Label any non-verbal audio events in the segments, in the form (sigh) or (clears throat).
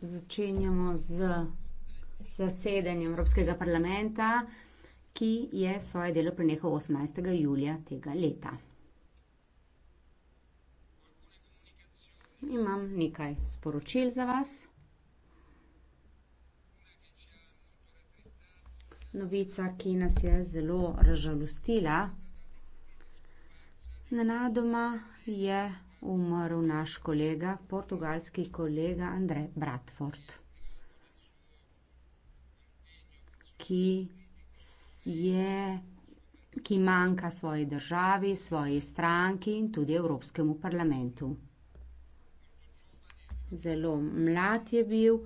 Začenjamo z zasedanjem Evropskega parlamenta, ki je svoje delo prenehal 18. julija tega leta. Imam nekaj sporočil za vas. Novica, ki nas je zelo razžalostila. Nenadoma je umrl naš kolega, portugalski kolega Andrej Bratford, ki je, ki manjka svoji državi, svoji stranki in tudi Evropskemu parlamentu. Zelo mlad je bil,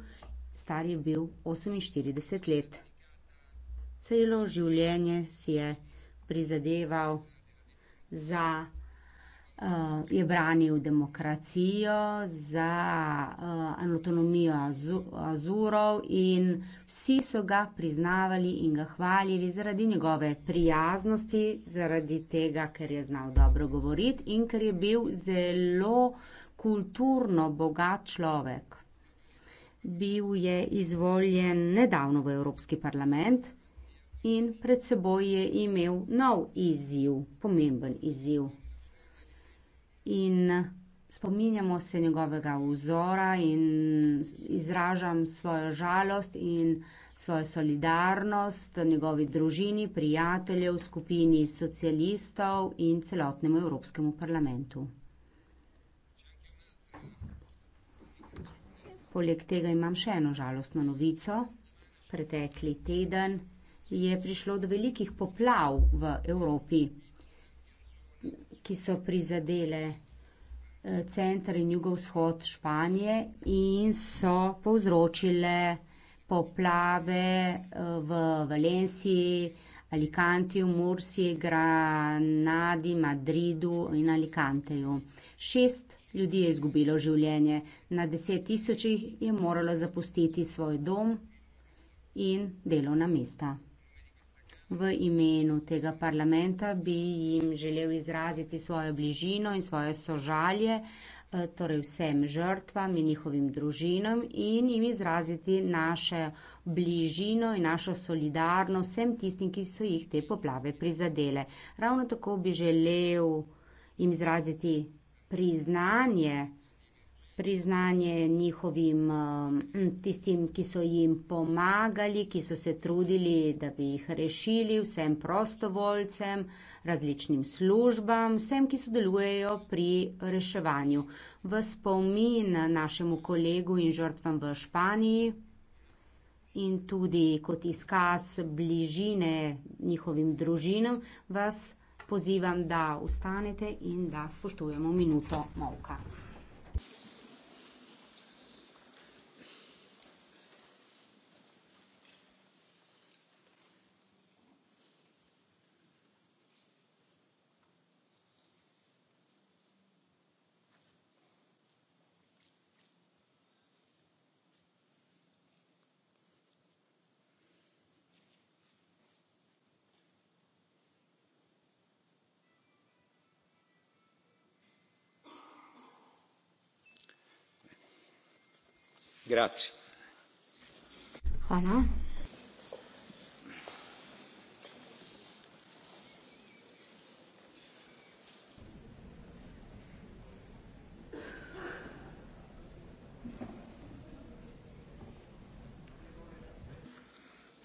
star je bil 48 let. Celo življenje si je prizadeval za uh, je branil demokracijo, za uh, eh, anatomijo Azurov in vsi so ga priznavali in ga hvalili zaradi njegove prijaznosti, zaradi tega, ker je znal dobro govoriti in ker je bil zelo kulturno bogat človek. Bil je izvoljen nedavno v Evropski parlament in pred seboj je imel nov izziv, pomemben izziv in spominjamo se njegovega vzora in izražam svojo žalost in svojo solidarnost njegovi družini, prijateljev, skupini socialistov in celotnemu Evropskemu parlamentu. Poleg tega imam še eno žalostno novico. Pretekli teden je prišlo do velikih poplav v Evropi ki so prizadele eh, center in jugovzhod Španije in so povzročile poplave eh, v Valenciji, Alicantiju, Mursi, Granadi, Madridu in Alicanteju. Šest ljudi je izgubilo življenje, na deset tisočih je moralo zapustiti svoj dom in delovna mesta. V imenu tega parlamenta bi jim želel izraziti svojo bližino in svoje sožalje, eh, torej vsem žrtvam in njihovim družinam in jim izraziti naše bližino in našo solidarnost vsem tistim, ki so jih te poplave prizadele. Ravno tako bi želel jim izraziti priznanje, priznanje njihovim um, tistim, ki so jim pomagali, ki so se trudili, da bi jih rešili, vsem prostovoljcem, različnim službam, vsem, ki sodelujejo pri reševanju. V spomin našemu kolegu in žrtvam v Španiji in tudi kot izkaz bližine njihovim družinam vas. Pozivam, da ustanete in da spoštujemo minuto molka.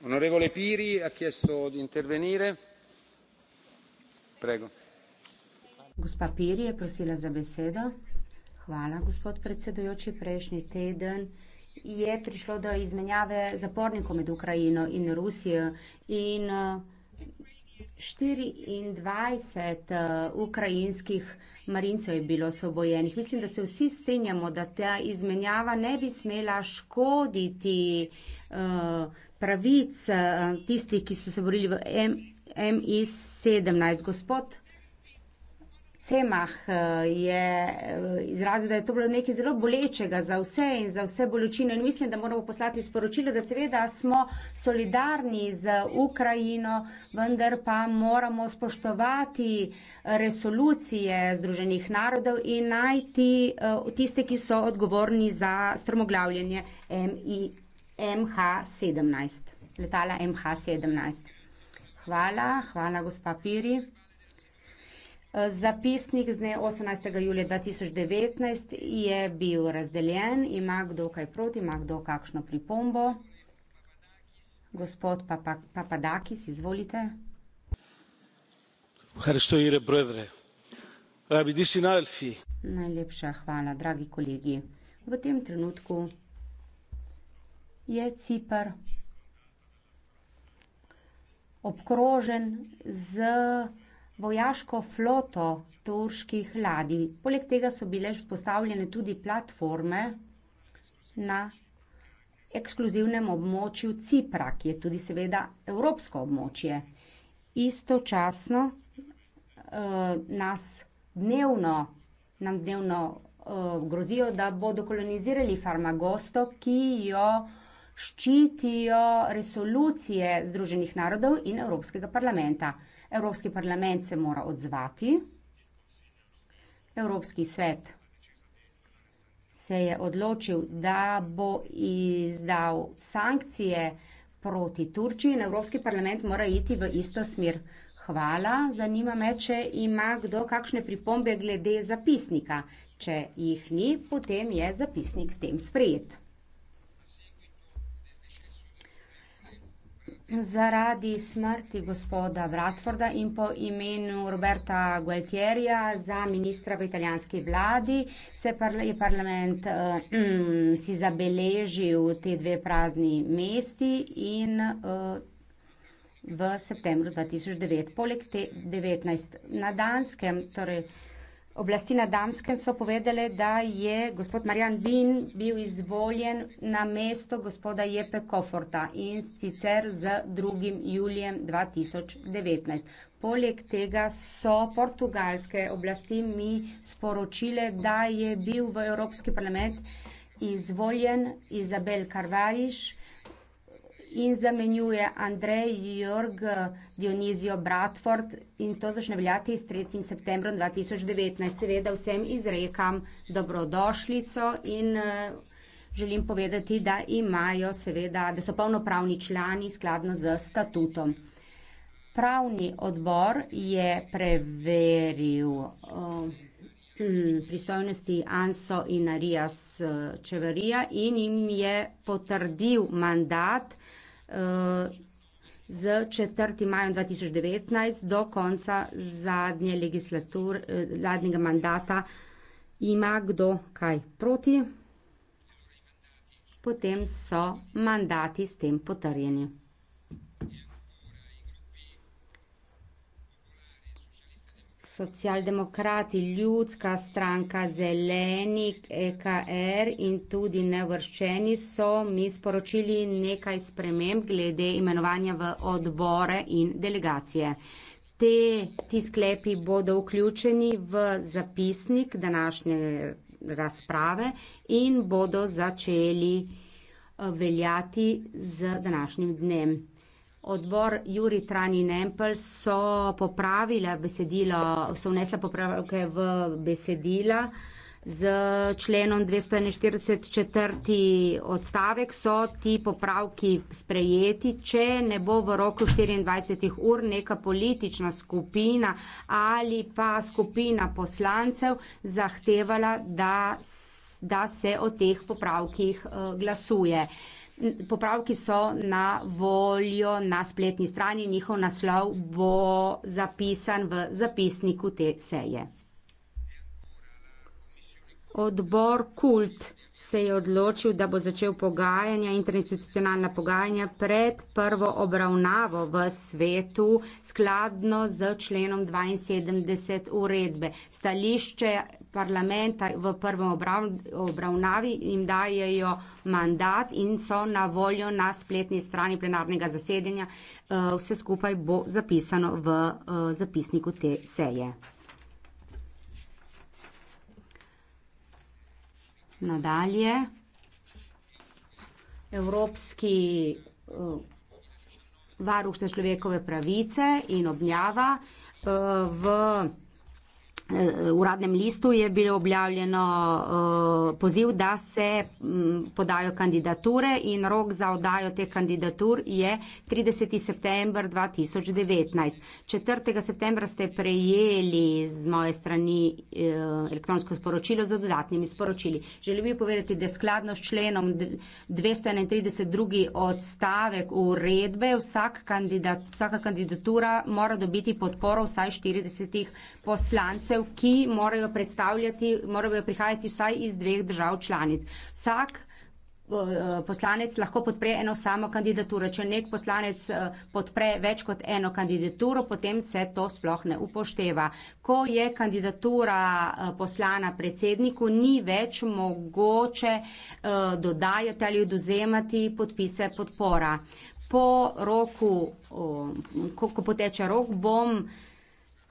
onorevole piri ha chiesto di intervenire prego gospa piri je prosila za besedo hvala gospod predsedujoči prejšnji teden je prišlo do izmenjave zapornikov med Ukrajino in Rusijo in 24 eh, eh, ukrajinskih marincev je bilo osvobojenih. Mislim, da se vsi strinjamo, da ta izmenjava ne bi smela škoditi eh, pravic tistih, ki so se borili v MI17. Gospod tremah eh, je eh, izrazil, da je to bilo nekaj zelo bolečega za vse in za vse bolečine. In mislim, da moramo poslati sporočilo, da seveda smo solidarni z Ukrajino, vendar pa moramo spoštovati resolucije Združenih narodov in najti eh, tiste, ki so odgovorni za strmoglavljanje MH17, letala MH17. Hvala, hvala gospa Piri. Zapisnik z dne 18. julija 2019 je bil razdeljen. Ima kdo kaj proti, ima kdo kakšno pripombo? Gospod Papadakis, izvolite. Najlepša hvala, dragi kolegi. V tem trenutku je Cipr obkrožen z vojaško floto turških ladij. Poleg tega so bile postavljene tudi platforme na ekskluzivnem območju Cipra, ki je tudi seveda evropsko območje. Istočasno eh, nas dnevno, nam dnevno eh, grozijo, da bodo kolonizirali farmagosto, ki jo ščitijo resolucije Združenih narodov in Evropskega parlamenta. Evropski parlament se mora odzvati, Evropski svet se je odločil, da bo izdal sankcije proti Turčiji in Evropski parlament mora iti v isto smer. Hvala, zanima me, če ima kdo kakšne pripombe glede zapisnika. Če jih ni, potem je zapisnik s tem sprejet. zaradi smrti gospoda Bratforda in po imenu Roberta Gualtierja za ministra v italijanski vladi se je parlament uh, um, si zabeležil te dve prazni mesti in uh, v septembru 2009. Poleg te 19 na Danskem, torej Oblasti na Damskem so povedale, da je gospod Marjan Bin bil izvoljen na mesto gospoda Jepe Koforta in sicer z 2. julijem 2019. Poleg tega so portugalske oblasti mi sporočile, da je bil v Evropski parlament izvoljen Izabel Karvariš, in zamenjuje Andrej Jorg eh, Dionizio Bradford in to začne veljati s 3. septembrom 2019. Seveda vsem izrekam dobrodošlico in eh, želim povedati, da imajo seveda, da so polnopravni člani skladno z statutom. Pravni odbor je preveril eh, mm, pristojnosti Anso in Arias Čeverija in jim je potrdil mandat uh, z četrtim majem 2019 do konca zadnje legislatur, zadnjega mandata ima kdo kaj proti, potem so mandati s tem potrjeni. socialdemokrati, ljudska stranka, zeleni, EKR in tudi nevrščeni so mi sporočili nekaj sprememb glede imenovanja v odbore in delegacije. Te, ti sklepi bodo vključeni v zapisnik današnje razprave in bodo začeli eh, veljati z današnjim dnem odbor Juri Trani Nempel so popravila besedilo, so vnesla popravke v besedila z členom 241. odstavek so ti popravki sprejeti, če ne bo v roku 24 ur neka politična skupina ali pa skupina poslancev zahtevala, da, da se o teh popravkih eh, glasuje. Popravki so na voljo na spletni strani, njihov naslov bo zapisan v zapisniku te seje. Odbor kult se je odločil, da bo začel pogajanja, interinstitucionalna pogajanja pred prvo obravnavo v svetu skladno z členom 72 uredbe. Stališče parlamenta v prvem obravnavi jim dajejo mandat in so na voljo na spletni strani plenarnega zasedenja. Eh, vse skupaj bo zapisano v eh, zapisniku te seje. nadalje. Evropski eh, varuh za človekove pravice in obnjava eh, v Eh, uradnem listu je bilo objavljeno eh, poziv, da se mm, podajo kandidature in rok za oddajo teh kandidatur je 30. september 2019. 4. septembra ste prejeli z moje strani eh, elektronsko sporočilo za dodatnimi sporočili. Želim bi povedati, da skladno s členom 231. odstavek uredbe vsak kandidat, vsaka kandidatura mora dobiti podporo vsaj 40 poslancev voditev, ki morajo predstavljati, morajo prihajati vsaj iz dveh držav članic. Vsak eh, poslanec lahko podpre eno samo kandidaturo. Če nek poslanec eh, podpre več kot eno kandidaturo, potem se to sploh ne upošteva. Ko je kandidatura eh, poslana predsedniku, ni več mogoče dodajati ali oduzemati podpise podpora. Po roku, ko, ko poteče rok, bom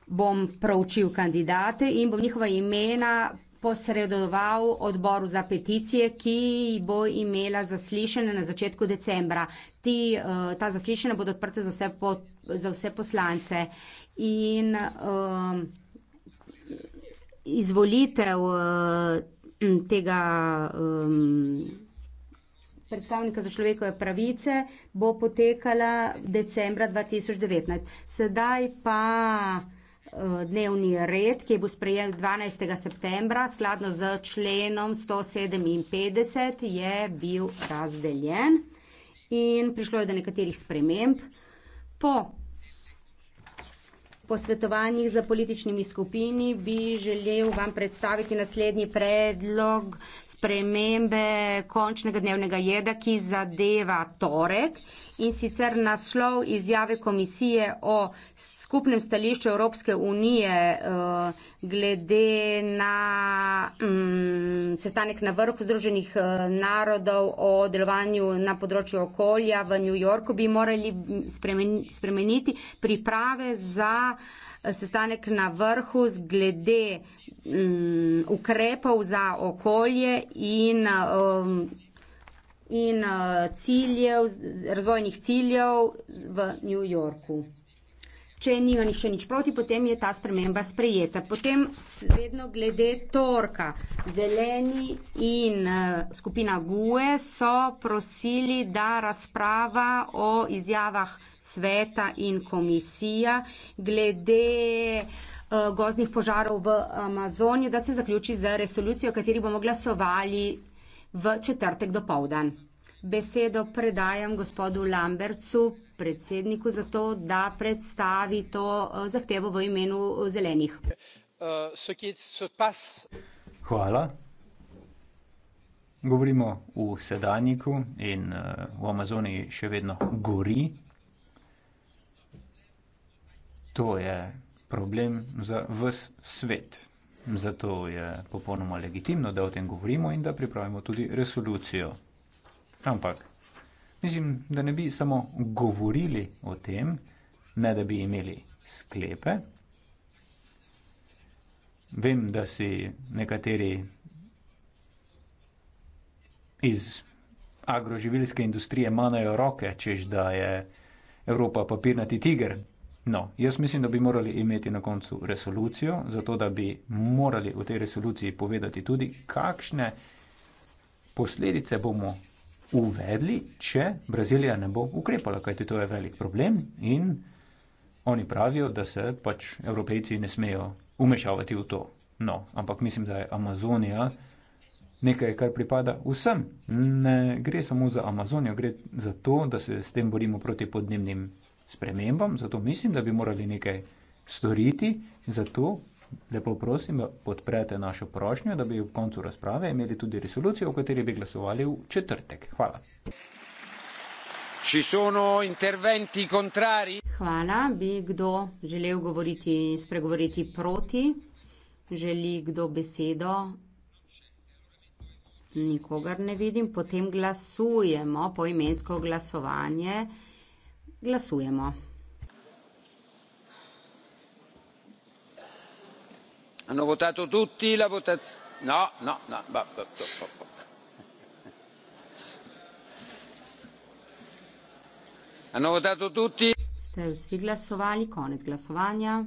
bom proučil kandidate in bom njihova imena posredoval odboru za peticije, ki bo imela zaslišanje na začetku decembra. Ti, eh, ta zaslišanja bodo odprta za vse, po, za vse poslance. In um, izvolitev um, tega um, predstavnika za človekove pravice bo potekala decembra 2019. Sedaj pa dnevni red, ki je bil sprejel 12. septembra, skladno z členom 157, je bil razdeljen in prišlo je do nekaterih sprememb. Po posvetovanjih za političnimi skupini bi želel vam predstaviti naslednji predlog spremembe končnega dnevnega jeda, ki zadeva torek in sicer naslov izjave komisije o skupnem stališču Evropske unije eh, glede na mm, sestanek na vrhu Združenih eh, narodov o delovanju na področju okolja v New Yorku, bi morali spremeniti priprave za eh, sestanek na vrhu glede mm, ukrepov za okolje in in ciljev, razvojnih ciljev v New Yorku če nima nihče nič proti, potem je ta sprememba sprejeta. Potem vedno glede torka. Zeleni in eh, skupina GUE so prosili, da razprava o izjavah sveta in komisija glede eh, gozdnih požarov v Amazoniji, da se zaključi z resolucijo, o kateri bomo glasovali v četrtek do povdan. Besedo predajam gospodu Lambercu, predsedniku za to, da predstavi to eh, zahtevo v imenu eh, zelenih. Eh, Hvala. Govorimo v sedajniku in v Amazoniji še vedno gori. To je problem za vse svet. Zato je popolnoma legitimno, da o tem govorimo in da pripravimo tudi resolucijo. Ampak Mislim, da ne bi samo govorili o tem, ne da bi imeli sklepe. Vem, da si nekateri iz agroživilske industrije manjajo roke, čež da je Evropa papirnati tiger. No, jaz mislim, da bi morali imeti na koncu resolucijo, zato da bi morali v tej resoluciji povedati tudi, kakšne posledice bomo uvedli, če Brazilija ne bo ukrepala, kajti to je velik problem in oni pravijo, da se pač evropejci ne smejo umešavati v to. No, ampak mislim, da je Amazonija nekaj, kar pripada vsem. Ne gre samo za Amazonijo, gre za to, da se s tem borimo proti podnebnim spremembam, zato mislim, da bi morali nekaj storiti za to, Lepo prosim, podprete našo prošnjo, da bi v koncu razprave imeli tudi resolucijo, o kateri bi glasovali v četrtek. Hvala. Hvala. Bi kdo želel govoriti, spregovoriti proti? Želi kdo besedo? Nikogar ne vidim. Potem glasujemo, poimensko glasovanje. Glasujemo. hanno votato tutti la votazione no no no hanno votato tutti ste vsi glasovali konec glasovanja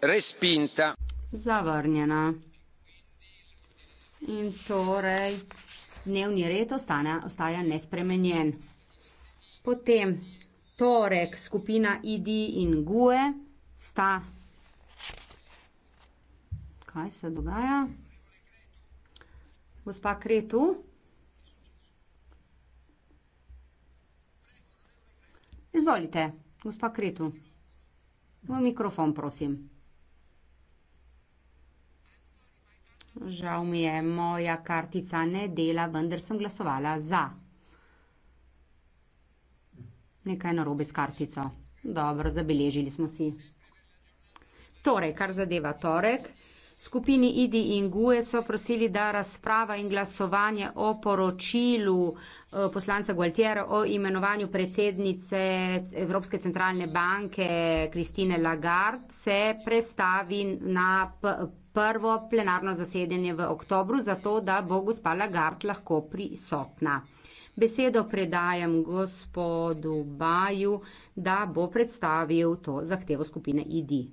respinta zavrnjena in torej dnevni red ostane, ostaja nespremenjen. Potem torek, skupina ID in GUE sta. Kaj se dogaja? Gospa Kretu. Izvolite, gospa Kretu. V mikrofon, prosim. Žal mi je, moja kartica ne dela, vendar sem glasovala za. Nekaj narobe s kartico. Dobro, zabeležili smo si. Torej, kar zadeva torek. Skupini Idi in Gue so prosili, da razprava in glasovanje o poročilu eh, poslanca Gualtiera o imenovanju predsednice Evropske centralne banke Kristine Lagarde se prestavi na prvo plenarno zasedanje v oktobru, zato da bo gospa Lagart lahko prisotna. Besedo predajam gospodu Baju, da bo predstavil to zahtevo skupine ID.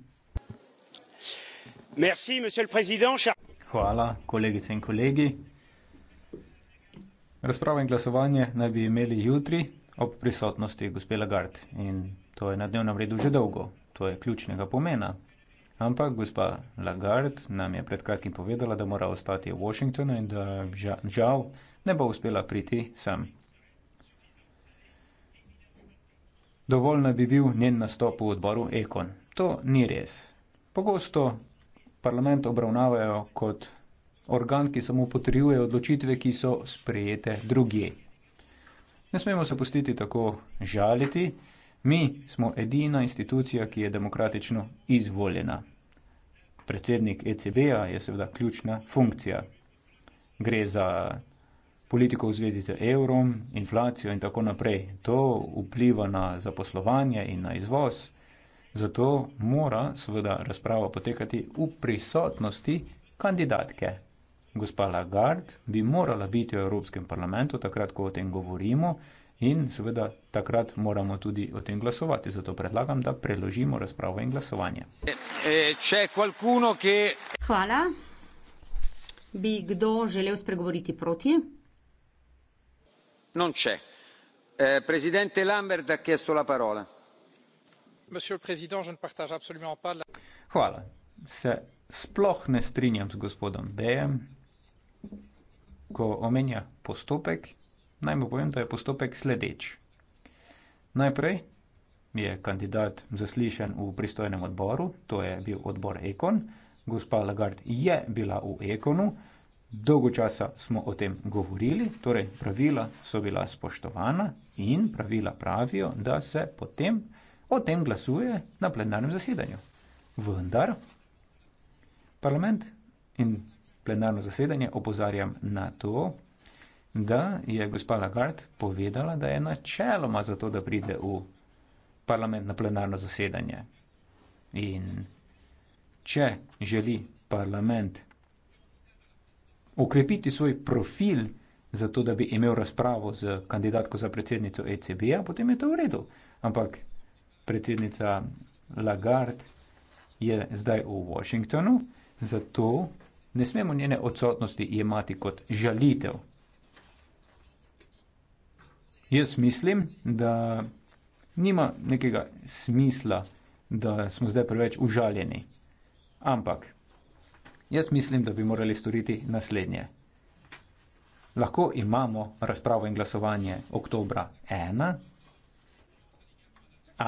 Hvala, kolegice in kolegi. Razpravo in glasovanje naj bi imeli jutri ob prisotnosti gospe Lagarde in to je na dnevnem redu že dolgo, to je ključnega pomena, Ampak gospa Lagarde nam je pred kratkim povedala, da mora ostati v Washingtonu in da žal ne bo uspela priti sem. Dovolj naj bi bil njen nastop v odboru Ekon. To ni res. Pogosto parlament obravnavajo kot organ, ki samo potrjuje odločitve, ki so sprejete drugje. Ne smemo se pustiti tako žaliti. Mi smo edina institucija, ki je demokratično izvoljena predsednik ECB-ja je seveda ključna funkcija. Gre za politiko v zvezi z evrom, inflacijo in tako naprej. To vpliva na zaposlovanje in na izvoz, zato mora seveda razprava potekati v prisotnosti kandidatke. Gospa Lagarde bi morala biti v Evropskem parlamentu, takrat ko o tem govorimo, In seveda takrat moramo tudi o tem glasovati. Zato predlagam, da preložimo razpravo in glasovanje. E, e, Hvala. Bi kdo želel spregovoriti proti? Non c'è. E, presidente Lambert ha chiesto la parola. Monsieur le Président, je ne partage absolument pas la... Hvala. Se sploh ne strinjam z gospodom Bejem, ko omenja postopek Naj mu povem, da je postopek sledeč. Najprej je kandidat zaslišen v pristojnem odboru, to je bil odbor Ekon. Gospa Lagarde je bila v Ekonu, dolgo časa smo o tem govorili, torej pravila so bila spoštovana in pravila pravijo, da se potem o tem glasuje na plenarnem zasedanju. Vendar parlament in plenarno zasedanje opozarjam na to, da je gospa Lagarde povedala, da je načeloma za to, da pride v parlament na plenarno zasedanje. In če želi parlament ukrepiti svoj profil, zato da bi imel razpravo z kandidatko za predsednico ECB-ja, potem je to v redu. Ampak predsednica Lagarde je zdaj v Washingtonu, zato ne smemo njene odsotnosti jemati kot žalitev Jaz mislim, da nima nekega smisla, da smo zdaj preveč užaljeni. Ampak jaz mislim, da bi morali storiti naslednje. Lahko imamo razpravo in glasovanje oktobra 1,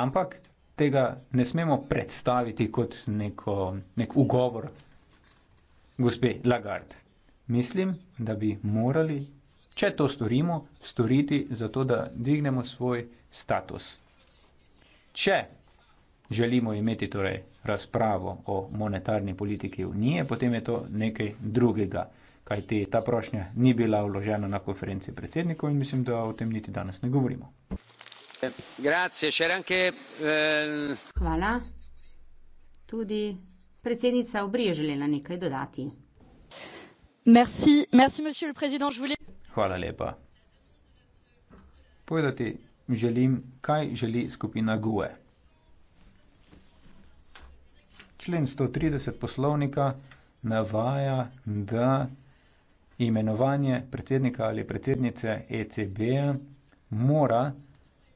ampak tega ne smemo predstaviti kot neko, nek ugovor gospe Lagarde. Mislim, da bi morali če to storimo, storiti zato, da dvignemo svoj status. Če želimo imeti torej razpravo o monetarni politiki unije, potem je to nekaj drugega, kaj te ta prošnja ni bila vložena na konferenci predsednikov in mislim, da o tem niti danes ne govorimo. Grazie, še ranke, eh... Hvala. Tudi predsednica obrije želela nekaj dodati. Merci, merci, monsieur le président, je voulais... Hvala lepa. Povedati želim, kaj želi skupina GUE. Člen 130 poslovnika navaja, da imenovanje predsednika ali predsednice ECB mora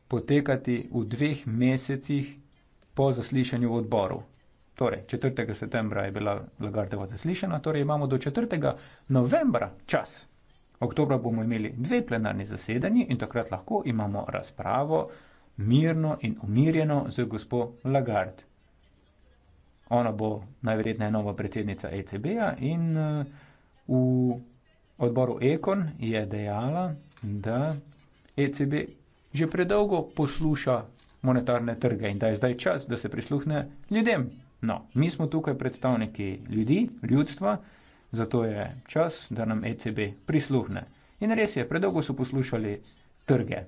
potekati v dveh mesecih po zaslišanju v odboru. Torej, 4. septembra je bila Lagardeva zaslišena, torej imamo do 4. novembra čas. Oktobra bomo imeli dve plenarni zasedanji in takrat lahko imamo razpravo mirno in umirjeno z gospod Lagarde. Ona bo najverjetneje nova predsednica ECB-ja in eh, v odboru Ekon je dejala, da ECB že predolgo posluša monetarne trge in da je zdaj čas, da se prisluhne ljudem. No, mi smo tukaj predstavniki ljudi, ljudstva. Zato je čas, da nam ECB prisluhne. In res je, predolgo so poslušali trge.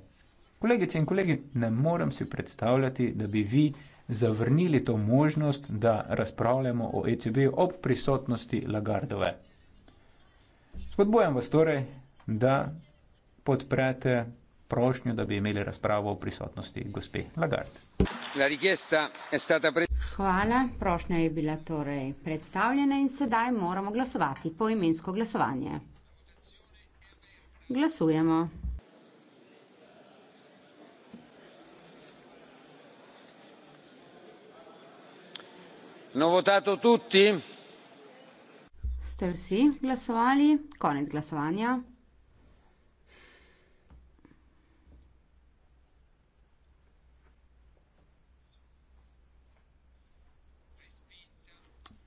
Kolegice in kolegi, ne morem si predstavljati, da bi vi zavrnili to možnost, da razpravljamo o ECB ob prisotnosti Lagardove. Spodbujam vas torej, da podprete prošnjo, da bi imeli razpravo o prisotnosti gospe Lagarde. La hvala. Prošnja je bila torej predstavljena in sedaj moramo glasovati po imensko glasovanje. Glasujemo. No votato tutti? Ste vsi glasovali? Konec glasovanja.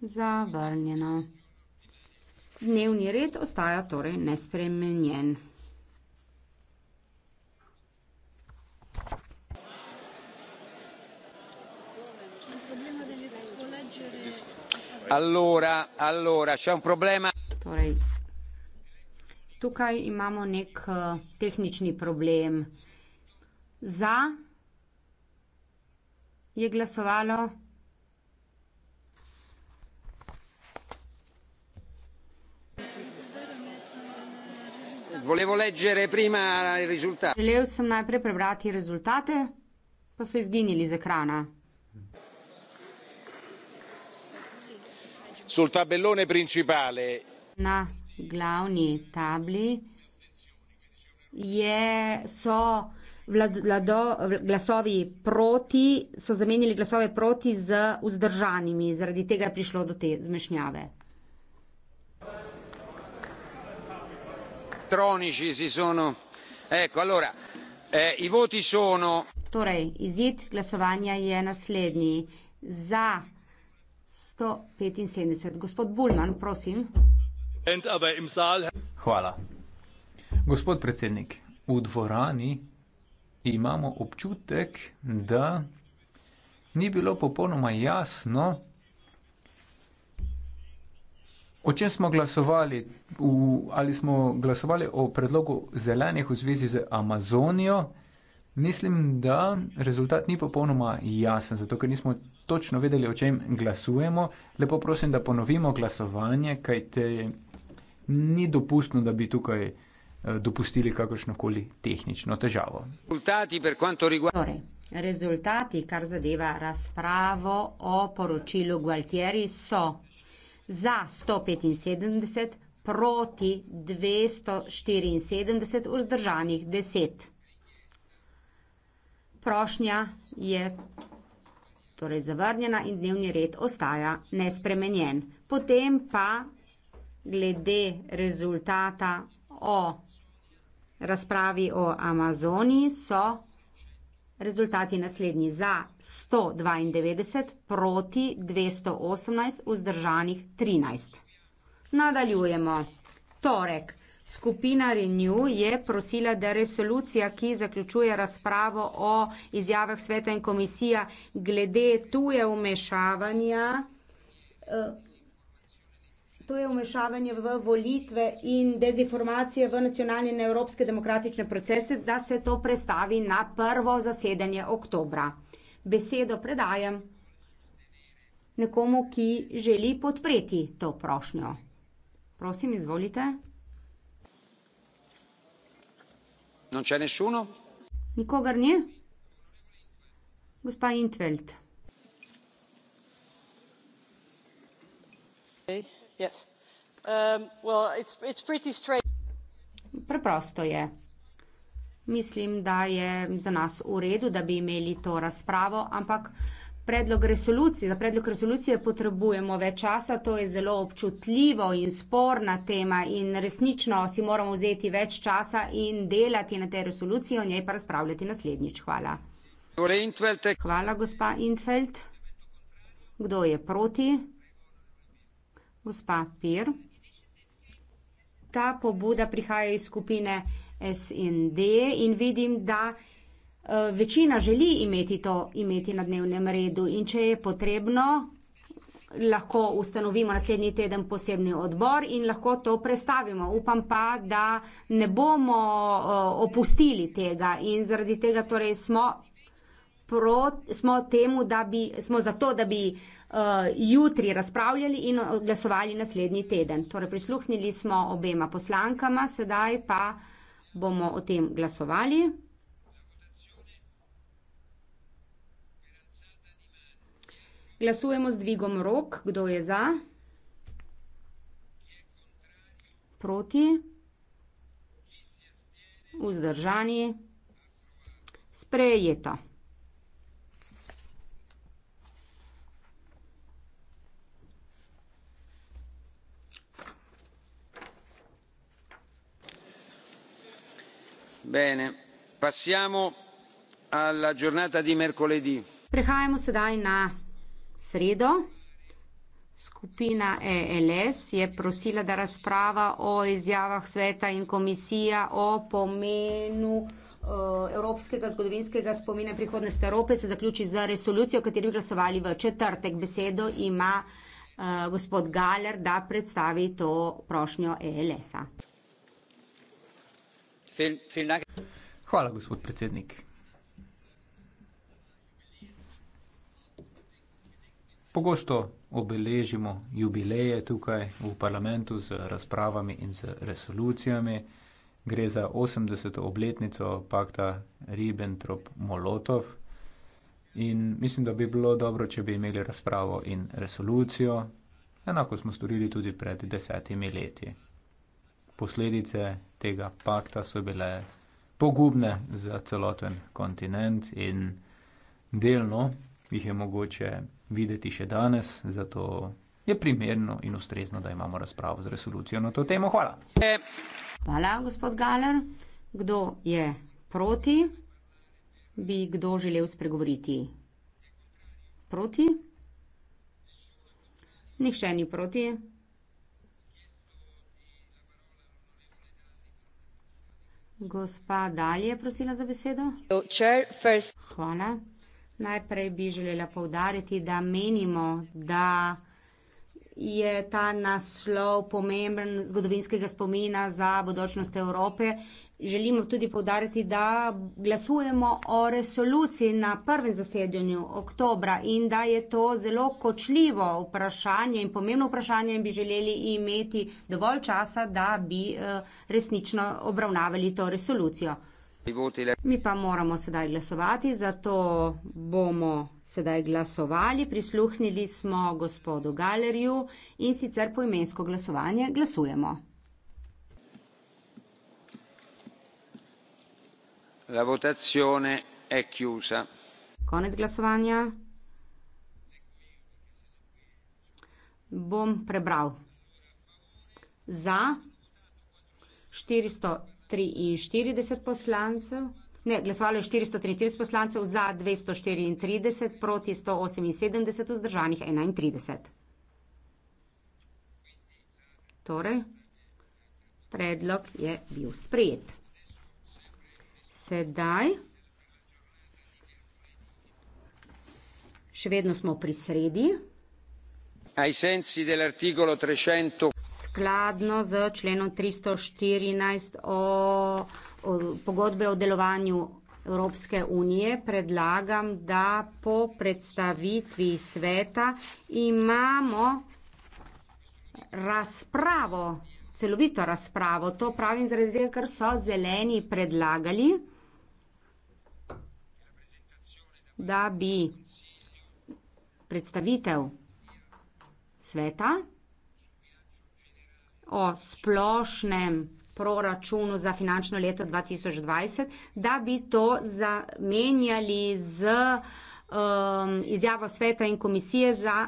Zavrnjeno. Dnevni red ostaja torej nespremenjen. Allora, allora, c'è un problema. Torej, tukaj imamo nek uh, tehnični problem. Za je glasovalo volevo leggere prima il risultato. Želel sem najprej prebrati rezultate, pa so izginili z ekrana. Sul tabellone principale. Na glavni tabli je, so vlad, vlado, glasovi proti, so zamenjali glasove proti z vzdržanimi, zaradi tega je prišlo do te zmešnjave. elettronici si sono ecco allora eh, i voti sono torej izid glasovanja je naslednji za 175 gospod Bulman prosim uh, hvala gospod predsednik v dvorani imamo občutek da ni bilo popolnoma jasno O čem smo glasovali? V, ali smo glasovali o predlogu zelenih v zvezi z Amazonijo? Mislim, da rezultat ni popolnoma jasen, zato ker nismo točno vedeli, o čem glasujemo. Lepo prosim, da ponovimo glasovanje, kaj te ni dopustno, da bi tukaj eh, dopustili kakršnokoli tehnično težavo. Torej, rezultati, kar zadeva razpravo o poročilu Gualtieri, so za 175, proti 274, vzdržanih 10. Prošnja je torej zavrnjena in dnevni red ostaja nespremenjen. Potem pa glede rezultata o razpravi o Amazoniji so Rezultati naslednji za 192 proti 218 vzdržanih 13. Nadaljujemo. Torek. Skupina Renew je prosila, da resolucija, ki zaključuje razpravo o izjavah sveta in komisija glede tuje umešavanja, eh, to je umešavanje v volitve in dezinformacije v nacionalne in evropske demokratične procese, da se to prestavi na prvo zasedanje oktobra. Besedo predajem nekomu, ki želi podpreti to prošnjo. Prosim, izvolite. Nikogar ni? Gospa Intveld. Um, Preprosto je. Mislim, da je za nas v redu, da bi imeli to razpravo, ampak predlog resolucije, za predlog resolucije potrebujemo več časa, to je zelo občutljivo in sporna tema in resnično si moramo vzeti več časa in delati na tej resoluciji, o njej pa razpravljati naslednjič. Hvala. Hvala, gospa Intfeld. Kdo je proti? Gospa Pir. Ta pobuda prihaja iz skupine SND in vidim, da eh, večina želi imeti to, imeti na dnevnem redu in če je potrebno, lahko ustanovimo naslednji teden posebni odbor in lahko to prestavimo. Upam pa, da ne bomo eh, opustili tega in zaradi tega torej smo prot, smo, temu, da bi, smo za to, da bi uh, jutri razpravljali in eh, glasovali naslednji teden. Torej, prisluhnili smo obema poslankama, sedaj pa bomo o tem glasovali. Glasujemo z dvigom rok, kdo je za, proti, vzdržani, sprejeto. prehajamo sedaj na sredo skupina els je prosila da razprava o izjavah sveta in komisija o pomenu eh, evropskega zgodovinskega spomina prihodnost Evrope se zaključi z resolucijo, o kateri bi glasovali v četrtek. Besedo ima eh, gospod Galer, da predstavi to prošnjo ELS-a. Hvala, gospod predsednik. Pogosto obeležimo jubileje tukaj v parlamentu z razpravami in z resolucijami. Gre za 80. obletnico pakta Ribbentrop-Molotov in mislim, da bi bilo dobro, če bi imeli razpravo in resolucijo. Enako smo storili tudi pred desetimi leti. Posledice tega pakta so bile pogubne za celoten kontinent in delno jih je mogoče videti še danes, zato je primerno in ustrezno, da imamo razpravo z resolucijo na to temo. Hvala. Hvala, gospod Galer. Kdo je proti? Bi kdo želel spregovoriti? Proti? Nihče ni proti. Gospa Dalje je prosila za besedo. Hvala. Najprej bi želela povdariti, da menimo, da je ta naslov pomemben zgodovinskega spomina za bodočnost Evrope, Želimo tudi povdariti, da glasujemo o resoluciji na prvem zasedanju oktobra in da je to zelo kočljivo vprašanje in pomembno vprašanje in bi želeli imeti dovolj časa, da bi eh, resnično obravnavali to resolucijo. Mi pa moramo sedaj glasovati, zato bomo sedaj glasovali. Prisluhnili smo gospodu Galerju in sicer po imensko glasovanje glasujemo. la votazione è chiusa konec glasovanja bom prebral za štiristo triinštirideset poslancev ne glasovalo je štiristo triintrideset poslancev za dvesto štiriintrideset proti sto oseminsedemdeset vzdržanih enaintrideset torej predlog je bil sprejet sedaj. Še vedno smo pri sredi. Ai sensi dell'articolo 300. Skladno z členom 314 o, o pogodbe o delovanju Evropske unije predlagam, da po predstavitvi sveta imamo razpravo, celovito razpravo. To pravim zaradi tega, ker so zeleni predlagali. da bi predstavitev sveta o splošnem proračunu za finančno leto 2020, da bi to zamenjali z um, izjavo sveta in komisije za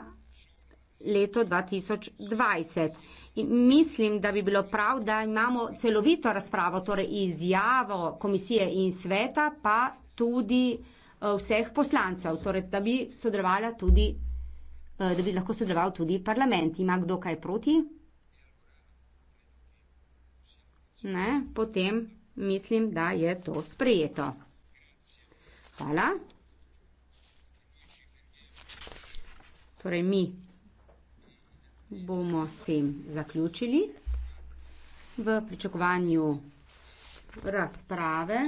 leto 2020. In mislim, da bi bilo prav, da imamo celovito razpravo, torej izjavo komisije in sveta, pa tudi uh, Eh, vseh poslancev, torej da bi sodelovala tudi, eh, da bi lahko sodeloval tudi parlament. Ima kdo kaj proti? Ne, potem mislim, da je to sprejeto. Hvala. Torej mi bomo s tem zaključili v pričakovanju razprave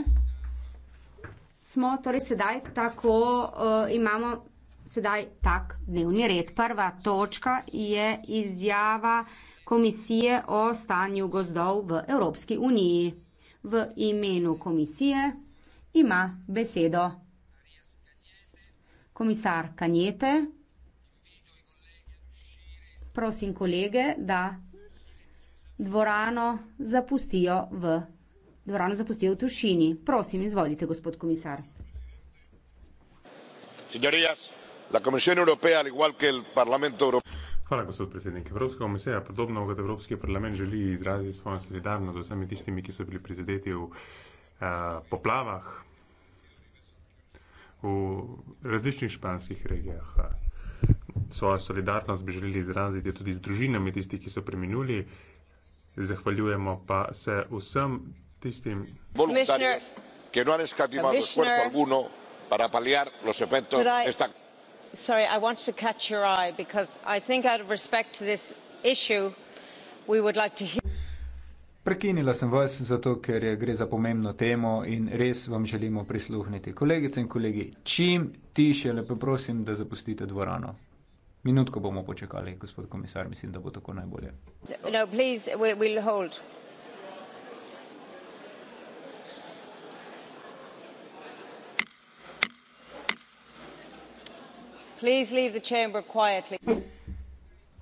smo torej sedaj tako, uh, imamo sedaj tak dnevni red. Prva točka je izjava komisije o stanju gozdov v Evropski uniji. V imenu komisije ima besedo komisar Kanjete. Prosim kolege, da dvorano zapustijo v Dvorano zapustil v tušini. Prosim, izvolite, gospod komisar. Señorías, la Comisión Europea, al igual que el Parlamento Europeo. Hvala, gospod predsednik. Evropska komisija, podobno kot Evropski parlament, želi izraziti svojo solidarnost z vsemi tistimi, ki so bili prizadeti v eh, poplavah v različnih španskih regijah. Svojo solidarnost bi želeli izraziti tudi z družinami tistih, ki so preminuli. Zahvaljujemo pa se vsem tistim. voluntarias que no han escatimado esfuerzo alguno para paliar los efectos de esta. sorry i want to catch your eye because i think out of respect to this issue we would like to. Prekinila sem vas zato, ker je gre za pomembno temo in res vam želimo prisluhniti. Kolegice in kolegi, čim tiše, lepo prosim, da zapustite dvorano. Minutko bomo počakali, gospod komisar, mislim, da bo tako najbolje. No, please, we'll hold. please leave the chamber quietly.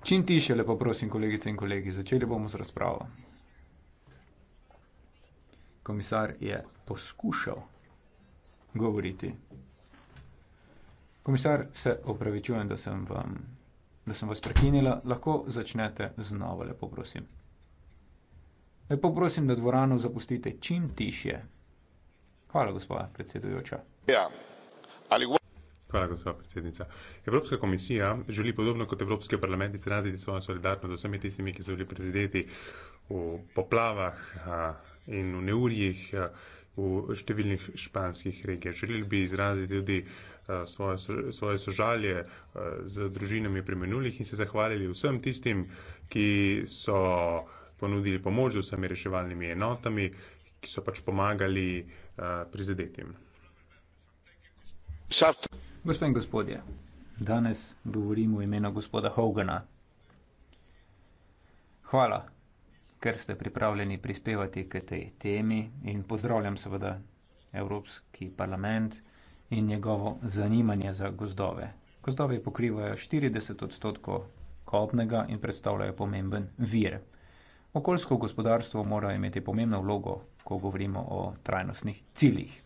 Čim tiše, lepo prosim, kolegice in kolegi, začeli bomo z razpravo. Komisar je poskušal govoriti. Komisar, se opravičujem, da sem, vam, da sem vas prekinila. Lahko začnete znova, lepo prosim. Lepo prosim, da dvorano zapustite čim tišje. Hvala, gospoda predsedujoča. Ja, ali. Hvala, gospa predsednica. Evropska komisija želi podobno kot Evropski parlament izraziti svojo solidarnost z vsemi tistimi, ki so bili prizadeti v poplavah in v neurjih v številnih španskih regijah. Želeli bi izraziti tudi svoje, svoje sožalje z družinami premenulih in se zahvalili vsem tistim, ki so ponudili pomoč z vsemi reševalnimi enotami, ki so pač pomagali prizadetim. Šaftu. Gospod in gospodje, danes govorim v imenu gospoda Hogana. Hvala, ker ste pripravljeni prispevati k tej temi in pozdravljam seveda Evropski parlament in njegovo zanimanje za gozdove. Gozdovi pokrivajo 40 odstotkov kopnega in predstavljajo pomemben vir. Okoljsko gospodarstvo mora imeti pomembno vlogo, ko govorimo o trajnostnih ciljih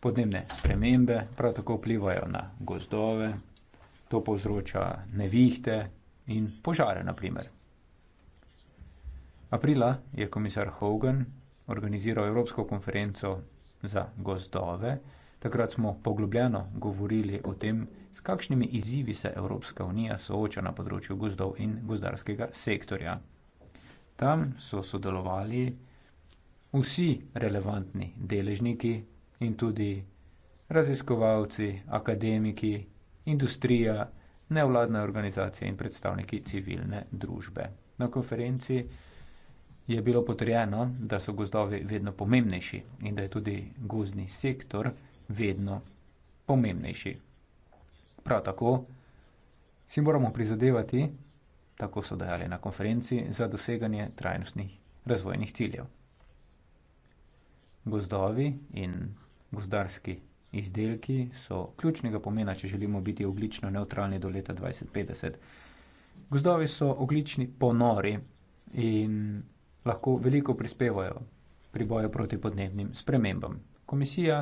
podnebne spremembe prav tako vplivajo na gozdove, to povzroča nevihte in požare, naprimer. Aprila je komisar Hogan organiziral Evropsko konferenco za gozdove. Takrat smo poglobljeno govorili o tem, s kakšnimi izzivi se Evropska unija sooča na področju gozdov in gozdarskega sektorja. Tam so sodelovali vsi relevantni deležniki in tudi raziskovalci, akademiki, industrija, nevladne organizacije in predstavniki civilne družbe. Na konferenci je bilo potrjeno, da so gozdovi vedno pomembnejši in da je tudi gozdni sektor vedno pomembnejši. Prav tako si moramo prizadevati, tako so dejali na konferenci, za doseganje trajnostnih razvojnih ciljev. Gozdovi in gozdarski izdelki so ključnega pomena, če želimo biti oglično neutralni do leta 2050. Gozdovi so oglični ponori in lahko veliko prispevajo pri boju proti podnebnim spremembam. Komisija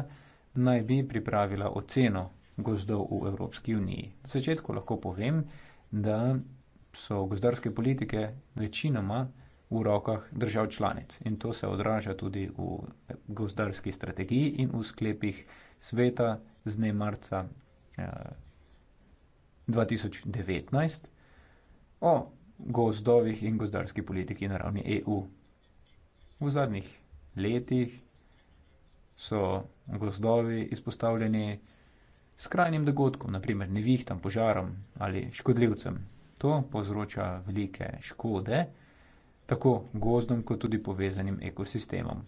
naj bi pripravila oceno gozdov v Evropski uniji. Na začetku lahko povem, da so gozdarske politike večinoma v rokah držav članic. In to se odraža tudi v gozdarski strategiji in v sklepih sveta z dne marca eh, 2019 o gozdovih in gozdarski politiki na ravni EU. V zadnjih letih so gozdovi izpostavljeni skrajnim dogodkom, naprimer nevihtam, požarom ali škodljivcem. To povzroča velike škode tako gozdom kot tudi povezanim ekosistemom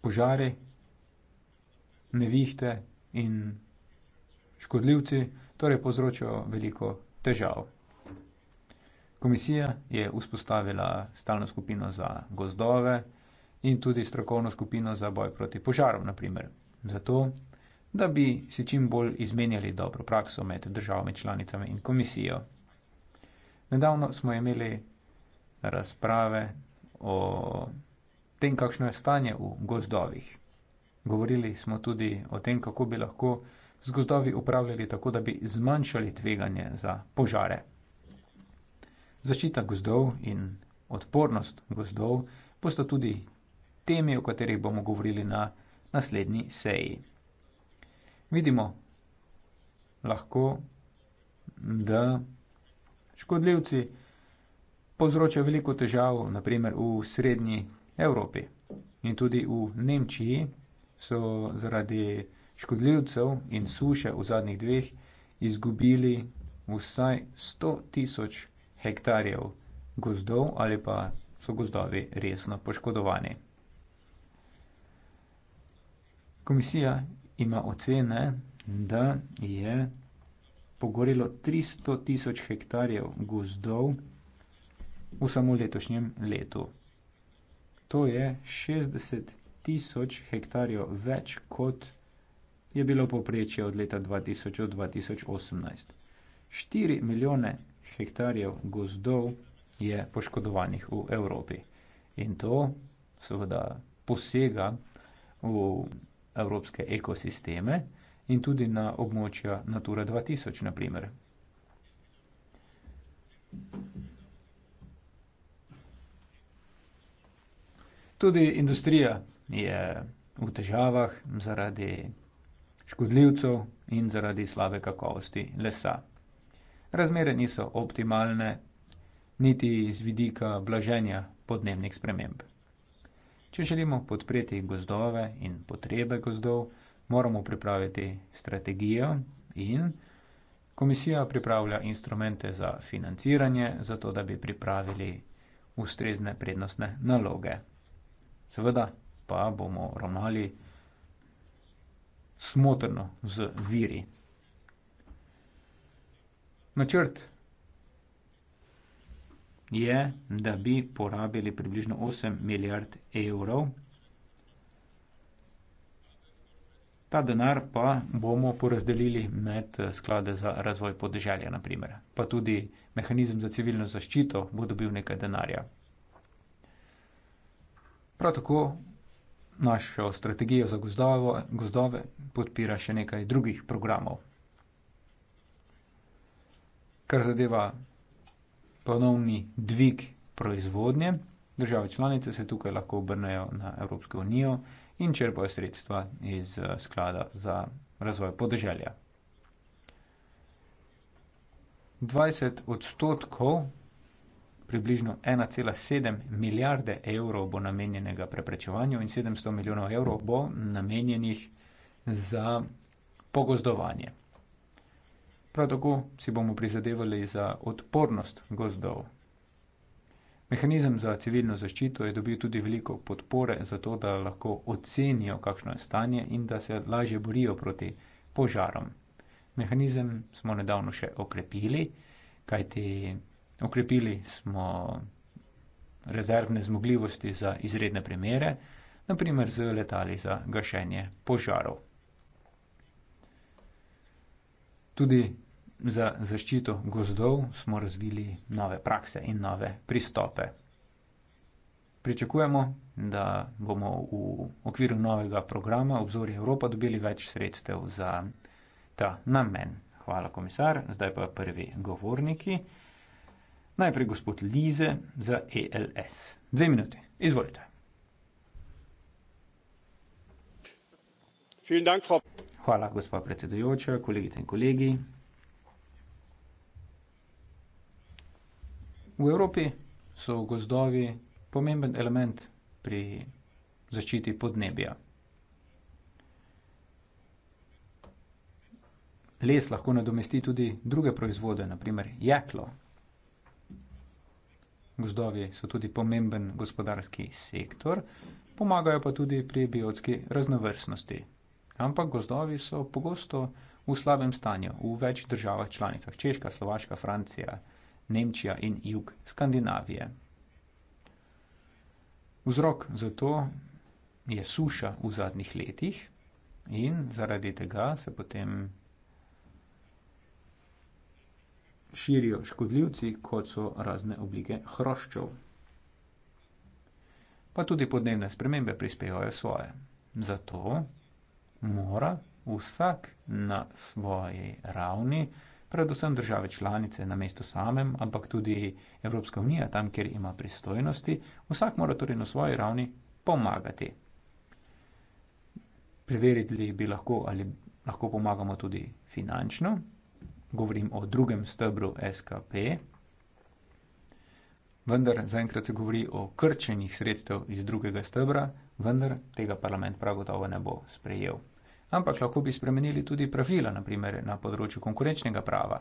požari nevihte in škodljivci torej povzročajo veliko težav komisija je vzpostavila stalno skupino za gozdove in tudi strokovno skupino za boj proti požarom na primer zato da bi se čim bolj izmenjali dobro prakso med državami članicami in komisijo. Nedavno smo imeli razprave o tem, kakšno je stanje v gozdovih. Govorili smo tudi o tem, kako bi lahko z gozdovi upravljali tako, da bi zmanjšali tveganje za požare. Zaščita gozdov in odpornost gozdov posta tudi temi, o katerih bomo govorili na naslednji seji vidimo lahko, da škodljivci povzročajo veliko težav, naprimer v srednji Evropi. In tudi v Nemčiji so zaradi škodljivcev in suše v zadnjih dveh izgubili vsaj 100 tisoč hektarjev gozdov ali pa so gozdovi resno poškodovani. Komisija ima ocene, da je pogorelo 300 tisoč hektarjev gozdov v samo letošnjem letu. To je 60 tisoč hektarjev več, kot je bilo poprečje od leta 2000 do 2018. 4 milijone hektarjev gozdov je poškodovanih v Evropi. In to seveda posega v evropske ekosisteme in tudi na območja Natura 2000, naprimer. Tudi industrija je v težavah zaradi škodljivcev in zaradi slabe kakovosti lesa. Razmere niso optimalne, niti iz vidika blaženja podnebnih sprememb. Če želimo podpreti gozdove in potrebe gozdov, moramo pripraviti strategijo in komisija pripravlja instrumente za financiranje, zato da bi pripravili ustrezne prednostne naloge. Seveda pa bomo ravnali smotrno z viri. Načrt je, da bi porabili približno 8 milijard evrov. Ta denar pa bomo porazdelili med eh, sklade za razvoj podeželja, naprimer. pa tudi mehanizem za civilno zaščito bo dobil nekaj denarja. Prav tako našo strategijo za gozdove, gozdove podpira še nekaj drugih programov. Kar zadeva ponovni dvig proizvodnje. Države članice se tukaj lahko obrnejo na Evropsko unijo in črpajo sredstva iz eh, sklada za razvoj podeželja. 20 odstotkov, približno 1,7 milijarde evrov bo namenjenega preprečevanju in 700 milijonov evrov bo namenjenih za pogozdovanje. Prav tako si bomo prizadevali za odpornost gozdov. Mehanizem za civilno zaščito je dobil tudi veliko podpore za to, da lahko ocenijo, kakšno je stanje in da se lažje borijo proti požarom. Mehanizem smo nedavno še okrepili, kajti okrepili smo rezervne zmogljivosti za izredne primere, naprimer z letali za gašenje požarov. Tudi za zaščito gozdov smo razvili nove prakse in nove pristope. Pričakujemo, da bomo v okviru novega programa Obzorje Evropa dobili več sredstev za ta namen. Hvala, komisar. Zdaj pa prvi govorniki. Najprej gospod Lize za ELS. Dve minuti. Izvolite. Hvala, gospa predsedujoča, kolegice in kolegi. V Evropi so gozdovi pomemben element pri zaščiti podnebja. Les lahko nadomesti tudi druge proizvode, naprimer jeklo. Gozdovi so tudi pomemben gospodarski sektor, pomagajo pa tudi pri biotski raznovrstnosti. Ampak gozdovi so pogosto v slabem stanju v več državah članicah: Češka, Slovaška, Francija, Nemčija in jug Skandinavije. Vzrok za to je suša v zadnjih letih in zaradi tega se potem širijo škodljivci, kot so razne oblike hroščev. Pa tudi podnebne spremembe prispevajo svoje. Zato mora vsak na svoji ravni, predvsem države članice na mestu samem, ampak tudi Evropska unija, tam, kjer ima pristojnosti, vsak mora torej na svoji ravni pomagati. Preveriti bi lahko, ali lahko pomagamo tudi finančno, govorim o drugem stebru SKP, vendar zaenkrat se govori o krčenih sredstev iz drugega stebra, vendar tega parlament prav gotovo ne bo sprejel ampak lahko bi spremenili tudi pravila, naprimer na področju konkurenčnega prava.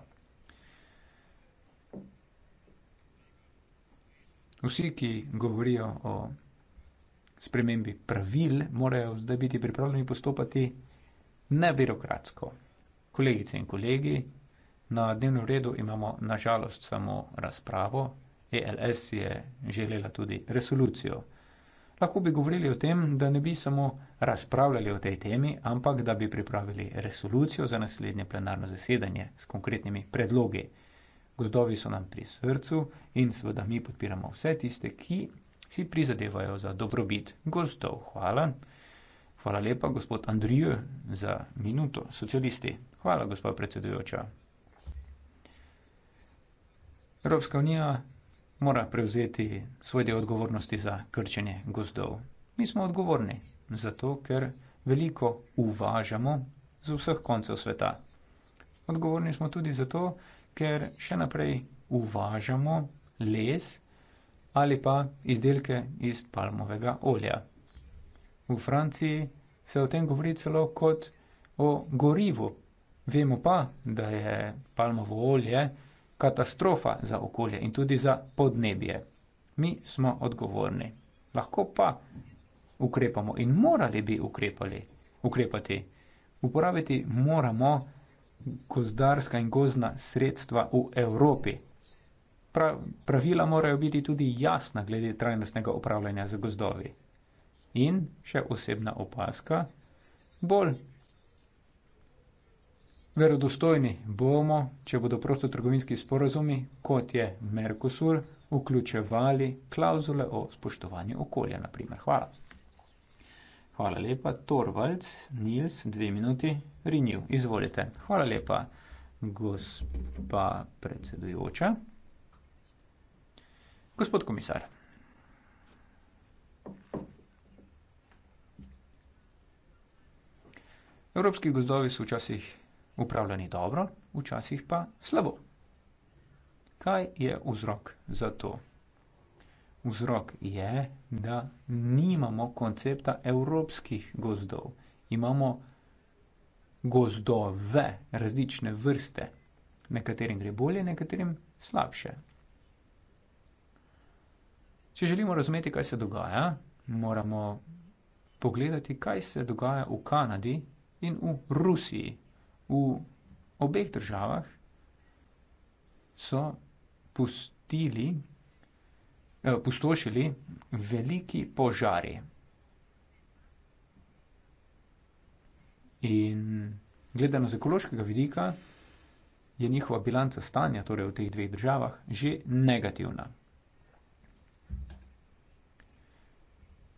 Vsi, ki govorijo o spremembi pravil, morajo zdaj biti pripravljeni postopati nebirokratsko. Kolegice in kolegi, na dnevnem redu imamo nažalost samo razpravo, ELS je želela tudi resolucijo. Lahko bi govorili o tem, da ne bi samo razpravljali o tej temi, ampak da bi pripravili resolucijo za naslednje plenarno zasedanje s konkretnimi predlogi. Gozdovi so nam pri srcu in seveda mi podpiramo vse tiste, ki si prizadevajo za dobrobit gozdov. Hvala. Hvala lepa, gospod Andrije, za minuto. Socialisti. Hvala, gospod predsedujoča. Evropska unija mora prevzeti svoj del odgovornosti za krčenje gozdov. Mi smo odgovorni, zato ker veliko uvažamo z vseh koncev sveta. Odgovorni smo tudi zato, ker še naprej uvažamo les ali pa izdelke iz palmovega olja. V Franciji se o tem govori celo kot o gorivu. Vemo pa, da je palmovo olje katastrofa za okolje in tudi za podnebje. Mi smo odgovorni. Lahko pa ukrepamo in morali bi ukrepali, ukrepati. Uporabiti moramo gozdarska in gozna sredstva v Evropi. Pravila morajo biti tudi jasna glede trajnostnega upravljanja z gozdovi. In še osebna opaska, bolj Verodostojni bomo, če bodo prostotrgovinski sporazumi, kot je Merkosur, vključevali klauzule o spoštovanju okolja, naprimer. Hvala. Hvala lepa, Torvalds, Nils, dve minuti, Renew, izvolite. Hvala lepa, gospa predsedujoča. Gospod komisar. Evropski gozdovi so včasih upravljani dobro, včasih pa slabo. Kaj je vzrok za to? Vzrok je, da nimamo koncepta evropskih gozdov. Imamo gozdove, različne vrste, nekaterim gre bolje, nekaterim slabše. Če želimo razumeti, kaj se dogaja, moramo pogledati, kaj se dogaja v Kanadi in v Rusiji, V obeh državah so pustili, eh, pustošili veliki požari. In gledano z ekološkega vidika, je njihova bilanca stanja, torej v teh dveh državah, že negativna.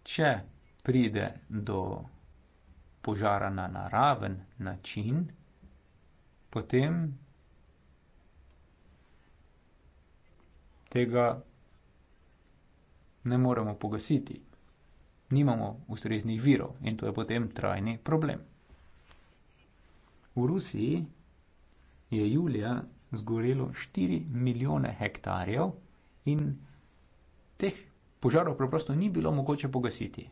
Če pride do požara na naraven način, potem tega ne moremo pogasiti. Nimamo ustreznih virov in to je potem trajni problem. V Rusiji je julija zgorelo 4 milijone hektarjev in teh požarov preprosto ni bilo mogoče pogasiti.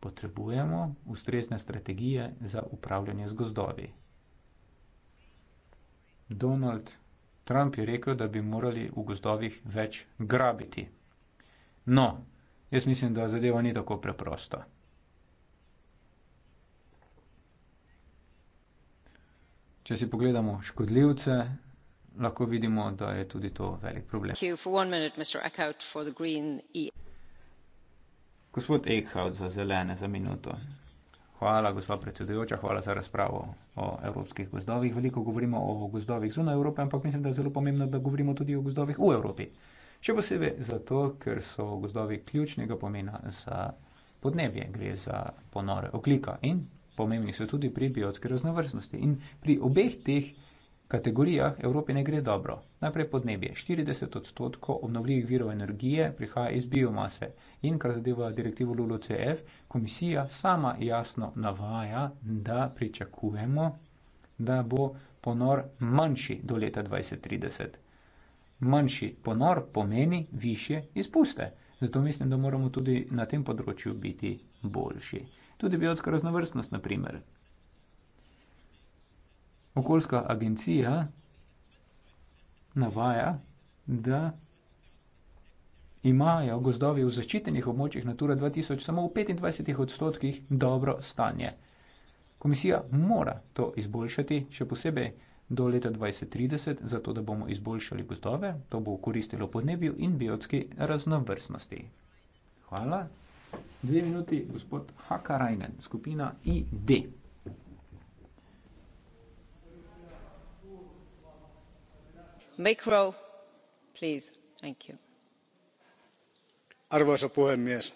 Potrebujemo ustrezne strategije za upravljanje z gozdovi. Donald Trump je rekel, da bi morali v gozdovih več grabiti. No, jaz mislim, da zadeva ni tako preprosta. Če si pogledamo škodljivce, lahko vidimo, da je tudi to velik problem. E. Gospod Eichhout za zelene za minuto. Hvala, gospa predsedujoča, hvala za razpravo o evropskih gozdovih. Veliko govorimo o gozdovih zunaj Evrope, ampak mislim, da je zelo pomembno, da govorimo tudi o gozdovih v Evropi. Še posebej zato, ker so gozdovi ključnega pomena za podnebje, gre za ponore oklika in pomembni so tudi pri biotski raznovrstnosti. In pri obeh teh kategorijah Evropi ne gre dobro. Najprej podnebje. 40 odstotkov obnovljivih virov energije prihaja iz biomase in kar zadeva direktivo LULOCF, komisija sama jasno navaja, da pričakujemo, da bo ponor manjši do leta 2030. Manjši ponor pomeni više izpuste. Zato mislim, da moramo tudi na tem področju biti boljši. Tudi biotska raznovrstnost, na primer, okoljska agencija navaja, da imajo gozdovi v zaščitenih območjih Natura 2000 samo v 25 odstotkih dobro stanje. Komisija mora to izboljšati, še posebej do leta 2030, zato da bomo izboljšali gozdove, to bo koristilo podnebju in biotski raznovrstnosti. Hvala. Dve minuti, gospod Hakarajnen, skupina ID. arvoisa puhemies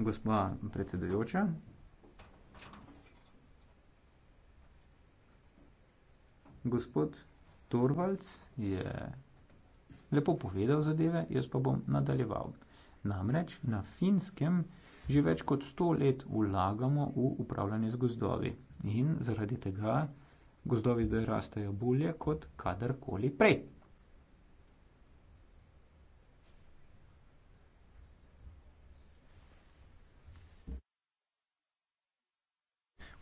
gospa predsedujoča gospod torvalds je lepo povedal zadeve jaz pa bom nadaljeval namreč na finskem že več kot sto let vlagamo v upravljanje z gozdovi in zaradi tega gozdovi zdaj rastejo bolje kot kadarkoli prej.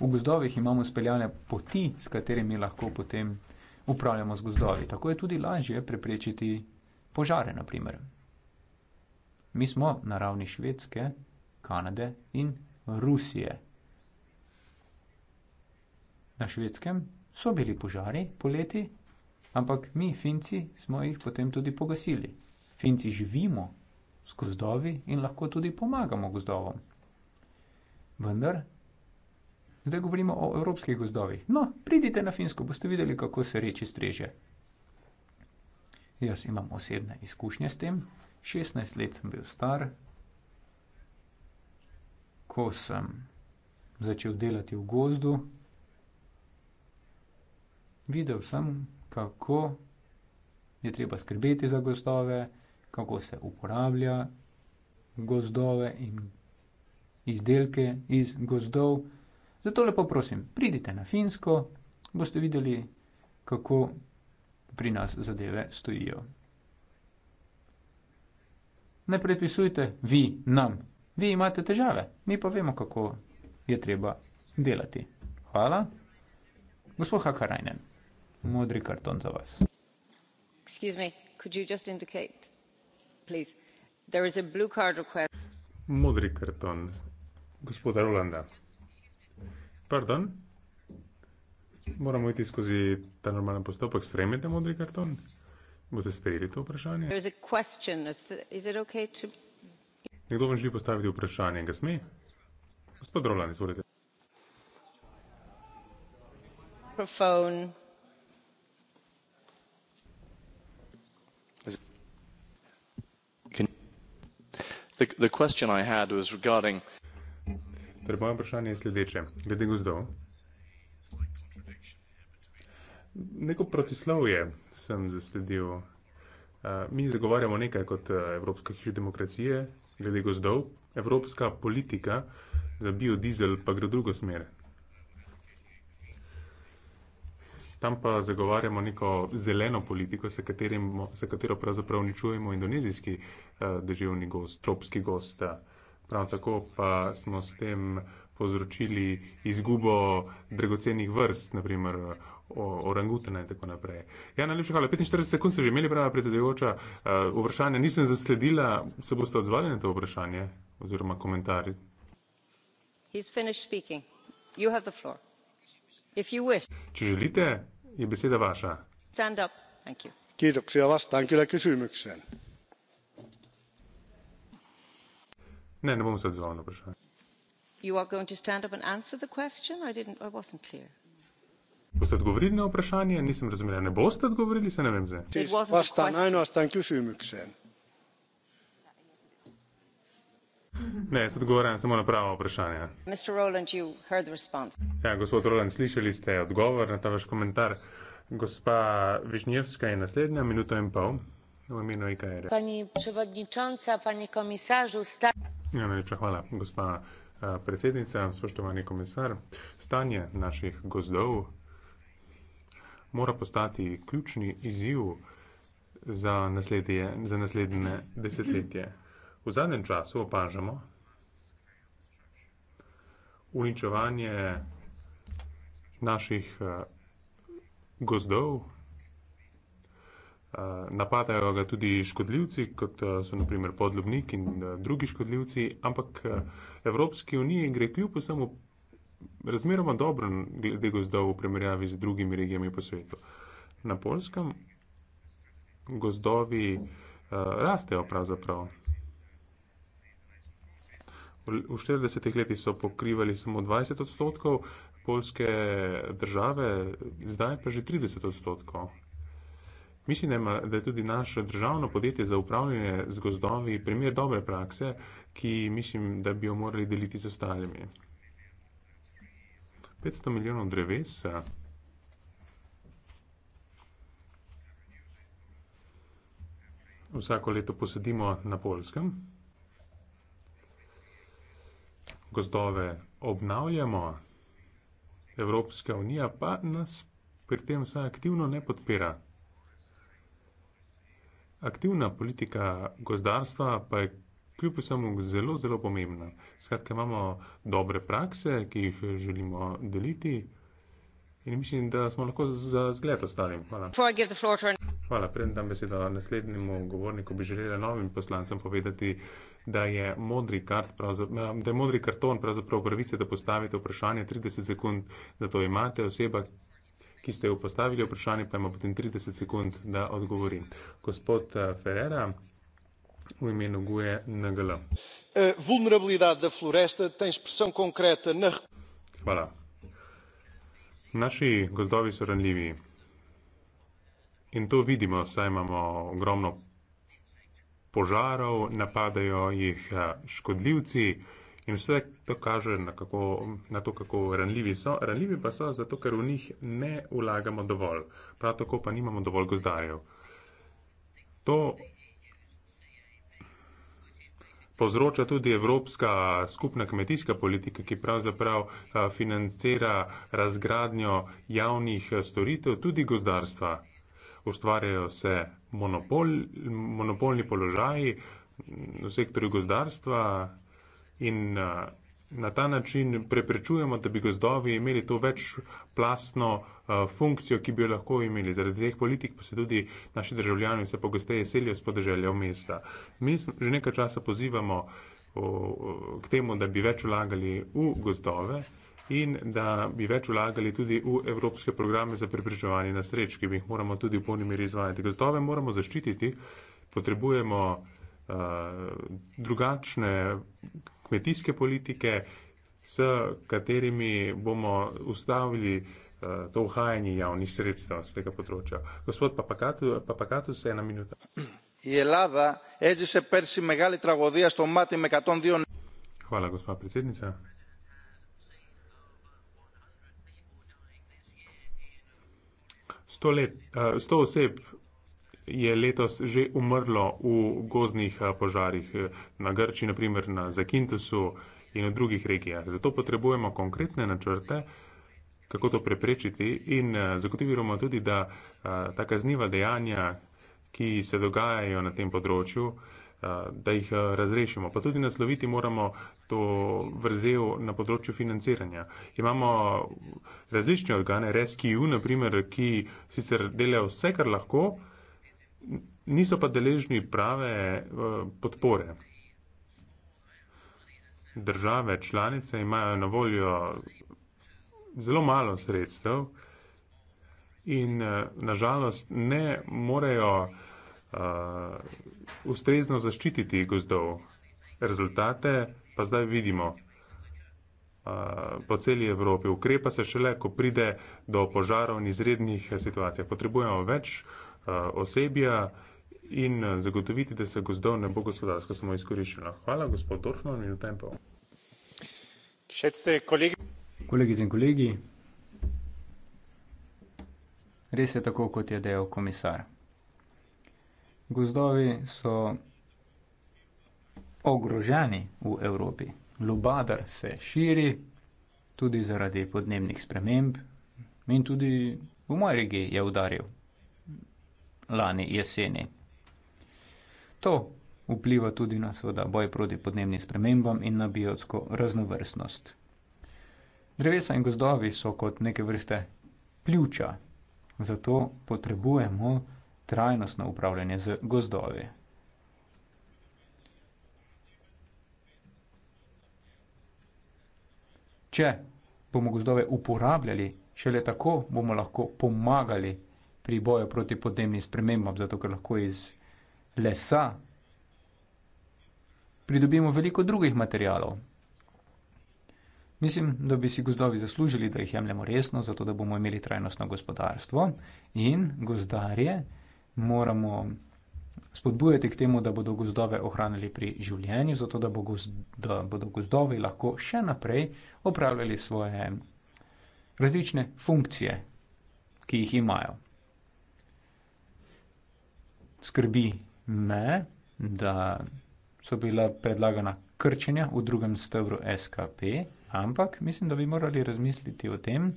V gozdovih imamo speljane poti, s katerimi lahko potem upravljamo z gozdovi. Tako je tudi lažje preprečiti požare, na primer. Mi smo na ravni Švedske, Kanade in Rusije. Na švedskem So bili požari poleti, ampak mi, Finci, smo jih potem tudi pogasili. Finci živimo s gozdovi in lahko tudi pomagamo gozdovom. Vendar, zdaj govorimo o evropskih gozdovih. No, pridite na Finsko, boste videli, kako se reči streže. Jaz imam osebne izkušnje s tem. 16 let sem bil star, ko sem začel delati v gozdu, Videl sem, kako je treba skrbeti za gozdove, kako se uporablja gozdove in izdelke iz gozdov. Zato lepo prosim, pridite na Finsko, boste videli, kako pri nas zadeve stojijo. Ne predpisujte vi nam. Vi imate težave, mi pa vemo, kako je treba delati. Hvala. Gospod Hakarajnen modri karton za vas modri karton gospoda Rolanda. Pardon? Moramo iti skozi ta normalen postopek. Sprejmete modri karton? Boste sprejeli to vprašanje? Nekdo vam želi postaviti vprašanje. Ga sme? Gospod Roland, izvolite. Mikrofon. Torej, moje vprašanje je sledeče. Glede gozdov. Neko protislovje sem zasledil. Mi zagovarjamo nekaj kot Evropska hiša demokracije glede gozdov. Evropska politika za biodizel pa gre v drugo smer. Tam pa zagovarjamo neko zeleno politiko, sa, katerim, sa katero pravzaprav ničujemo indonezijski uh, deževni gost, tropski gost. Eh. Prav tako pa smo s tem povzročili izgubo dragocenih vrst, naprimer orangutana in tako naprej. Ja, najlepša hvala. 45 sekund ste že imeli, prava predsedujoča. Uh, eh, vprašanje nisem zasledila, se boste odzvali na to vprašanje oziroma komentarji. He's finished speaking. You have the floor če želite je beseda vaša. ne ne bom se odzval na vprašanje. boste odgovorili na vprašanje nisem razumel. ne boste odgovorili saj ne vem zdaj. Ne, jaz odgovarjam samo na pravo vprašanje. Roland, ja, gospod Roland, slišali ste odgovor na ta vaš komentar. Gospa Višnjevska je naslednja, minuto in pol. V imenu IKR. Pani predsednica, pani komisaržu, sta. Ja, najlepša hvala, gospa e, predsednica, spoštovani komisar. Stanje naših gozdov mora postati ključni izziv za, za naslednje desetletje v zadnjem času opažamo uničevanje naših eh, gozdov, eh, napadajo ga tudi škodljivci, kot eh, so naprimer podlobnik in drugi škodljivci, ampak Evropski uniji gre kljub vsemu razmeroma dobro glede gozdov v primerjavi z drugimi regijami po svetu. Na Poljskem gozdovi rastejo pravzaprav v 40 letih so pokrivali samo 20 odstotkov polske države, zdaj pa že 30 odstotkov. Mislim, da je tudi naše državno podjetje za upravljanje z gozdovi primer dobre prakse, ki mislim, da bi jo morali deliti z ostalimi. 500 milijonov dreves. Ja. Vsako leto posedimo na polskem gozdove obnavljamo, Evropska unija pa nas pri tem vsaj aktivno ne podpira. Aktivna politika gozdarstva pa je kljub vsemu zelo, zelo pomembna. Skratka, imamo dobre prakse, ki jih želimo deliti in mislim, da smo lahko za zgled ostalim. Hvala. Hvala, predem dam besedo naslednjemu govorniku, bi želela novim poslancem povedati, da je modri, kart da je modri karton pravzaprav pravice, da postavite vprašanje 30 sekund, da to imate oseba, ki ste jo postavili vprašanje, pa ima potem 30 sekund, da odgovori. Gospod eh, Ferrera. O imenu Guje Nagala. Vulnerabilidade da floresta tem expressão concreta na. Hvala. Naši gozdovi so ranljivi. In to vidimo, saj imamo ogromno požarov, napadajo jih eh, škodljivci in vse to kaže na, kako, na to, kako ranljivi so. Ranljivi pa so zato, ker v njih ne vlagamo dovolj, prav tako pa nimamo dovolj gozdarjev. To povzroča tudi Evropska skupna kmetijska politika, ki pravzaprav eh, financira razgradnjo javnih eh, storitev, tudi gozdarstva ustvarjajo se monopol, monopolni položaji v sektorju gozdarstva in na ta način preprečujemo, da bi gozdovi imeli to večplastno funkcijo, ki bi jo lahko imeli. Zaradi teh politik pa se tudi naši državljani vse pogosteje selijo s podeželja v mesta. Mi že nekaj časa pozivamo k temu, da bi več ulagali v gozdove in da bi več vlagali tudi v evropske programe za preprečevanje nasreč, ki bi jih moramo tudi v polni meri izvajati. Gozdove moramo zaščititi, potrebujemo uh, drugačne kmetijske politike, s katerimi bomo ustavili eh, to uhajanje javnih sredstev z tega področja. Gospod Papakatu, se ena minuta. Hvala, gospa predsednica. 100, let, 100 eh, oseb je letos že umrlo v gozdnih eh, požarih eh, na Grči, naprimer na Zakintusu in v drugih regijah. Zato potrebujemo konkretne načrte, kako to preprečiti in zagotoviramo tudi, da ta kazniva dejanja, ki se dogajajo na tem področju, Eh, da jih eh, razrešimo. Pa tudi nasloviti moramo to vrzel na področju financiranja. Imamo različne organe, RESCU, naprimer, ki sicer delajo vse, kar lahko, niso pa deležni prave eh, podpore. Države, članice imajo na voljo zelo malo sredstev in nažalost ne morejo uh, ustrezno zaščititi gozdov. Rezultate pa zdaj vidimo uh, po celi Evropi. Ukrepa se šele, ko pride do požarov in izrednih situacij. Potrebujemo več uh, osebja in uh, zagotoviti, da se gozdov ne bo gospodarsko samo izkoriščeno. Hvala, gospod Dorfman, in v tem pol. Še ste kolegi? Kolegice in kolegi, res je tako, kot je dejal komisar gozdovi so ogroženi v Evropi. Lubadar se širi tudi zaradi podnebnih sprememb in tudi v moji regiji je udaril lani jeseni. To vpliva tudi na seveda boj proti podnebnim spremembam in na biotsko raznovrstnost. Drevesa in gozdovi so kot neke vrste pljuča, zato potrebujemo trajnostno upravljanje z gozdovi če bomo gozdove uporabljali šele tako bomo lahko pomagali pri boju proti podnebnim spremembam zato ker lahko iz lesa pridobimo veliko drugih materialov Mislim, da bi si gozdovi zaslužili, da jih jemljemo resno, zato da bomo imeli trajnostno gospodarstvo in gozdarje moramo spodbujati k temu, da bodo gozdove ohranili pri življenju, zato da, bo gozd, da bodo gozdovi lahko še naprej opravljali svoje različne funkcije, ki jih imajo. Skrbi me, da so bila predlagana krčenja v drugem stebru SKP, ampak mislim, da bi morali razmisliti o tem,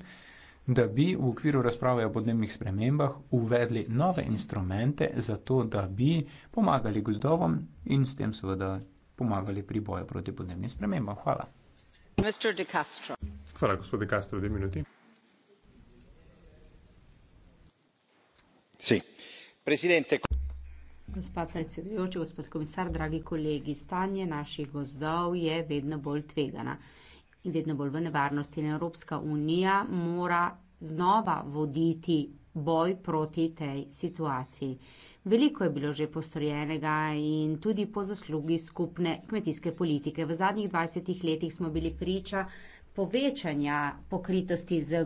da bi v okviru razprave o podnebnih spremembah uvedli nove instrumente za to, da bi pomagali gozdovom in s tem seveda pomagali pri boju proti podnebnim spremembam. Hvala. Mr. De Castro. Hvala, gospod De Castro, dve minuti. Sí. Presidente. Gospod predsedujoči, gospod komisar, dragi kolegi, stanje naših gozdov je vedno bolj tvegana in vedno bolj v nevarnosti. In Evropska unija mora znova voditi boj proti tej situaciji. Veliko je bilo že postorjenega in tudi po zaslugi skupne kmetijske politike. V zadnjih 20 letih smo bili priča povečanja pokritosti z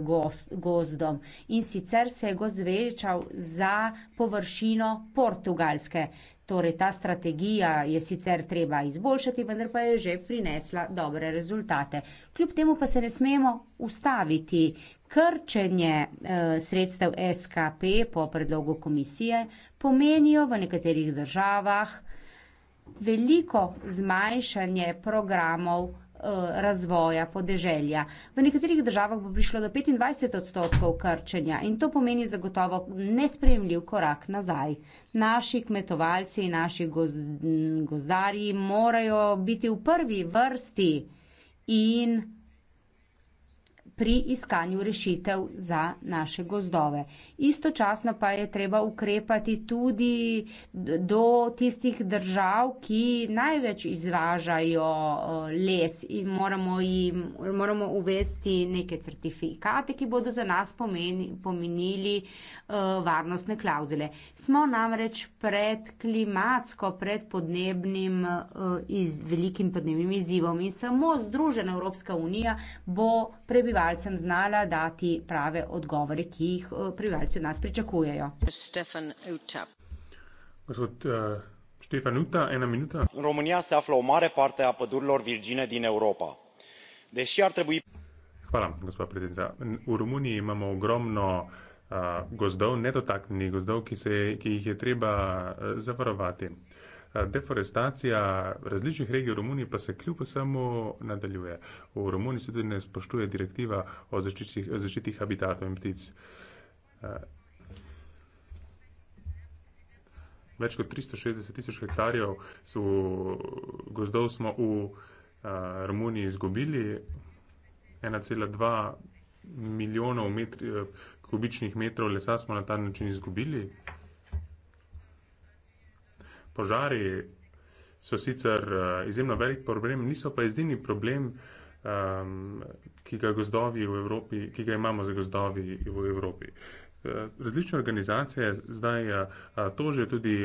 gozdom in sicer se je gozd zvečal za površino Portugalske. Torej, ta strategija je sicer treba izboljšati, vendar pa je že prinesla dobre rezultate. Kljub temu pa se ne smemo ustaviti. Krčenje e, sredstev SKP po predlogu komisije pomenijo v nekaterih državah veliko zmanjšanje programov Eh, razvoja podeželja. V nekaterih državah bo prišlo do 25 odstotkov krčenja in to pomeni zagotovo nespremljiv korak nazaj. Naši kmetovalci in naši goz, gozdarji morajo biti v prvi vrsti in pri iskanju rešitev za naše gozdove. Istočasno pa je treba ukrepati tudi do tistih držav, ki največ izvažajo les in moramo, jim, moramo uvesti neke certifikate, ki bodo za nas pomeni, pomenili varnostne klauzule. Smo namreč pred klimatsko, pred podnebnim iz, velikim podnebnim izzivom in samo Združena Evropska unija bo prebivalstvo prebivalcem znala dati prave odgovore, ki jih eh, prebivalci od nas pričakujejo. Stefan Uta. Gospod uh, Stefan Uta, ena minuta. Romunija se afla v mare parte a podurlor Virgine din Evropa. Deși ar trebui... Hvala, gospod predsednica. V Romuniji imamo ogromno uh, gozdov, nedotaknjenih gozdov, ki, se, ki jih je treba uh, zavarovati. Uh, Eh, deforestacija različnih regij v Romuniji pa se kljub vsemu nadaljuje. V Romuniji se tudi ne spoštuje direktiva o zaščiti, o zaščiti habitatov in ptic. Eh, več kot 360 tisoč hektarjev so, gozdov smo v eh, Romuniji izgubili, 1,2 milijonov metri, kubičnih metrov lesa smo na ta način izgubili požari so sicer eh, izjemno velik problem, niso pa edini problem, um, ki ga gozdovi v Evropi, ki ga imamo za gozdovi v Evropi. Eh, različne organizacije zdaj eh, tožijo tudi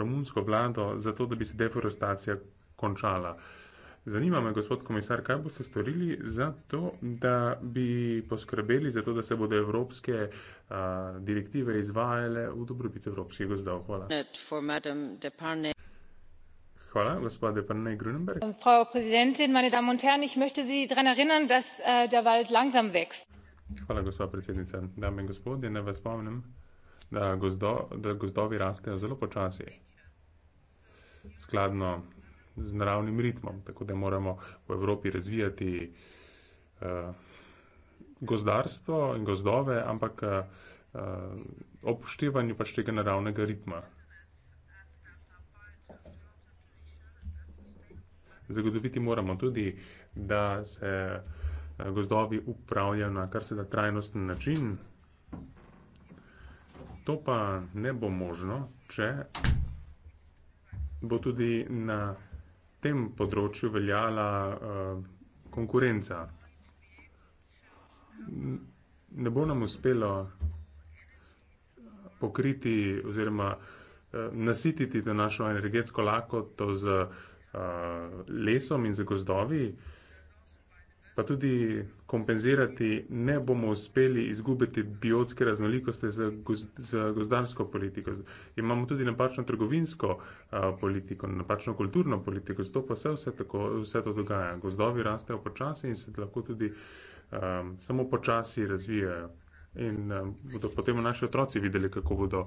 romunsko vlado za to, da bi se deforestacija končala. Uh, Zanima me, gospod komisar, kaj boste storili za to, da bi poskrbeli za to, da se bodo evropske a, direktive izvajale v dobrobit evropskih gozdov. Hvala. Hvala, gospod Deparnej Grunenberg. Ähm, äh, Hvala, gospod predsednica. Dame in gospodje, ne vas spomnim, da, gozdo, da gozdovi rastejo zelo počasi. Skladno z naravnim ritmom. Tako da moramo v Evropi razvijati uh, gozdarstvo in gozdove, ampak uh, eh, eh, opuštevanju pač tega naravnega ritma. Zagotoviti moramo tudi, da se gozdovi upravljajo na kar se da trajnostni način. To pa ne bo možno, če bo tudi na tem področju veljala uh, konkurenca. Ne bo nam uspelo eh, pokriti oziroma uh, nasititi to našo energetsko lakoto z uh, lesom in z gozdovi, uh, pa tudi kompenzirati, ne bomo uspeli izgubiti biotske raznolikosti za, goz, za gozdarsko politiko. Imamo tudi napačno trgovinsko a, politiko, napačno kulturno politiko, zato pa se vse, tako, vse to dogaja. Gozdovi rastejo počasi in se lahko tudi a, samo počasi razvijajo. In uh, bodo potem naši otroci videli, kako bodo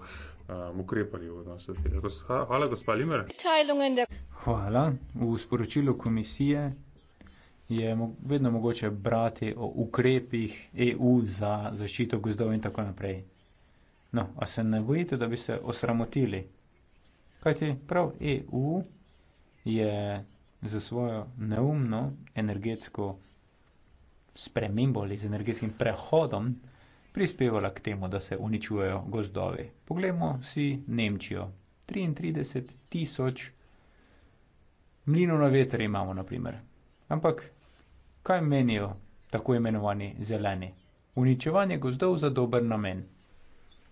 um, ukrepali v odnosu do tega. Hvala, gospod Limer. Hvala. V sporočilu komisije je vedno mogoče brati o ukrepih EU za zaščito gozdov in tako naprej. No, a se ne bojite, da bi se osramotili? Kajti prav EU je za svojo neumno energetsko spremembo ali z energetskim prehodom prispevala k temu, da se uničujejo gozdovi. Poglejmo si Nemčijo. 33 tisoč mlinov na veter imamo, naprimer. Ampak kaj menijo tako imenovani zeleni? Uničevanje gozdov za dober namen.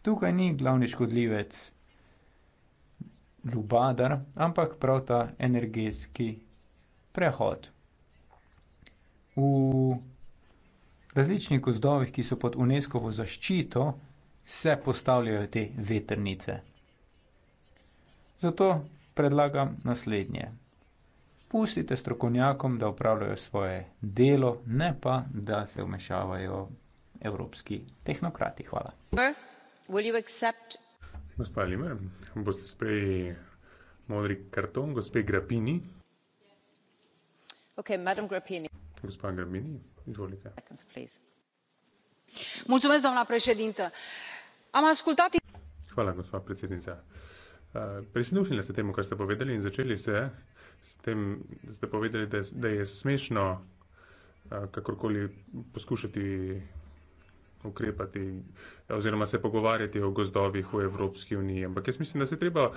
Tukaj ni glavni škodljivec ljubadar, ampak prav ta energetski prehod. V različnih gozdovih, ki so pod UNESCO zaščito, se postavljajo te veternice. Zato predlagam naslednje pustite strokovnjakom, da upravljajo svoje delo, ne pa, da se vmešavajo evropski tehnokrati. Hvala. Gospa Lima, boste sprejeli modri karton, gospe Grapini? Okay, Grapini. Gospa Grapini, izvolite. Mulțumesc, doamna președintă. Am ascultat... Hvala, gospa predsednica. Uh, Presenuhnila ste temu, kar ste povedali in začeli ste s tem ste povedali, da, da je smešno kakorkoli poskušati ukrepati oziroma se pogovarjati o gozdovih v Evropski uniji. Ampak jaz mislim, da se treba uh,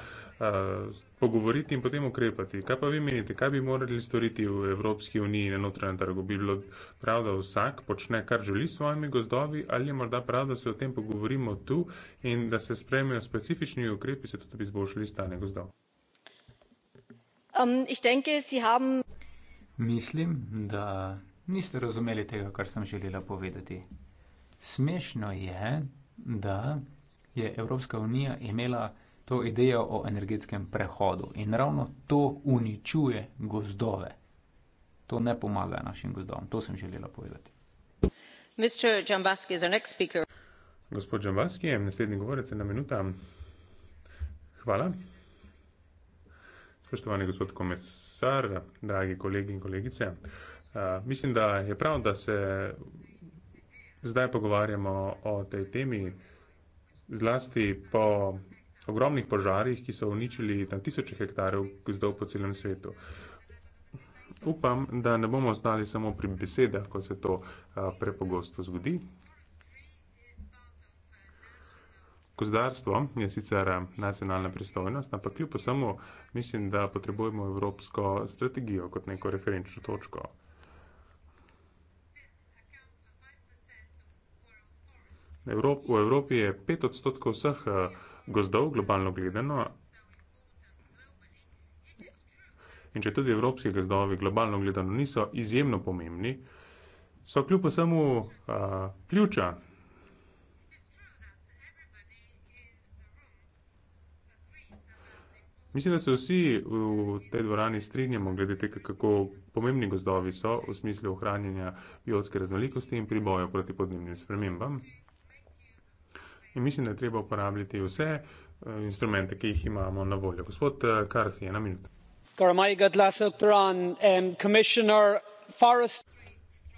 pogovoriti in potem ukrepati. Kaj pa vi menite, kaj bi morali storiti v Evropski uniji na notranjem trgu? Bi bilo prav, da vsak počne, kar želi s svojimi gozdovi ali je morda prav, da se o tem pogovorimo tu in da se spremijo specifični ukrepi, se tudi bi zboljšali stane gozdov? ich denke, Sie haben. Mislim, da niste razumeli tega, kar sem želela povedati. Smešno je, da je Evropska unija imela to idejo o energetskem prehodu in ravno to uničuje gozdove. To ne pomaga našim gozdom. To sem želela povedati. Gospod Džambaski je naslednji govorec, ena minuta. Hvala. Spoštovani gospod komisar, dragi kolegi in kolegice, eh, mislim, da je prav, da se zdaj pogovarjamo o tej temi, zlasti po ogromnih požarih, ki so uničili na tisoče hektarjev gozdov po celem svetu. Upam, da ne bomo ostali samo pri besedah, ko se to eh, prepogosto zgodi, Gozdarstvo je sicer eh, nacionalna pristojnost, ampak kljub vsemu mislim, da potrebujemo evropsko strategijo kot neko referenčno točko. Evrop, v Evropi je 5 odstotkov vseh eh, gozdov globalno gledano. In če tudi evropski gozdovi globalno gledano niso izjemno pomembni, so kljub vsemu pljuča eh, Mislim, da se vsi v tej dvorani strinjamo glede tega, kako pomembni gozdovi so v smislu ohranjanja biotske raznolikosti in priboja proti podnebnim spremembam. In mislim, da je treba uporabljati vse eh, instrumente, ki jih imamo na voljo. Gospod Karti, eh, ena minuta.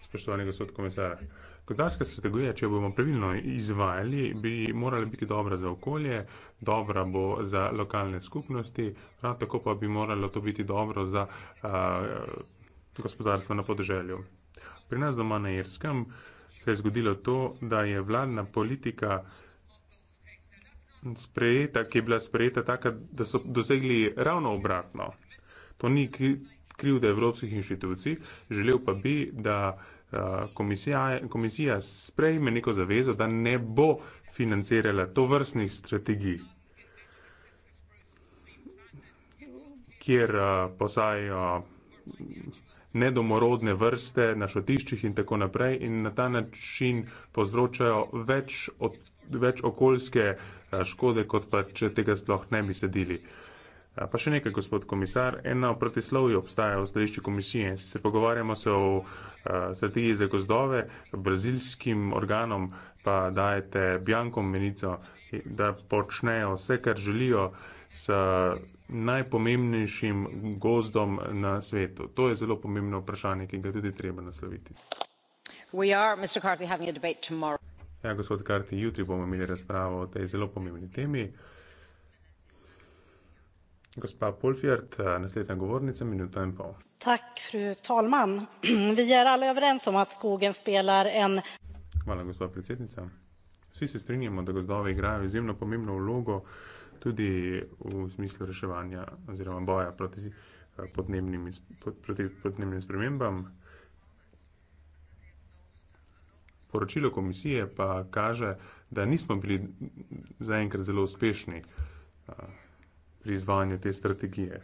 Spoštovani gospod komisar. Gospodarska strategija, če jo bomo pravilno izvajali, bi morala biti dobra za okolje, dobra bo za lokalne skupnosti, prav tako pa bi moralo to biti dobro za a, gospodarstvo na podeželju. Pri nas doma na Irskem se je zgodilo to, da je vladna politika sprejeta, ki je bila sprejeta taka, da so dosegli ravno obratno. To ni krivda evropskih inštitucij, želel pa bi, da. Eh, komisija, komisija sprejme neko zavezo, da ne bo financirala to vrstnih strategij, kjer eh, posajajo nedomorodne vrste na šotiščih in tako naprej in na ta način povzročajo več, več okoljske eh, škode, kot pa če tega sploh ne bi sedili. Uh, Pa še nekaj, gospod komisar, ena protislovja obstaja v stališču komisije. Sicer pogovarjamo se o eh, strategiji za gozdove, brazilskim organom pa dajete bjankom menico, da počnejo vse, kar želijo s najpomembnejšim gozdom na svetu. To je zelo pomembno vprašanje, ki ga tudi treba nasloviti. Ja, gospod Karti, jutri bomo imeli razpravo o tej zelo pomembni temi. Gospa Polfjert, eh, naslednja govornica, minuta in pol. Tak, fru talman. (clears throat) Vi je alle överens om att skogen spelar en... Hvala, gospa predsednica. Vsi se strinjamo, da gozdove igrajo izjemno pomembno vlogo tudi v smislu reševanja oziroma boja proti eh, podnebnim, proti podnebnim spremembam. Poročilo komisije pa kaže, da nismo bili zaenkrat zelo uspešni eh, pri izvajanju te strategije.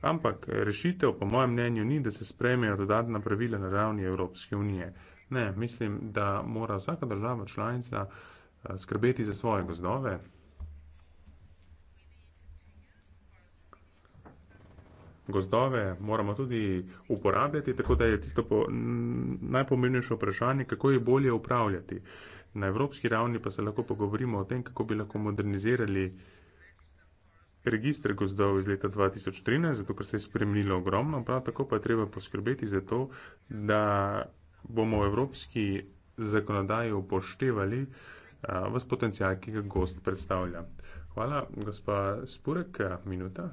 Ampak rešitev, po mojem mnenju, ni, da se sprejmejo dodatna pravila na ravni Evropske unije. Ne, mislim, da mora vsaka država članica eh, skrbeti za svoje gozdove. Gozdove moramo tudi uporabljati, tako da je tisto po, najpomembnejše vprašanje, kako jih bolje upravljati. Na evropski ravni pa se lahko pogovorimo o tem, kako bi lahko modernizirali uh, Registr gozdov iz leta 2013, zato ker se je spremenilo ogromno, prav tako pa je treba poskrbeti za to, da bomo v evropski zakonodaji upoštevali vas potencijal, ki ga gost predstavlja. Hvala, gospa Spurek, minuta.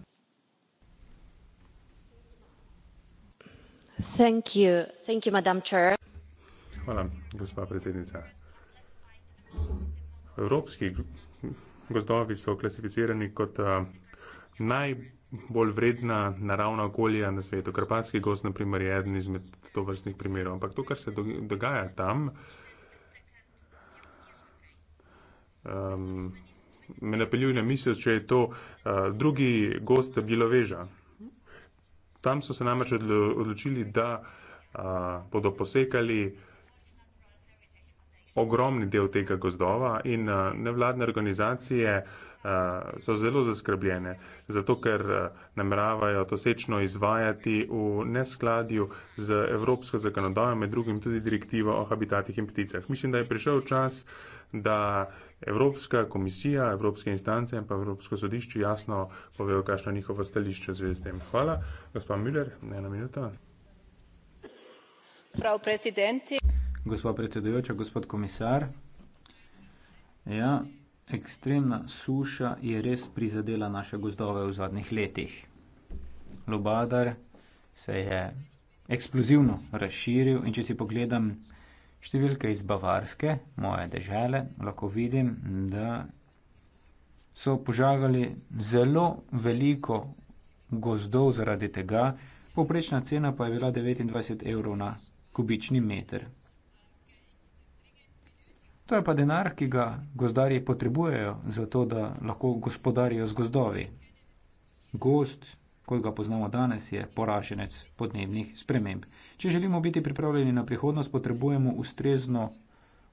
Thank you. Thank you, Chair. Hvala, gospa predsednica. Evropski gozdovi so klasificirani kot uh, najbolj vredna naravna okolja na svetu. Krpatski gost, na primer, je eden izmed to vrstnih primerov. Ampak to, kar se dogaja tam, um, me napeljuje na misel, če je to uh, drugi gost Biloveža. Tam so se namreč odločili, da uh, bodo posekali uh, ogromni del tega gozdova in eh, nevladne organizacije eh, so zelo zaskrbljene, zato ker eh, nameravajo to sečno izvajati v neskladju z evropsko zakonodajo, med drugim tudi direktivo o habitatih in pticah. Mislim, da je prišel čas, da Evropska komisija, Evropske instance in pa Evropsko sodišče jasno povejo, kakšno je njihovo stališče v zvezi s tem. Hvala. Gospod Müller, ena minuta. Frau Präsidentin, gospod predsedujoča, gospod komisar. Ja, ekstremna suša je res prizadela naše gozdove v zadnjih letih. Lobadar se je eksplozivno razširil in če si pogledam številke iz Bavarske, moje dežele, lahko vidim, da so požagali zelo veliko gozdov zaradi tega, poprečna cena pa je bila 29 evrov na kubični meter. To je pa denar, ki ga gozdarji potrebujejo, zato da lahko gospodarijo z gozdovi. Gost, kot ga poznamo danes, je poraženec podnebnih sprememb. Če želimo biti pripravljeni na prihodnost, potrebujemo ustrezno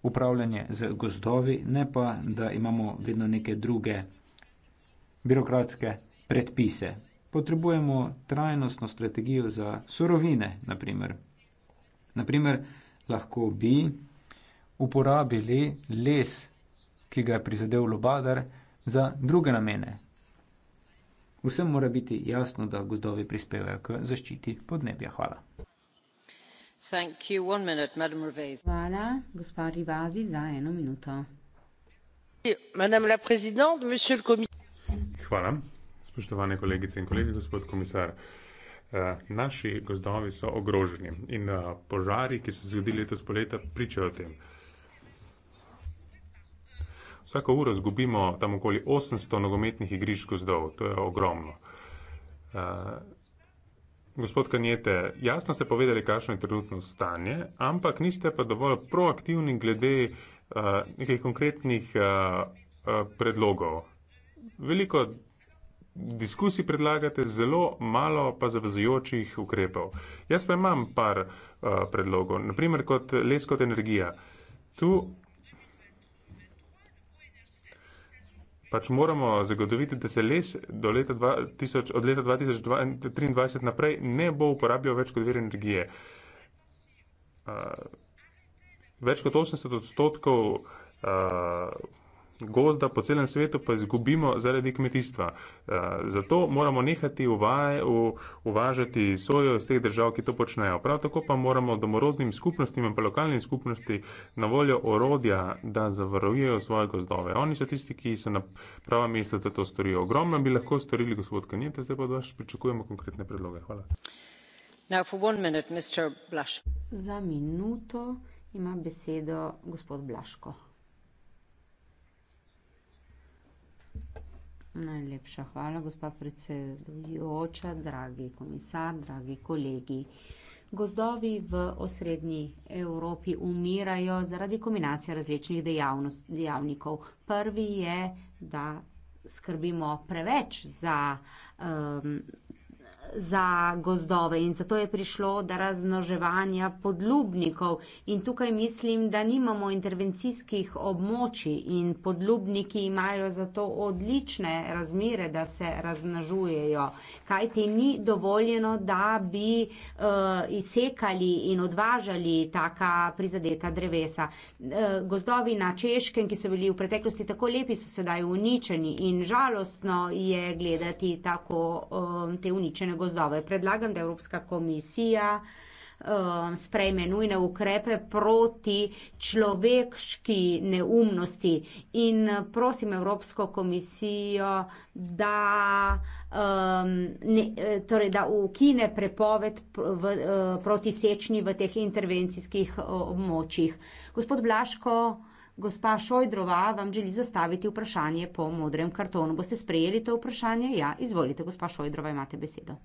upravljanje z gozdovi, ne pa da imamo vedno neke druge birokratske predpise. Potrebujemo trajnostno strategijo za surovine, naprimer. Naprimer, lahko bi uporabili les ki ga je prizadel lobadar za druge namene. Vsem mora biti jasno, da gozdovi prispevajo k zaščiti podnebja. Hvala. Thank you. One minute, Madam Hvala, gospa Rivazi, za eno minuto. Hvala, spoštovane kolegice in kolegi, gospod komisar. Eh, naši gozdovi so ogroženi in eh, požari, ki so se zgodili letos poleta, pričajo o tem. Vsako uro zgubimo tam okoli 800 nogometnih igrišč gozdov, to je ogromno. Uh, gospod Kanjete, jasno ste povedali, kakšno je trenutno stanje, ampak niste pa dovolj proaktivni glede uh, nekih konkretnih uh, uh, predlogov. Veliko diskusij predlagate, zelo malo pa zavezujočih ukrepov. Jaz pa imam par uh, predlogov, naprimer kot les kot energija. Tu pač moramo zagotoviti, da se les do leta 2000, od leta 2023 naprej ne bo uporabljal več kot vire energije. Uh, več kot 80 odstotkov uh, gozda po celem svetu pa izgubimo zaradi kmetijstva. Eh, zato moramo nehati uvaj, u, uvažati sojo iz teh držav, ki to počnejo. Prav tako pa moramo domorodnim skupnostim in pa lokalnim skupnosti na voljo orodja, da zavarujejo svoje gozdove. Oni so tisti, ki so na prava mesta, da to storijo. Ogromno bi lahko storili, gospod Kanjete, zdaj pa od vas pričakujemo konkretne predloge. Hvala. Now for one minute, Mr. Blaško. Za minuto ima besedo gospod Blaško. Najlepša hvala, gospa predsedujoča, dragi komisar, dragi kolegi. Gozdovi v osrednji Evropi umirajo zaradi kombinacije različnih dejavnost, dejavnikov. Prvi je, da skrbimo preveč za um, za gozdove in zato je prišlo do razmnoževanja podlubnikov in tukaj mislim, da nimamo intervencijskih območij in podlubniki imajo zato odlične razmere, da se razmnožujejo. Kaj ti ni dovoljeno, da bi uh, izsekali in odvažali taka prizadeta drevesa. Uh, gozdovi na Češkem, ki so bili v preteklosti tako lepi, so sedaj uničeni in žalostno je gledati tako uh, te uničene gozdove. Predlagam, da Evropska komisija um, sprejme nujne ukrepe proti človeški neumnosti in uh, prosim Evropsko komisijo, da, um, ne, eh, torej, da ukine prepoved v, eh, proti sečnji v teh intervencijskih območjih. Gospod Blaško, Gospa Šojdrova vam želi zastaviti vprašanje po modrem kartonu. Boste sprejeli to vprašanje? Ja, izvolite, gospa Šojdrova, imate besedo.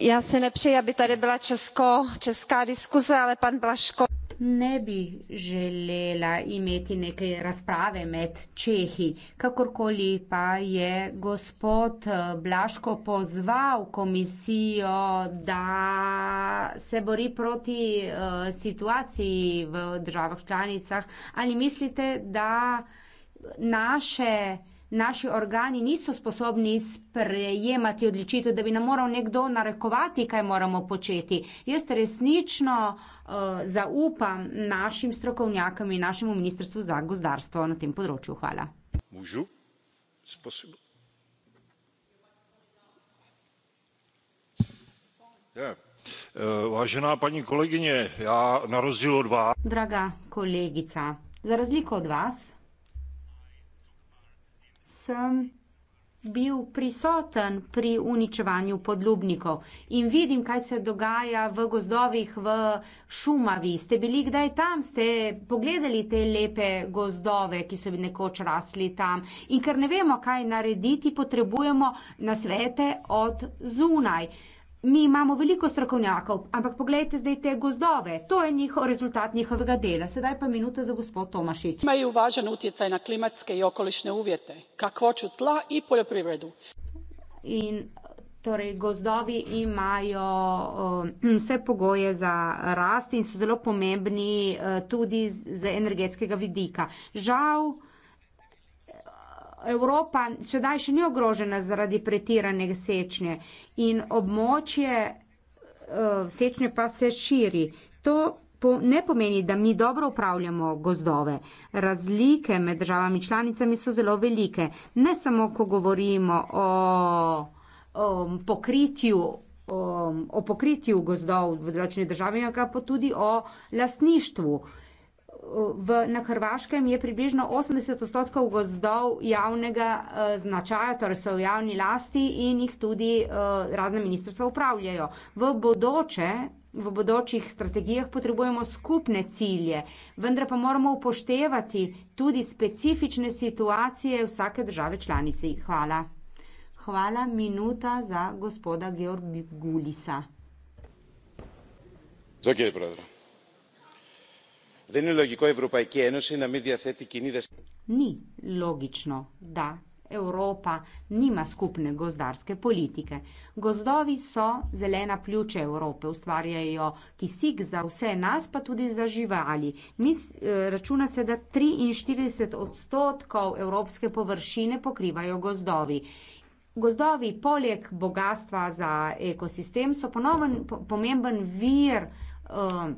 Ja, se ne prijavi, da bi tady bila česko, česká diskuze, ampak pan Blaško ne bi želela imeti neke razprave med Čehi. Kakorkoli pa je gospod eh, Blaško pozval komisijo, da se bori proti eh, situaciji v državah članicah, ali mislite, da naše naši organi niso sposobni sprejemati odločitev, da bi nam moral nekdo narekovati, kaj moramo početi. Jaz resnično uh, zaupam našim strokovnjakom in našemu ministrstvu za gozdarstvo na tem področju. Hvala. Ja. Eh, vážená paní kolegyně, já na rozdíl od vás. Draga kolegica, za rozdíl od vás, sem bil prisoten pri uničevanju podlubnikov in vidim, kaj se dogaja v gozdovih v Šumavi. Ste bili kdaj tam, ste pogledali te lepe gozdove, ki so bi nekoč rasli tam in ker ne vemo, kaj narediti, potrebujemo nasvete od zunaj mi imamo veliko strokovnjakov, ampak pogledajte zdaj te gozdove, to je njihov rezultat njihovega dela. Sedaj pa minuta za gospod Tomašić. Imajo važan utjecaj na klimatske in okolišne uvjete, kakvoću tla in poljoprivredu. In Torej, gozdovi imajo um, vse pogoje za rast in so zelo pomembni uh, tudi z, z energetskega vidika. Žal, Evropa sedaj še ni ogrožena zaradi pretirane sečnje in območje uh, sečnje pa se širi. To po, ne pomeni, da mi dobro upravljamo gozdove. Razlike med državami članicami so zelo velike. Ne samo, ko govorimo o, o pokritju o pokritju gozdov v določeni državi, ampak pa tudi o lasništvu. Uh, v, na Hrvaškem je približno 80 odstotkov gozdov javnega uh, značaja, torej so v javni lasti in jih tudi uh, eh, razne ministrstva upravljajo. V bodoče. V bodočih strategijah potrebujemo skupne cilje, vendar pa moramo upoštevati tudi specifične situacije vsake države članice. Hvala. Hvala, minuta za gospoda Georgi Gulisa. Zakaj je pravzaprav? Δεν είναι λογικό η Ευρωπαϊκή Ένωση να μην διαθέτει κοινή δεσμευτική. Ναι, λογικό. Ναι, Evropa nima skupne gozdarske politike. Gozdovi so zelena pljuče Evrope, ustvarjajo kisik za vse nas, pa tudi za živali. Mi, računa se, da 43 odstotkov evropske površine pokrivajo gozdovi. Gozdovi, poleg bogatstva za ekosistem, so ponoven pomemben vir. Uh,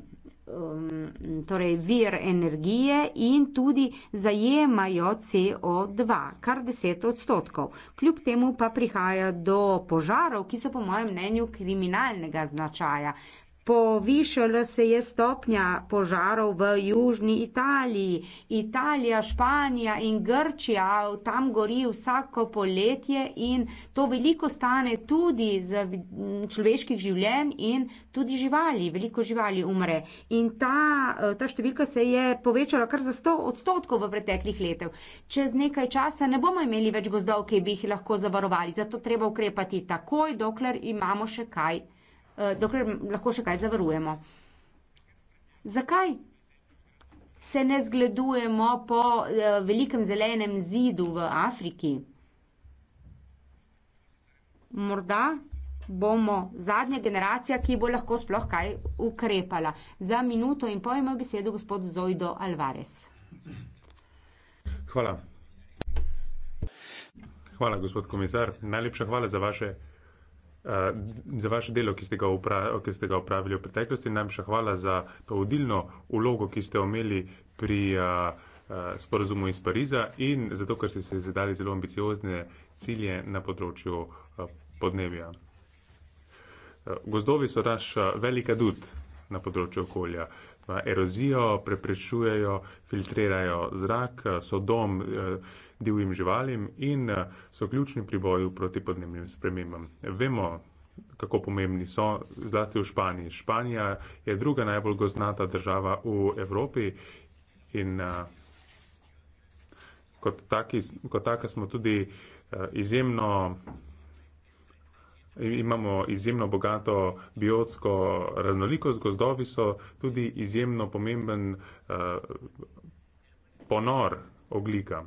um, torej vir energije in tudi zajemajo CO2, kar 10 odstotkov. Kljub temu pa prihaja do požarov, ki so po mojem mnenju kriminalnega značaja. Povišala se je stopnja požarov v južni Italiji. Italija, Španija in Grčija, tam gori vsako poletje in to veliko stane tudi z človeških življenj in tudi živali, veliko živali umre. In ta, ta številka se je povečala kar za 100 odstotkov v preteklih letev. Čez nekaj časa ne bomo imeli več gozdov, ki bi jih lahko zavarovali, zato treba ukrepati takoj, dokler imamo še kaj. Eh, dokler lahko še kaj zavarujemo. Zakaj se ne zgledujemo po eh, velikem zelenem zidu v Afriki? Morda bomo zadnja generacija, ki bo lahko sploh kaj ukrepala. Za minuto in pol ima besedo gospod Zojdo Alvarez. Hvala. Hvala, gospod komisar. Najlepša hvala za vaše Eh, za vaše delo, ki ste, ki ste ga upravili v preteklosti. Najlepša hvala za to vodilno ulogo, ki ste omeli pri eh, eh, sporazumu iz Pariza in zato, ker ste se zadali zelo ambiciozne cilje na področju podnebja. Gozdovi so naš velika dud na področju okolja. Erozijo preprečujejo, filtrirajo zrak, so dom. Eh, divjim živalim in eh, so ključni pri boju proti podnebnim spremembam. Vemo, kako pomembni so, zlasti v Španiji. Španija je druga najbolj goznata država v Evropi in eh, kot, taki, kot taka smo tudi eh, izjemno. Imamo izjemno bogato biotsko raznolikost, gozdovi so tudi izjemno pomemben uh, ponor oglika.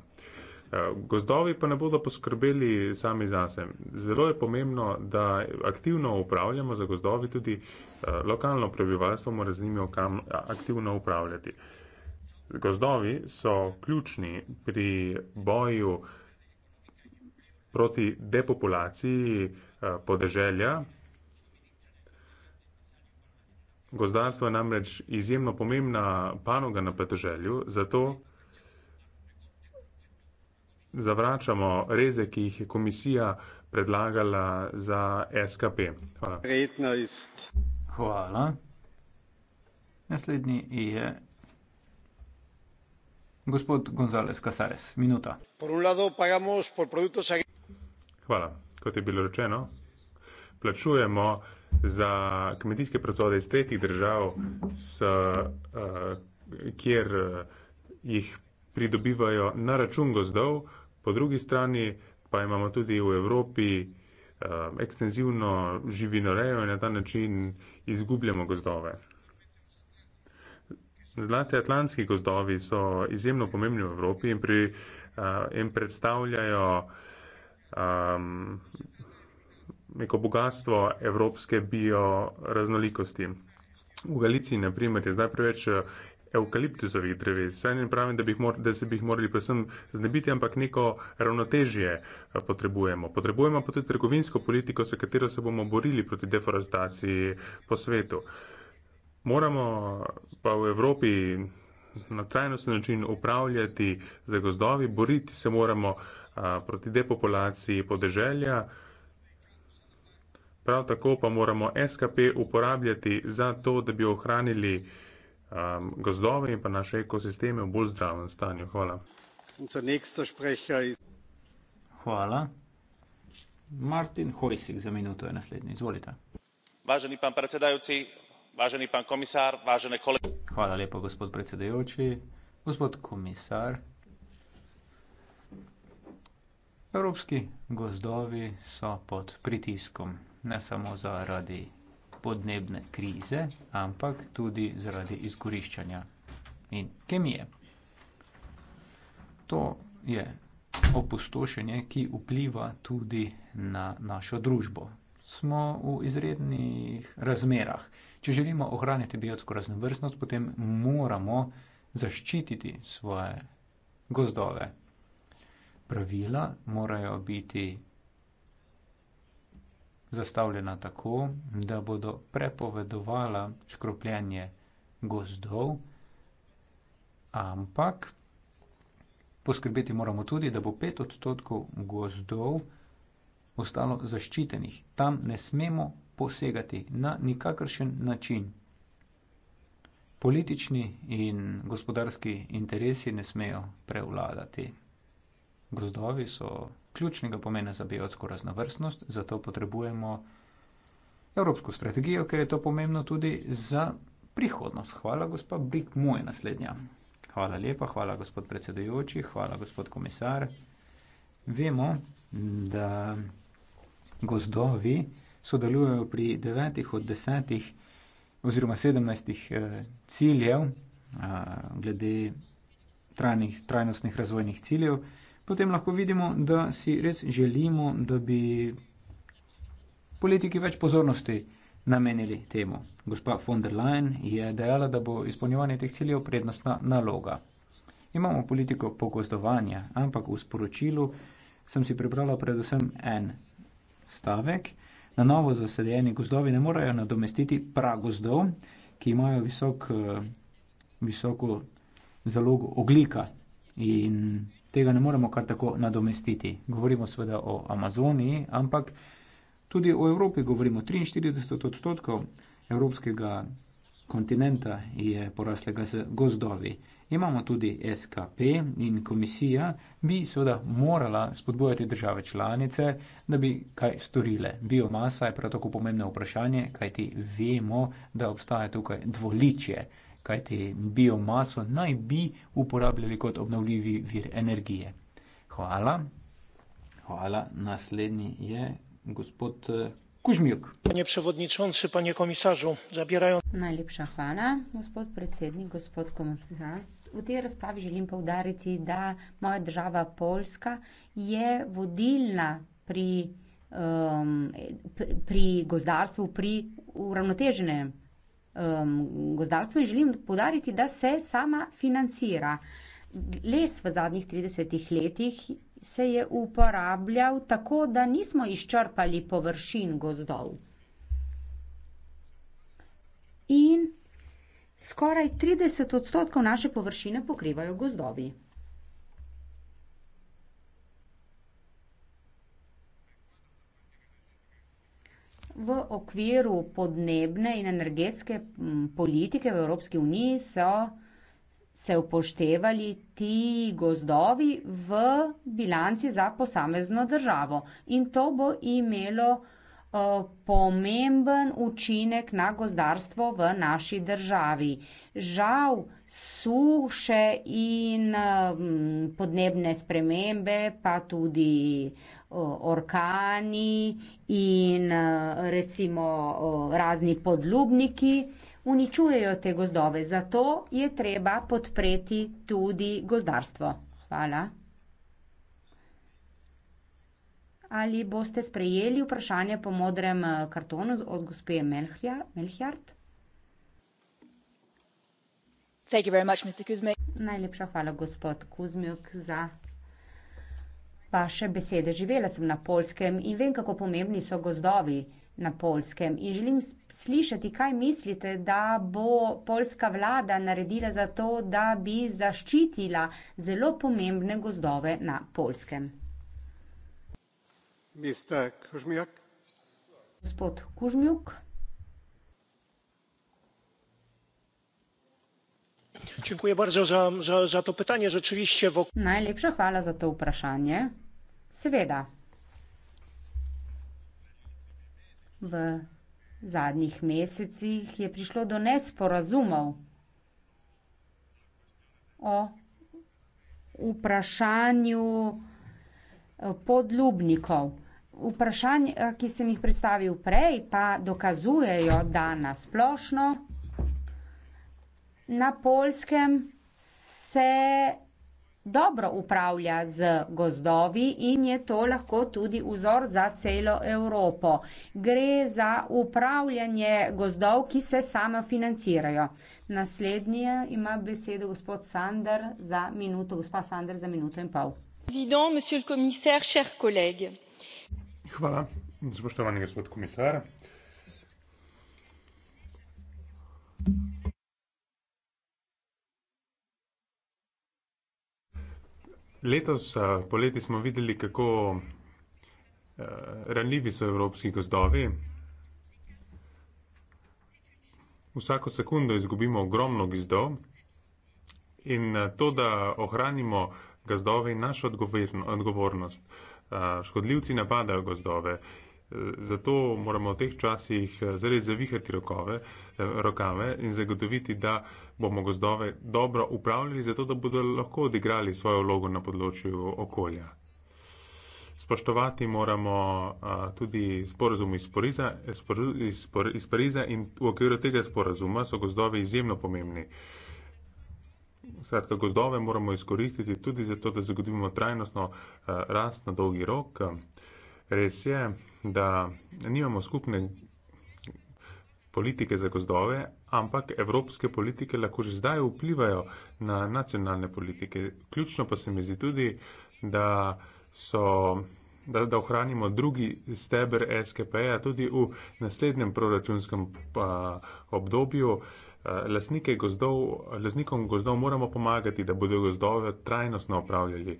Eh, gozdovi pa ne bodo poskrbeli sami zase. Zelo je pomembno, da aktivno upravljamo za gozdovi, tudi eh, lokalno prebivalstvo mora z njimi aktivno upravljati. Gozdovi so ključni pri boju proti depopulaciji eh, podeželja. Gozdarstvo je namreč izjemno pomembna panoga na podeželju, zato zavračamo reze, ki jih je komisija predlagala za SKP. Hvala. Hvala. Naslednji je gospod González Casares. Minuta. Hvala. Kot je bilo rečeno, plačujemo za kmetijske proizvode iz tretjih držav, s, eh, kjer eh, jih pridobivajo na račun gozdov. Po drugi strani pa imamo tudi v Evropi um, ekstenzivno živinorejo in na ta način izgubljamo gozdove. Zlasti atlantski gozdovi so izjemno pomembni v Evropi in, pri, uh, in predstavljajo um, neko bogatstvo evropske bioraznolikosti. V Galiciji, na primer, je zdaj preveč eh, eukaliptusovih dreves. Saj ne pravim, da, mor, da se bi jih morali predvsem znebiti, ampak neko ravnotežje eh, potrebujemo. Potrebujemo pa tudi trgovinsko politiko, s katero se bomo borili proti deforestaciji po svetu. Moramo pa v Evropi na trajnostni način upravljati za gozdovi, boriti se moramo a, eh, proti depopulaciji podeželja. Prav tako pa moramo SKP uporabljati za to, da bi ohranili uh, um, gozdove in pa naše ekosisteme v bolj zdravem stanju. Hvala. Hvala. Martin Hojsik za minuto je naslednji. Izvolite. Važeni pan predsedajoči, važeni pan komisar, važene kolege. Hvala lepa, gospod predsedajoči. Gospod komisar. Evropski gozdovi so pod pritiskom, ne samo zaradi podnebne krize, ampak tudi zaradi izkoriščanja in kemije. To je opustošenje, ki vpliva tudi na našo družbo. Smo v izrednih razmerah. Če želimo ohraniti biotsko raznovrstnost, potem moramo zaščititi svoje gozdove. Pravila morajo biti zastavljena tako, da bodo prepovedovala škropljenje gozdov, ampak poskrbeti moramo tudi, da bo pet odstotkov gozdov ostalo zaščitenih. Tam ne smemo posegati na nikakršen način. Politični in gospodarski interesi ne smejo prevladati. Gozdovi so ključnega pomena za biotsko raznovrstnost, zato potrebujemo evropsko strategijo, ker je to pomembno tudi za prihodnost. Hvala, gospa Brik, moja naslednja. Hvala lepa, hvala, gospod predsedujoči, hvala, gospod komisar. Vemo, da gozdovi sodelujejo pri devetih od desetih oziroma sedemnajstih eh, ciljev eh, glede trajnih, trajnostnih razvojnih ciljev potem lahko vidimo, da si res želimo, da bi politiki več pozornosti namenili temu. Gospa von der Leyen je dejala, da bo izpolnjevanje teh ciljev prednostna naloga. Imamo politiko pogozdovanja, ampak v sporočilu sem si pripravila predvsem en stavek. Na novo zasedeni gozdovi ne morejo nadomestiti pragozdov, ki imajo visok, visoko zalogo oglika. In tega ne moremo kar tako nadomestiti. Govorimo seveda o Amazoniji, ampak tudi o Evropi govorimo. 43 odstotkov evropskega kontinenta je poraslega z gozdovi. Imamo tudi SKP in komisija bi seveda morala spodbujati države članice, da bi kaj storile. Biomasa je prav tako pomembno vprašanje, kaj ti vemo, da obstaja tukaj dvoličje kajti biomaso naj bi uporabljali kot obnovljivi vir energije. Hvala. Hvala. Naslednji je gospod eh, Kužmjuk. Panie przewodniczący, panie komisarzu, zabierają. Najlepsza chwała, gospod predsednik, gospod komisarz. V tej razpravi želim poudariti, da moja država Poljska je vodilna pri, um, pri, pri gozdarstvu, pri uravnoteženem um, gozdarstvo in želim podariti, da se sama financira. Les v zadnjih 30 letih se je uporabljal tako, da nismo izčrpali površin gozdov. In skoraj 30 odstotkov naše površine pokrivajo gozdovi. V okviru podnebne in energetske politike v Evropski uniji so se upoštevali ti gozdovi v bilanci za posamezno državo. In to bo imelo uh, pomemben učinek na gozdarstvo v naši državi. Žal suše in um, podnebne spremembe, pa tudi uh, orkani in e, recimo razni podlubniki uničujejo te gozdove. Zato je treba podpreti tudi gozdarstvo. Hvala. Ali boste sprejeli vprašanje po modrem e, kartonu od gospe Melhjart? Thank you very much, Mr. Kuzmik. Najlepša hvala, gospod Kuzmik, za vaše besede. Živela sem na Polskem in vem, kako pomembni so gozdovi na Polskem. In želim slišati, kaj mislite, da bo polska vlada naredila za to, da bi zaščitila zelo pomembne gozdove na Polskem. Gospod Kužmjuk. Dziękuję bardzo za, za, za to pytanie. Rzeczywiście. W... Najlepsza chwala za to pytanie. Seveda. V zadnjih mesecih je prišlo do nesporazumov o vprašanju eh, podlubnikov. Vprašanja, eh, ki sem jih predstavil prej, pa dokazujejo, da na splošno na Poljskem se dobro upravlja z gozdovi in je to lahko tudi vzor za celo Evropo. Gre za upravljanje gozdov, ki se sama financirajo. Naslednje ima besedo gospod Sander za minuto, gospa Sander za minuto in pol. Zidon, monsieur le commissaire, cher collègue. Hvala, spoštovani gospod komisar. Letos eh, poleti smo videli, kako eh, ranljivi so evropski gozdovi. Vsako sekundo izgubimo ogromno gizdov in eh, to, da ohranimo gazdove, je naša odgovornost. Škodljivci napadajo gozdove, zato moramo v teh časih zares zavihati rokove, Eh, rokave in zagotoviti, da bomo gozdove dobro upravljali, zato da bodo lahko odigrali svojo vlogo na področju okolja. Spoštovati moramo a, eh, tudi sporazum iz Pariza, eh, spor, iz, iz Pariza in v okviru tega sporazuma so gozdovi izjemno pomembni. Skratka, gozdove moramo izkoristiti tudi zato, da zagotovimo trajnostno rast na dolgi rok. Res je, da nimamo skupne politike za gozdove, ampak evropske politike lahko že zdaj vplivajo na nacionalne politike. Ključno pa se mi zdi tudi, da, so, da, da ohranimo drugi steber SKP-ja tudi v naslednjem proračunskem pa, obdobju. Eh, gozdov, lasnikom gozdov moramo pomagati, da bodo gozdove trajnostno upravljali.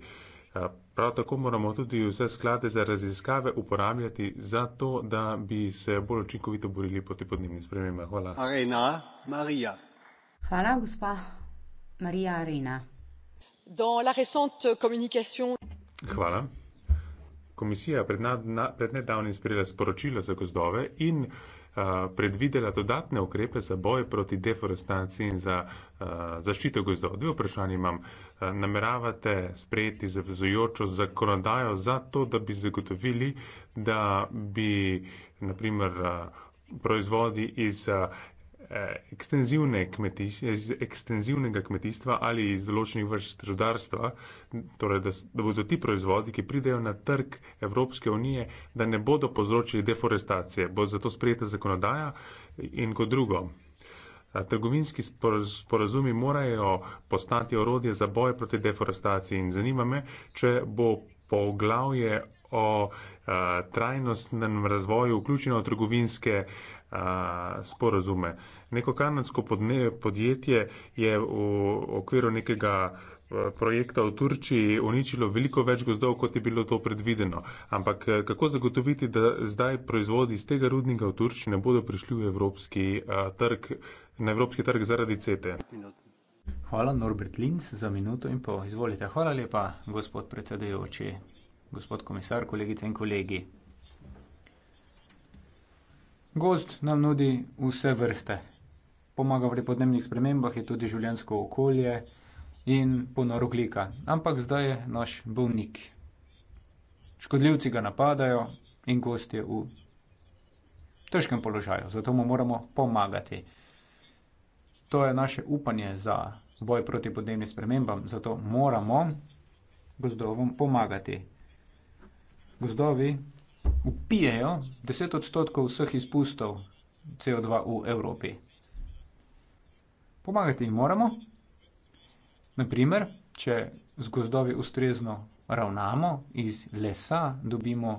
Prav tako moramo tudi vse sklade za raziskave uporabljati za to, da bi se bolj učinkovito borili proti podnebnim spremembam. Hvala. Arena Maria. Hvala, gospa Marija Arena. Dans la récente communication... Hvala. Komisija pred, na, na, pred nedavnim sprejela sporočilo za gozdove in Eh, predvidela dodatne ukrepe za boj proti deforestaciji in za eh, zaščito gozdov. Dve vprašanje imam. Eh, nameravate sprejeti zavzujočo zakonodajo za to, da bi zagotovili, da bi naprimer proizvodi iz Eh, ekstenzivne kmetiz, ekstenzivnega kmetijstva ali iz določenih vrst rudarstva, torej da, da bodo ti proizvodi, ki pridejo na trg Evropske unije, da ne bodo povzročili deforestacije. Bo zato sprejeta zakonodaja in kot drugo. Trgovinski sporazumi morajo postati orodje za boj proti deforestaciji in zanima me, če bo poglavje o a, trajnostnem razvoju vključeno v trgovinske sporazume. Neko kanadsko podjetje je v okviru nekega projekta v Turčiji uničilo veliko več gozdov, kot je bilo to predvideno. Ampak kako zagotoviti, da zdaj proizvodi iz tega rudnika v Turčiji ne bodo prišli v evropski trg, na evropski trg zaradi CETE? Hvala, Norbert Linz, za minuto in pol. Izvolite. Hvala lepa, gospod predsedujoči, gospod komisar, kolegice in kolegi. Gost nam nudi vse vrste. Pomaga pri podnebnih spremembah, je tudi življensko okolje in ponor oglika. Ampak zdaj je naš bolnik. Škodljivci ga napadajo in gost je v težkem položaju, zato mu moramo pomagati. To je naše upanje za boj proti podnebnim spremembam, zato moramo gozdovom pomagati. Gozdovi upijejo 10 odstotkov vseh izpustov CO2 v Evropi. Pomagati jim moramo. Naprimer, če z gozdovi ustrezno ravnamo, iz lesa dobimo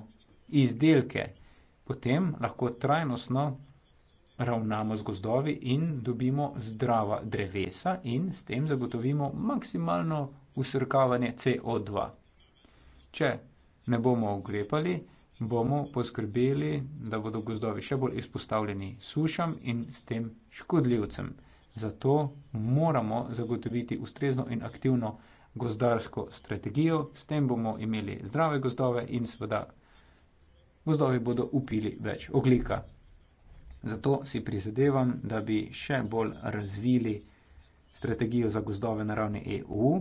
izdelke, potem lahko trajnostno ravnamo z gozdovi in dobimo zdrava drevesa in s tem zagotovimo maksimalno usrkavanje CO2. Če ne bomo ukrepali, bomo poskrbeli, da bodo gozdovi še bolj izpostavljeni sušam in s tem škodljivcem. Zato moramo zagotoviti ustrezno in aktivno gozdarsko strategijo, s tem bomo imeli zdrave gozdove in seveda gozdovi bodo upili več oglika. Zato si prizadevam, da bi še bolj razvili strategijo za gozdove na ravni EU,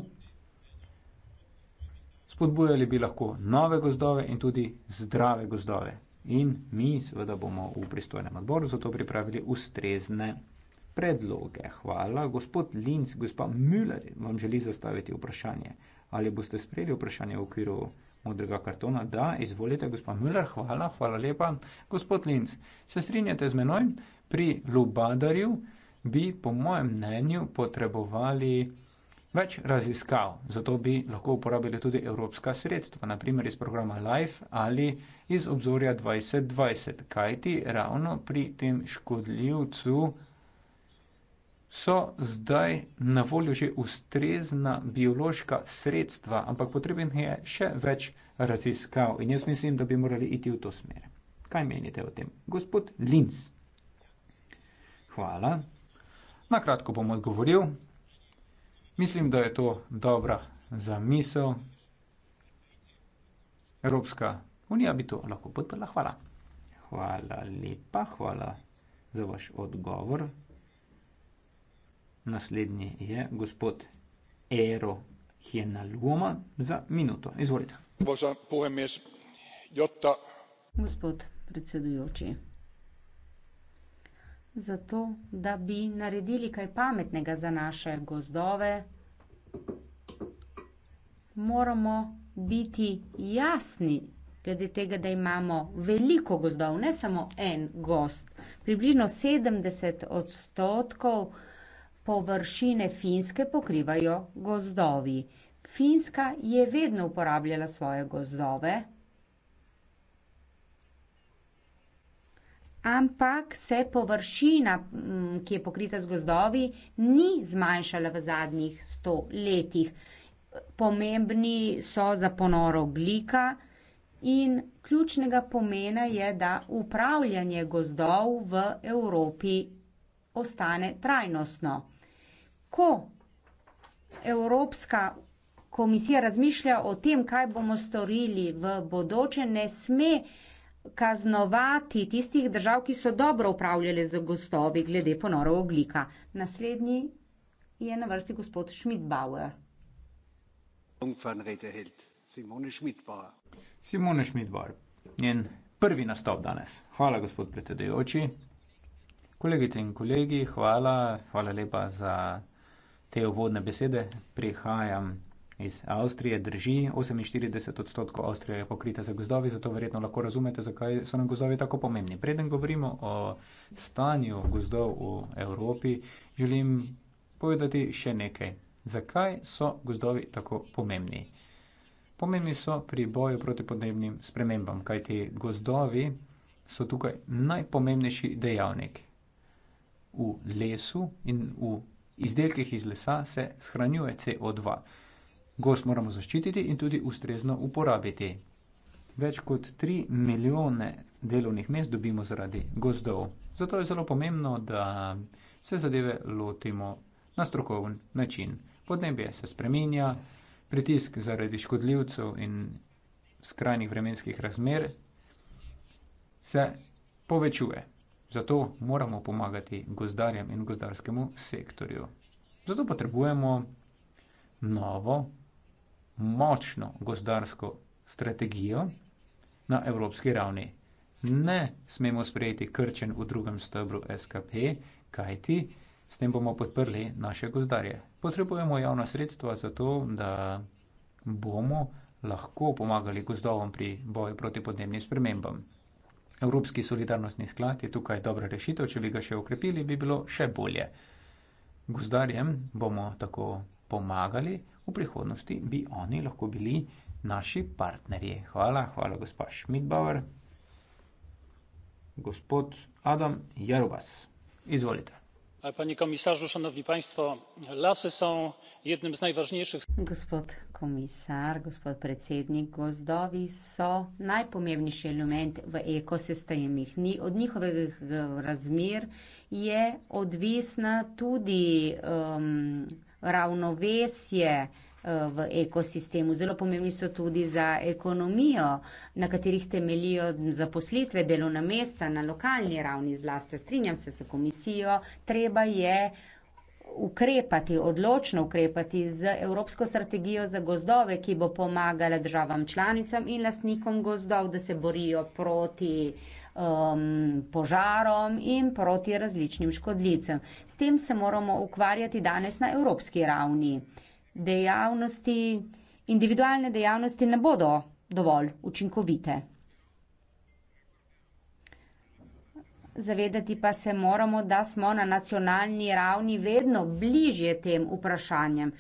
Spodbujali bi lahko nove gozdove in tudi zdrave gozdove. In mi seveda bomo v pristojnem odboru za to pripravili ustrezne predloge. Hvala. Gospod Linz, gospa Müller vam želi zastaviti vprašanje. Ali boste sprejeli vprašanje v okviru modrega kartona? Da, izvolite, gospa Müller. Hvala, hvala lepa. Gospod Linz, se strinjate z menoj? Pri Lubadarju bi po mojem mnenju potrebovali več raziskav, zato bi lahko uporabili tudi evropska sredstva, naprimer iz programa LIFE ali iz obzorja 2020, kajti ravno pri tem škodljivcu so zdaj na voljo že ustrezna biološka sredstva, ampak potreben je še več raziskav in jaz mislim, da bi morali iti v to smer. Kaj menite o tem? Gospod Linz. Hvala. Na kratko bom odgovoril, Mislim, da je to dobra zamisel. Evropska unija bi to lahko podprla. Hvala. Hvala lepa, hvala za vaš odgovor. Naslednji je gospod Eero Hienaluoma za minuto. Izvolite. Gospod predsedujoči, zato da bi naredili kaj pametnega za naše gozdove, moramo biti jasni glede tega, da imamo veliko gozdov, ne samo en gozd. Približno sedemdeset odstotkov površine Finske pokrivajo gozdovi. Finska je vedno uporabljala svoje gozdove. ampak se površina, mm, ki je pokrita z gozdovi, ni zmanjšala v zadnjih sto letih. Pomembni so za ponor oglika in ključnega pomena je, da upravljanje gozdov v Evropi ostane trajnostno. Ko Evropska komisija razmišlja o tem, kaj bomo storili v bodoče, ne sme kaznovati tistih držav, ki so dobro upravljali z gostovi glede ponora oglika. Naslednji je na vrsti gospod Schmidbauer. Simone Schmidbauer. Njen prvi nastop danes. Hvala, gospod predsedujoči. Kolegice in kolegi, hvala, hvala lepa za te uvodne besede. Prihajam iz Avstrije drži, 48 odstotkov Avstrije je pokrita za gozdovi, zato verjetno lahko razumete, zakaj so nam gozdovi tako pomembni. Preden govorimo o stanju gozdov v Evropi, želim povedati še nekaj. Zakaj so gozdovi tako pomembni? Pomembni so pri boju proti podnebnim spremembam, kajti gozdovi so tukaj najpomembnejši dejavnik. V lesu in v izdelkih iz lesa se shranjuje CO2. Gost moramo zaščititi in tudi ustrezno uporabiti. Več kot 3 milijone delovnih mest dobimo zaradi gozdov. Zato je zelo pomembno, da se zadeve lotimo na strokoven način. Podnebje se spreminja, pritisk zaradi škodljivcev in skrajnih vremenskih razmer se povečuje. Zato moramo pomagati gozdarjem in gozdarskemu sektorju. Zato potrebujemo novo močno gozdarsko strategijo na evropski ravni. Ne smemo sprejeti krčen v drugem stebru SKP, kajti s tem bomo podprli naše gozdarje. Potrebujemo javna sredstva za to, da bomo lahko pomagali gozdovom pri boju proti podnebnim spremembam. Evropski solidarnostni sklad je tukaj dobra rešitev, če bi ga še okrepili, bi bilo še bolje. Gozdarjem bomo tako pomagali, v prihodnosti bi oni lahko bili naši partnerji. Hvala, hvala gospa Schmidbauer. Gospod Adam Jarubas, izvolite. Panie komisarzu, szanowni państwo, lasy są jednym z najważniejszych. Gospod komisar, gospod predsednik, gozdovi so najpomembnejši element v ekosistemih. Ni, od njihovih eh, razmer je odvisna tudi um, ravnovesje eh, v ekosistemu. Zelo pomembni so tudi za ekonomijo, na katerih temelijo zaposlitve, delovna mesta na lokalni ravni zlasti. Strinjam se s komisijo, treba je ukrepati, odločno ukrepati z Evropsko strategijo za gozdove, ki bo pomagala državam članicam in lastnikom gozdov, da se borijo proti uh, um, požarom in proti različnim škodljicem. S tem se moramo ukvarjati danes na evropski ravni. Dejavnosti, individualne dejavnosti ne bodo dovolj učinkovite. Zavedati pa se moramo, da smo na nacionalni ravni vedno bližje tem vprašanjem.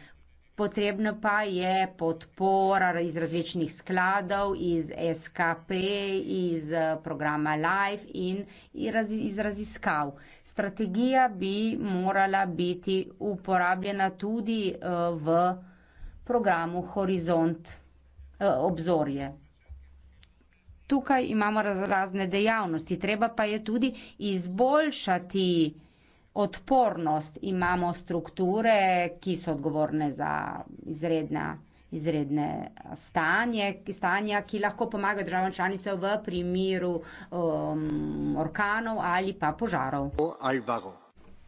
Potrebna pa je podpora iz različnih skladov, iz SKP, iz eh, programa Life in iz raziskav. Strategija bi morala biti uporabljena tudi eh, v programu Horizont eh, obzorje. Tukaj imamo razne dejavnosti, treba pa je tudi izboljšati odpornost, imamo strukture, ki so odgovorne za izredna izredne stanje, stanja, ki lahko pomagajo državam članicam v primeru um, orkanov ali pa požarov.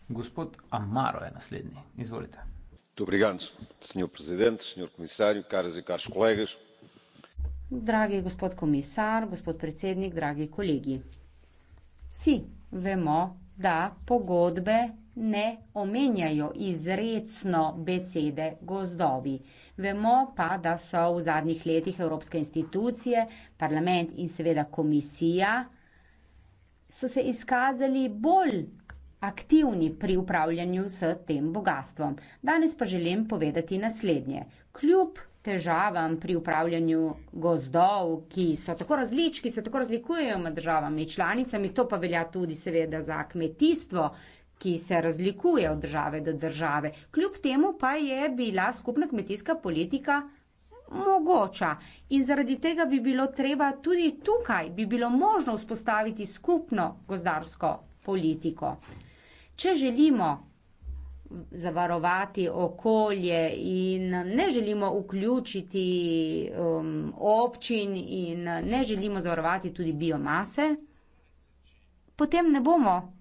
Gospod Amaro je naslednji, izvolite. Dobrigan, senjor prezident, senjor komisar, karze, karš kolege. Dragi gospod komisar, gospod predsednik, dragi kolegi. Vsi vemo, da pogodbe ne omenjajo izrecno besede gozdovi. Vemo pa, da so v zadnjih letih evropske institucije, parlament in seveda komisija, so se izkazali bolj aktivni pri upravljanju s tem bogatstvom. Danes pa želim povedati naslednje. Kljub težavam pri upravljanju gozdov, ki so tako različni, ki se tako razlikujejo med državami članicami, to pa velja tudi seveda za kmetijstvo, ki se razlikuje od države do države. Kljub temu pa je bila skupna kmetijska politika mogoča in zaradi tega bi bilo treba tudi tukaj, bi bilo možno vzpostaviti skupno gozdarsko politiko. Če želimo zavarovati okolje in ne želimo vključiti um, občin in ne želimo zavarovati tudi biomase, potem ne bomo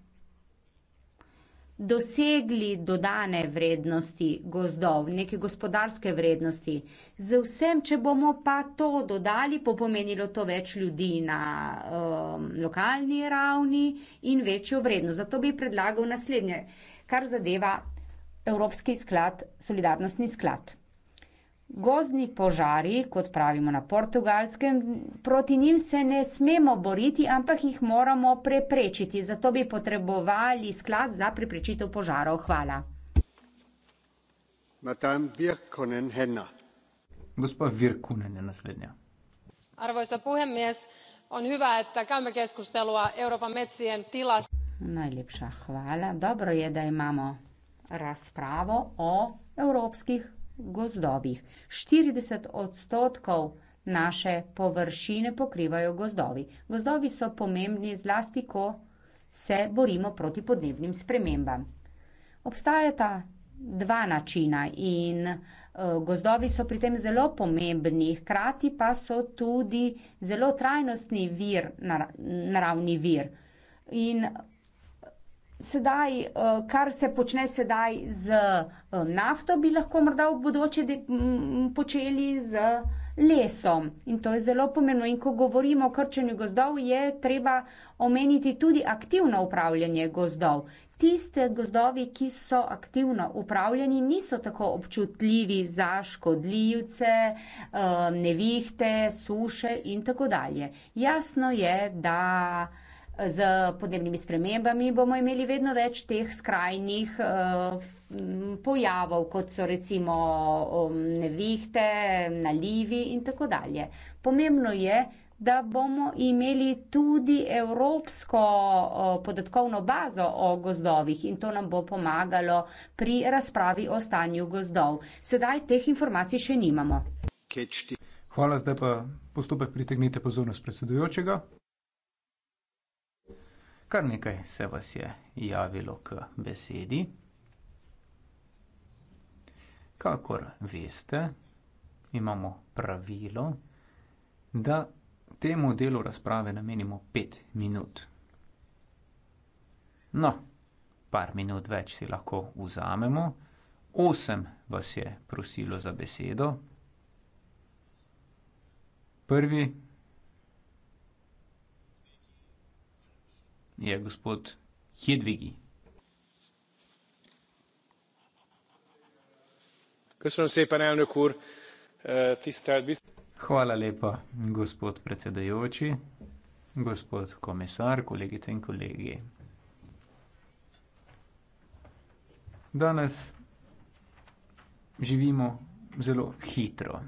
dosegli dodane vrednosti gozdov, neke gospodarske vrednosti. Z vsem, če bomo pa to dodali, bo pomenilo to več ljudi na um, lokalni ravni in večjo vrednost. Zato bi predlagal naslednje, kar zadeva Evropski sklad, solidarnostni sklad. Gozdni požari, kot pravimo na portugalskem, proti njim se ne smemo boriti, ampak jih moramo preprečiti. Zato bi potrebovali sklad za preprečitev požarov. Hvala. Gospa Virkunen je naslednja. Arvoisa puhemies, on hyvä, että käymme keskustelua Euroopan metsien tilasta. Najlepša hvala. Dobro je, da imamo razpravo o evropskih gozdovih. 40 odstotkov naše površine pokrivajo gozdovi. Gozdovi so pomembni zlasti, ko se borimo proti podnebnim spremembam. Obstajata dva načina in eh, gozdovi so pri tem zelo pomembni, hkrati pa so tudi zelo trajnostni vir, naravni vir. In sedaj, eh, kar se počne sedaj z eh, nafto, bi lahko morda v bodoče počeli z lesom. In to je zelo pomembno. In ko govorimo o krčenju gozdov, je treba omeniti tudi aktivno upravljanje gozdov. Tiste gozdovi, ki so aktivno upravljeni, niso tako občutljivi za škodljivce, eh, nevihte, suše in tako dalje. Jasno je, da z podnebnimi spremembami bomo imeli vedno več teh skrajnih eh, pojavov, kot so recimo um, nevihte, nalivi in tako dalje. Pomembno je, da bomo imeli tudi evropsko podatkovno bazo o gozdovih in to nam bo pomagalo pri razpravi o stanju gozdov. Sedaj teh informacij še nimamo. Hvala, zdaj pa postopek pritegnite pozornost predsedujočega. Kar nekaj se vas je javilo k besedi. Kakor veste, imamo pravilo, da temu delu razprave namenimo pet minut. No, par minut več si lahko vzamemo. Osem vas je prosilo za besedo. Prvi je gospod Hedvigi. Köszönöm szépen, elnök úr! Tisztelt biztos... Hvala lepa, gospod predsedajoči, gospod komisar, kolegice in kolegi. Danes živimo zelo hitro.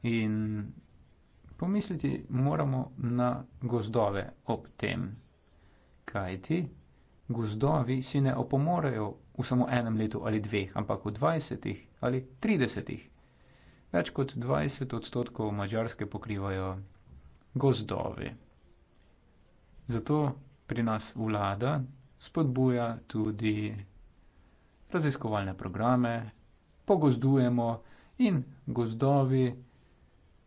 In pomisliti moramo na gozdove ob tem kajti gozdovi si ne opomorejo v samo enem letu ali dveh ampak v dvajsetih ali tridesetih več kot dvajset odstotkov madžarske pokrivajo gozdovi zato pri nas vlada spodbuja tudi raziskovalne programe pogozdujemo in gozdovi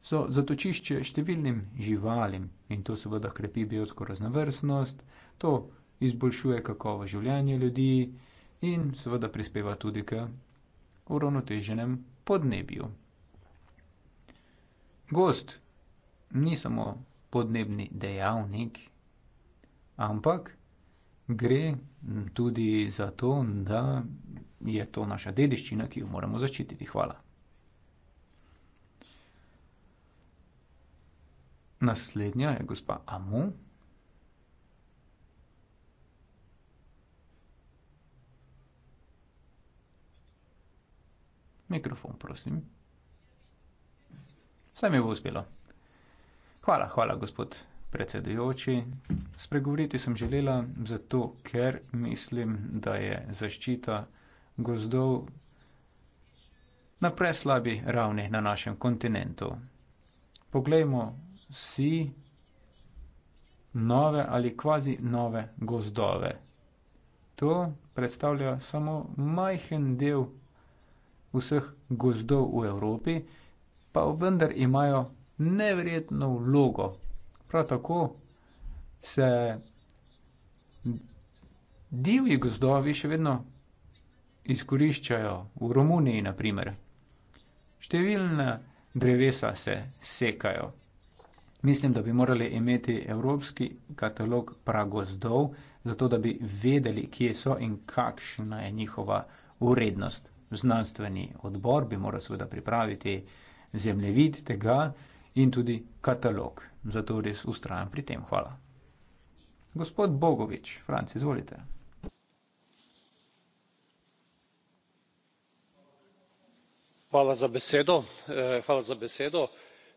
so zatočišče številnim živalim in to seveda krepi biotsko raznovrstnost, to izboljšuje kakovo življenje ljudi in seveda prispeva tudi k uravnoteženem podnebju. Gost ni samo podnebni dejavnik, ampak gre tudi za to, da je to naša dediščina, ki jo moramo zaščititi. Hvala. Naslednja je gospa Amu. Mikrofon, prosim. Vse mi bo uspelo. Hvala, hvala, gospod predsedujoči. Spregovoriti sem želela zato, ker mislim, da je zaščita gozdov na preslabi ravni na našem kontinentu. Poglejmo, si nove ali kvazi nove gozdove. To predstavlja samo majhen del vseh gozdov v Evropi, pa vendar imajo neverjetno vlogo. Prav tako se divji gozdovi še vedno izkoriščajo v Romuniji, naprimer. Številna drevesa se sekajo. Mislim, da bi morali imeti evropski katalog pragozdov, zato da bi vedeli, kje so in kakšna je njihova urednost. Znanstveni odbor bi moral seveda pripraviti zemljevid tega in tudi katalog. Zato res ustrajam pri tem. Hvala. Gospod Bogovič, Franc, izvolite. Hvala za besedo. Eh, hvala za besedo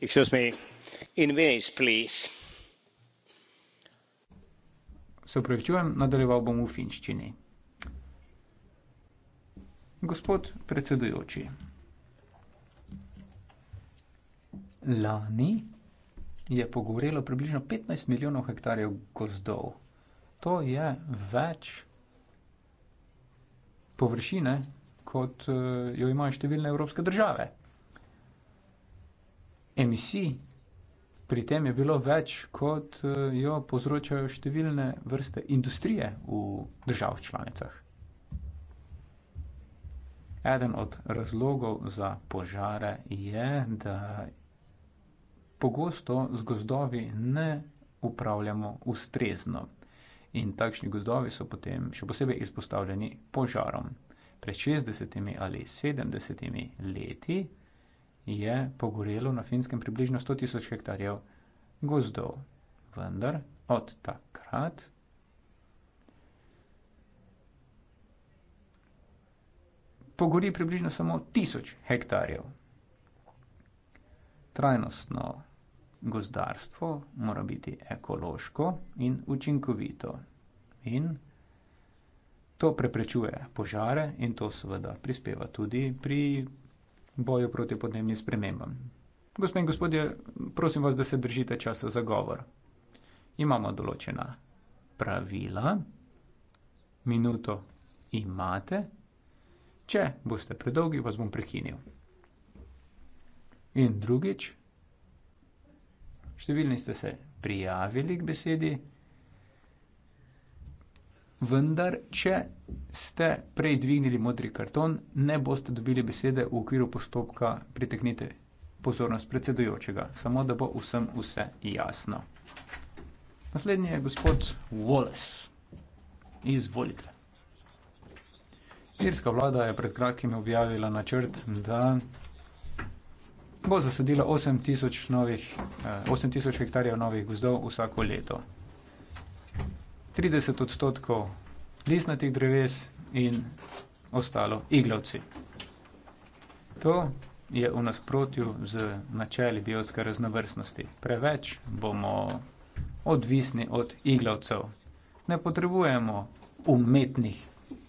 excuse me in venice please se opravičujem nadaljeval bom v finščini gospod predsedujoči lani je pogorelo približno 15 milijonov hektarjev gozdov to je več površine kot eh, jo imajo številne evropske države emisij, pri tem je bilo več, kot eh, jo povzročajo številne vrste industrije v državah članicah. Eden od razlogov za požare je, da pogosto z gozdovi ne upravljamo ustrezno. In takšni gozdovi so potem še posebej izpostavljeni požarom. Pred 60 ali 70 leti je pogorelo na finskem približno 100 tisoč hektarjev gozdov. Vendar od takrat pogori približno samo 1000 hektarjev. Trajnostno gozdarstvo mora biti ekološko in učinkovito. In to preprečuje požare in to seveda prispeva tudi pri boju proti podnebnim spremembam. Gospe in gospodje, prosim vas, da se držite časa za govor. Imamo določena pravila, minuto imate, če boste predolgi, vas bom prekinil. In drugič, številni ste se prijavili k besedi vendar če ste prej dvignili modri karton, ne boste dobili besede v okviru postopka priteknite pozornost predsedujočega, samo da bo vsem vse jasno. Naslednji je gospod Wallace. Izvolite. Irska vlada je pred kratkim objavila načrt, da bo zasadila 8000 novih, 8000 eh, hektarjev novih gozdov vsako leto. 30 odstotkov listnatih dreves in ostalo iglavci. To je v nasprotju z načeli biotske raznovrstnosti. Preveč bomo odvisni od iglavcev. Ne potrebujemo umetnih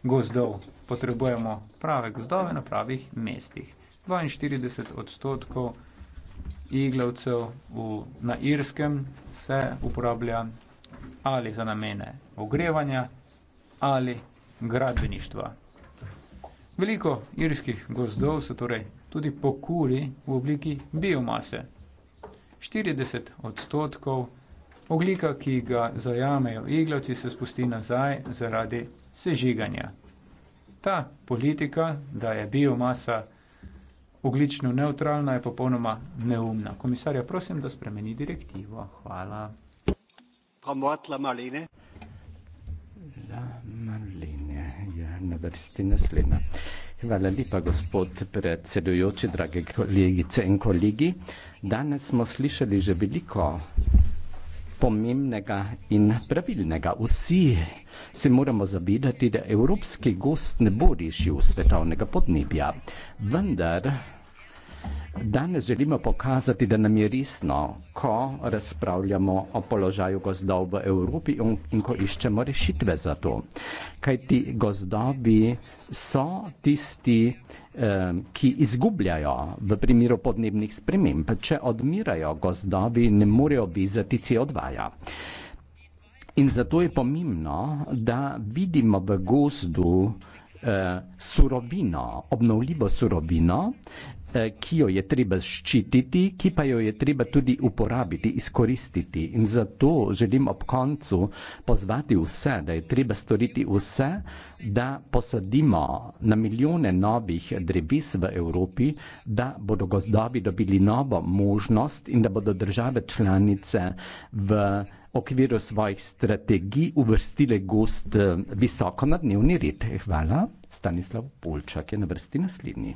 gozdov, potrebujemo prave gozdove na pravih mestih. 42 odstotkov iglavcev v, na Irskem se uporablja ali za namene ogrevanja ali gradbeništva. Veliko irskih gozdov so torej tudi pokuli v obliki biomase. 40 odstotkov oglika, ki ga zajamejo iglavci, se spusti nazaj zaradi sežiganja. Ta politika, da je biomasa oglično neutralna, je popolnoma neumna. Komisarja, prosim, da spremeni direktivo. Hvala. Frau Mortler Marlene. Ja, Marlene je na vrsti naslednja. Hvala lepa, gospod predsedujoči, drage kolegice in kolegi. Danes smo slišali že veliko pomembnega in pravilnega. Vsi se moramo zavedati, da evropski gost ne bo rešil svetovnega podnebja. Vendar Danes želimo pokazati, da nam je resno, ko razpravljamo o položaju gozdov v Evropi in, in ko iščemo rešitve za to. Kaj ti gozdovi so tisti, eh, ki izgubljajo v primeru podnebnih sprememb. Če odmirajo gozdovi, ne morejo vizati CO2. -ja. In zato je pomembno, da vidimo v gozdu. Eh, surovino, obnovljivo surovino, Eh, ki jo je treba ščititi, ki pa jo je treba tudi uporabiti, izkoristiti. In zato želim ob koncu pozvati vse, da je treba storiti vse, da posadimo na milijone novih dreves v Evropi, da bodo gozdovi dobili novo možnost in da bodo države članice v okviru svojih strategij uvrstile gost eh, visoko na dnevni red. Hvala. Stanislav Polčak je na vrsti naslednji.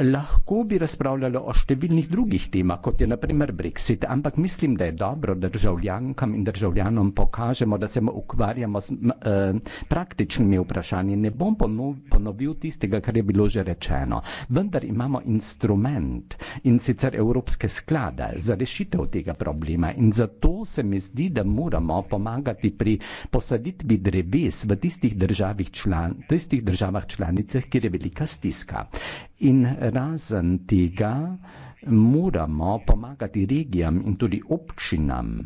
Lahko bi razpravljali o številnih drugih temah, kot je naprimer Brexit, ampak mislim, da je dobro, da državljankam in državljanom pokažemo, da se ukvarjamo s eh, praktičnimi vprašanji. Ne bom ponovil tistega, kar je bilo že rečeno. Vendar imamo instrument in sicer Evropske sklade za rešitev tega problema in zato se mi zdi, da moramo pomagati pri posaditvi dreves v tistih državah, član, tistih državah članicah, kjer je velika stiska. In razen tega moramo pomagati regijam in tudi občinam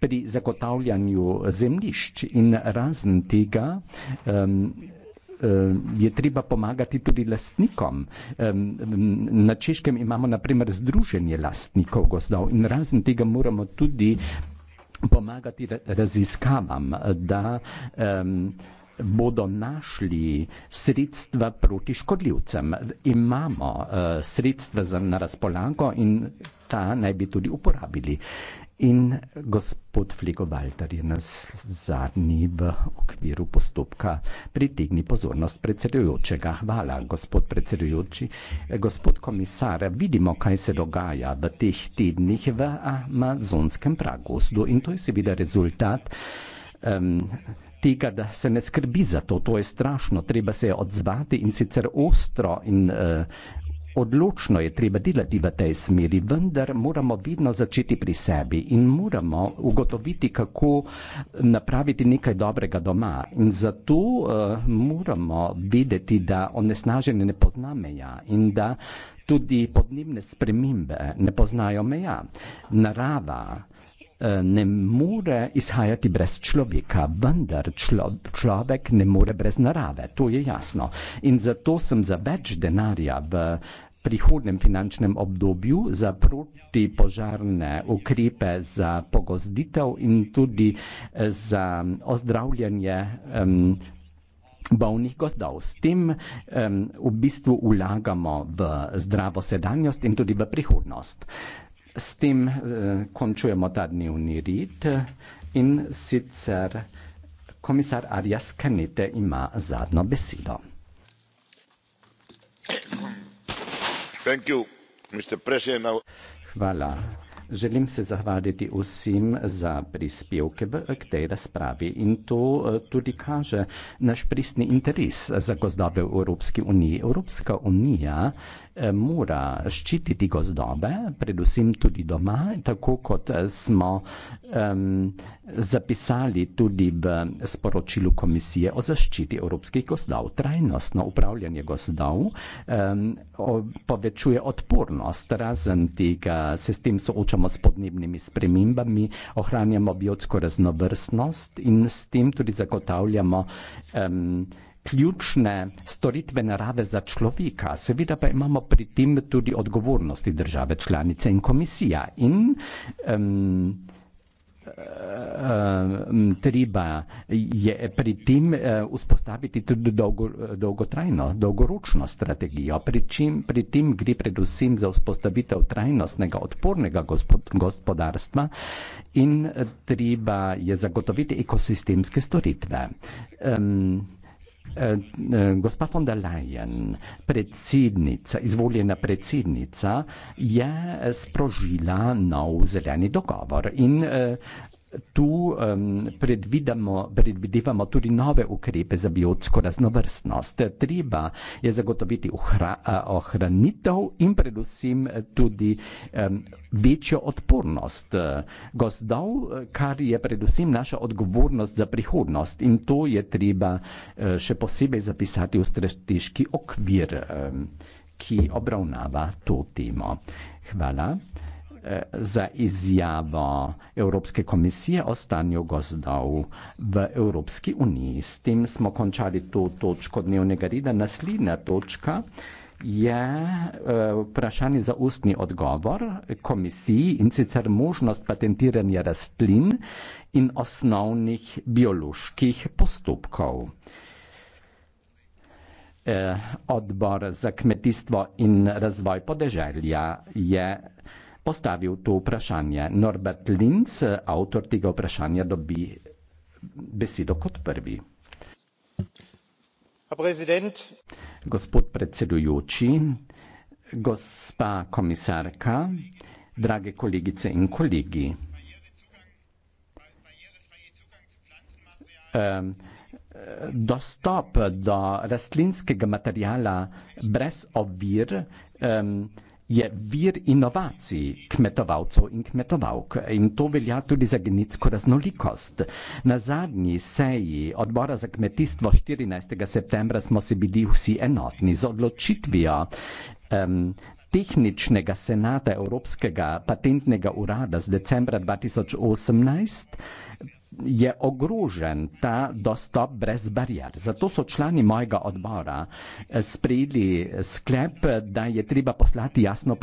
pri zagotavljanju zemljišč in razen tega um, je treba pomagati tudi lastnikom. Na Češkem imamo naprimer združenje lastnikov gozdov in razen tega moramo tudi pomagati raziskavam, da um, bodo našli sredstva proti škodljivcem. Imamo uh, sredstva za, na razpolago in ta naj bi tudi uporabili. In gospod Flego Valtar je nas zadnji v okviru postopka pritegni pozornost predsedujočega. Hvala, gospod predsedujoči. Eh, gospod komisar, vidimo, kaj se dogaja v teh tednih v amazonskem pragozdu in to je seveda rezultat um, tega, da se ne skrbi za to. To je strašno, treba se je odzvati in sicer ostro in uh, odločno je treba delati v tej smeri, vendar moramo vedno začeti pri sebi in moramo ugotoviti, kako eh, napraviti nekaj dobrega doma. In zato uh, moramo vedeti, da onesnaženje ne pozna meja in da tudi podnebne spremembe ne poznajo meja. Narava, Eh, ne more izhajati brez človeka, vendar člo, človek ne more brez narave, to je jasno. In zato sem za več denarja v prihodnem finančnem obdobju za protipožarne ukrepe za pogozditev in tudi eh, za ozdravljanje um, bolnih gozdov. S tem um, v bistvu vlagamo v zdravo sedanjost in tudi v prihodnost. Uh, S tem eh, končujemo ta dnevni rit eh, in sicer komisar Arias Kanete ima zadnjo besedo. Thank you, Mr. Hvala. Želim se zahvaliti vsem za prispevke k tej razpravi in to eh, tudi kaže naš pristni interes za gozdove v Evropski uniji. Evropska unija Eh, mora ščititi gozdove, predvsem tudi doma, tako kot eh, smo um, zapisali tudi v sporočilu Komisije o zaščiti evropskih gozdov. Trajnostno upravljanje gozdov um, povečuje odpornost, razen tega se s tem soočamo s podnebnimi spremembami, ohranjamo biotsko raznovrstnost in s tem tudi zagotavljamo um, ključne storitvene rade za človeka, seveda pa imamo pri tem tudi odgovornosti države članice in komisija. In um, um, treba je pri tem eh, vzpostaviti tudi dolgo, dolgotrajno, dolgoročno strategijo, pri, čim, pri tem gre predvsem za vzpostavitev trajnostnega, odpornega gospod, gospodarstva in eh, treba je zagotoviti ekosistemske storitve. Um, Eh, eh, gospa von der Leyen, predsednica, izvoljena predsednica, je sprožila nov zeleni dogovor in eh, tu um, predvidamo, predvidevamo tudi nove ukrepe za biotsko raznovrstnost. Treba je zagotoviti ohra, ohranitev in predvsem e, tudi um, večjo odpornost e, gozdov, e, kar je predvsem naša odgovornost za prihodnost in to je treba še posebej zapisati v strateški okvir, um, ki obravnava to temo. Hvala. Eh, za izjavo Evropske komisije o stanju gozdov v Evropski uniji. S tem smo končali to točko dnevnega reda. Naslednja točka je eh, vprašanje za ustni odgovor komisiji in sicer možnost patentiranja rastlin in osnovnih bioloških postopkov. Eh, odbor za kmetijstvo in razvoj podeželja je postavil to vprašanje. Norbert Linz, avtor tega vprašanja, dobi besedo kot prvi. Gospod predsedujoči, gospa komisarka, drage kolegice in kolegi. Dostop do rastlinskega materijala brez ovir je vir inovacij kmetovalcev in kmetovalk. In to velja tudi za genetsko raznolikost. Na zadnji seji odbora za kmetijstvo 14. septembra smo se bili vsi enotni z odločitvijo. Um, Tehničnega senata Evropskega patentnega urada z decembra 2018 je ogrožen ta dostop brez barijer. Zato so člani mojega odbora eh, sprejeli sklep, da je treba poslati jasno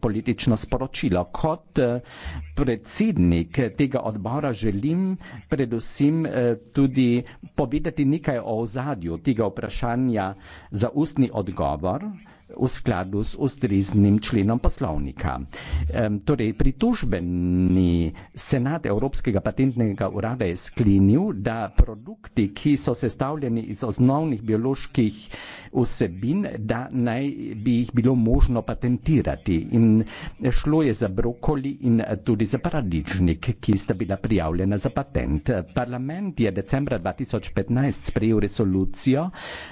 politično sporočilo. Kot eh, predsednik tega odbora želim predvsem eh, tudi povedati nekaj o ozadju tega vprašanja za ustni odgovor v skladu z ustreznim členom poslovnika. Torej, pritužbeni senat Evropskega patentnega urada je sklenil, da produkti, ki so sestavljeni iz osnovnih bioloških vsebin, da naj bi jih bilo možno patentirati. In šlo je za brokoli in tudi za paradižnik, ki sta bila prijavljena za patent. Parlament je decembra 2015 sprejel resolucijo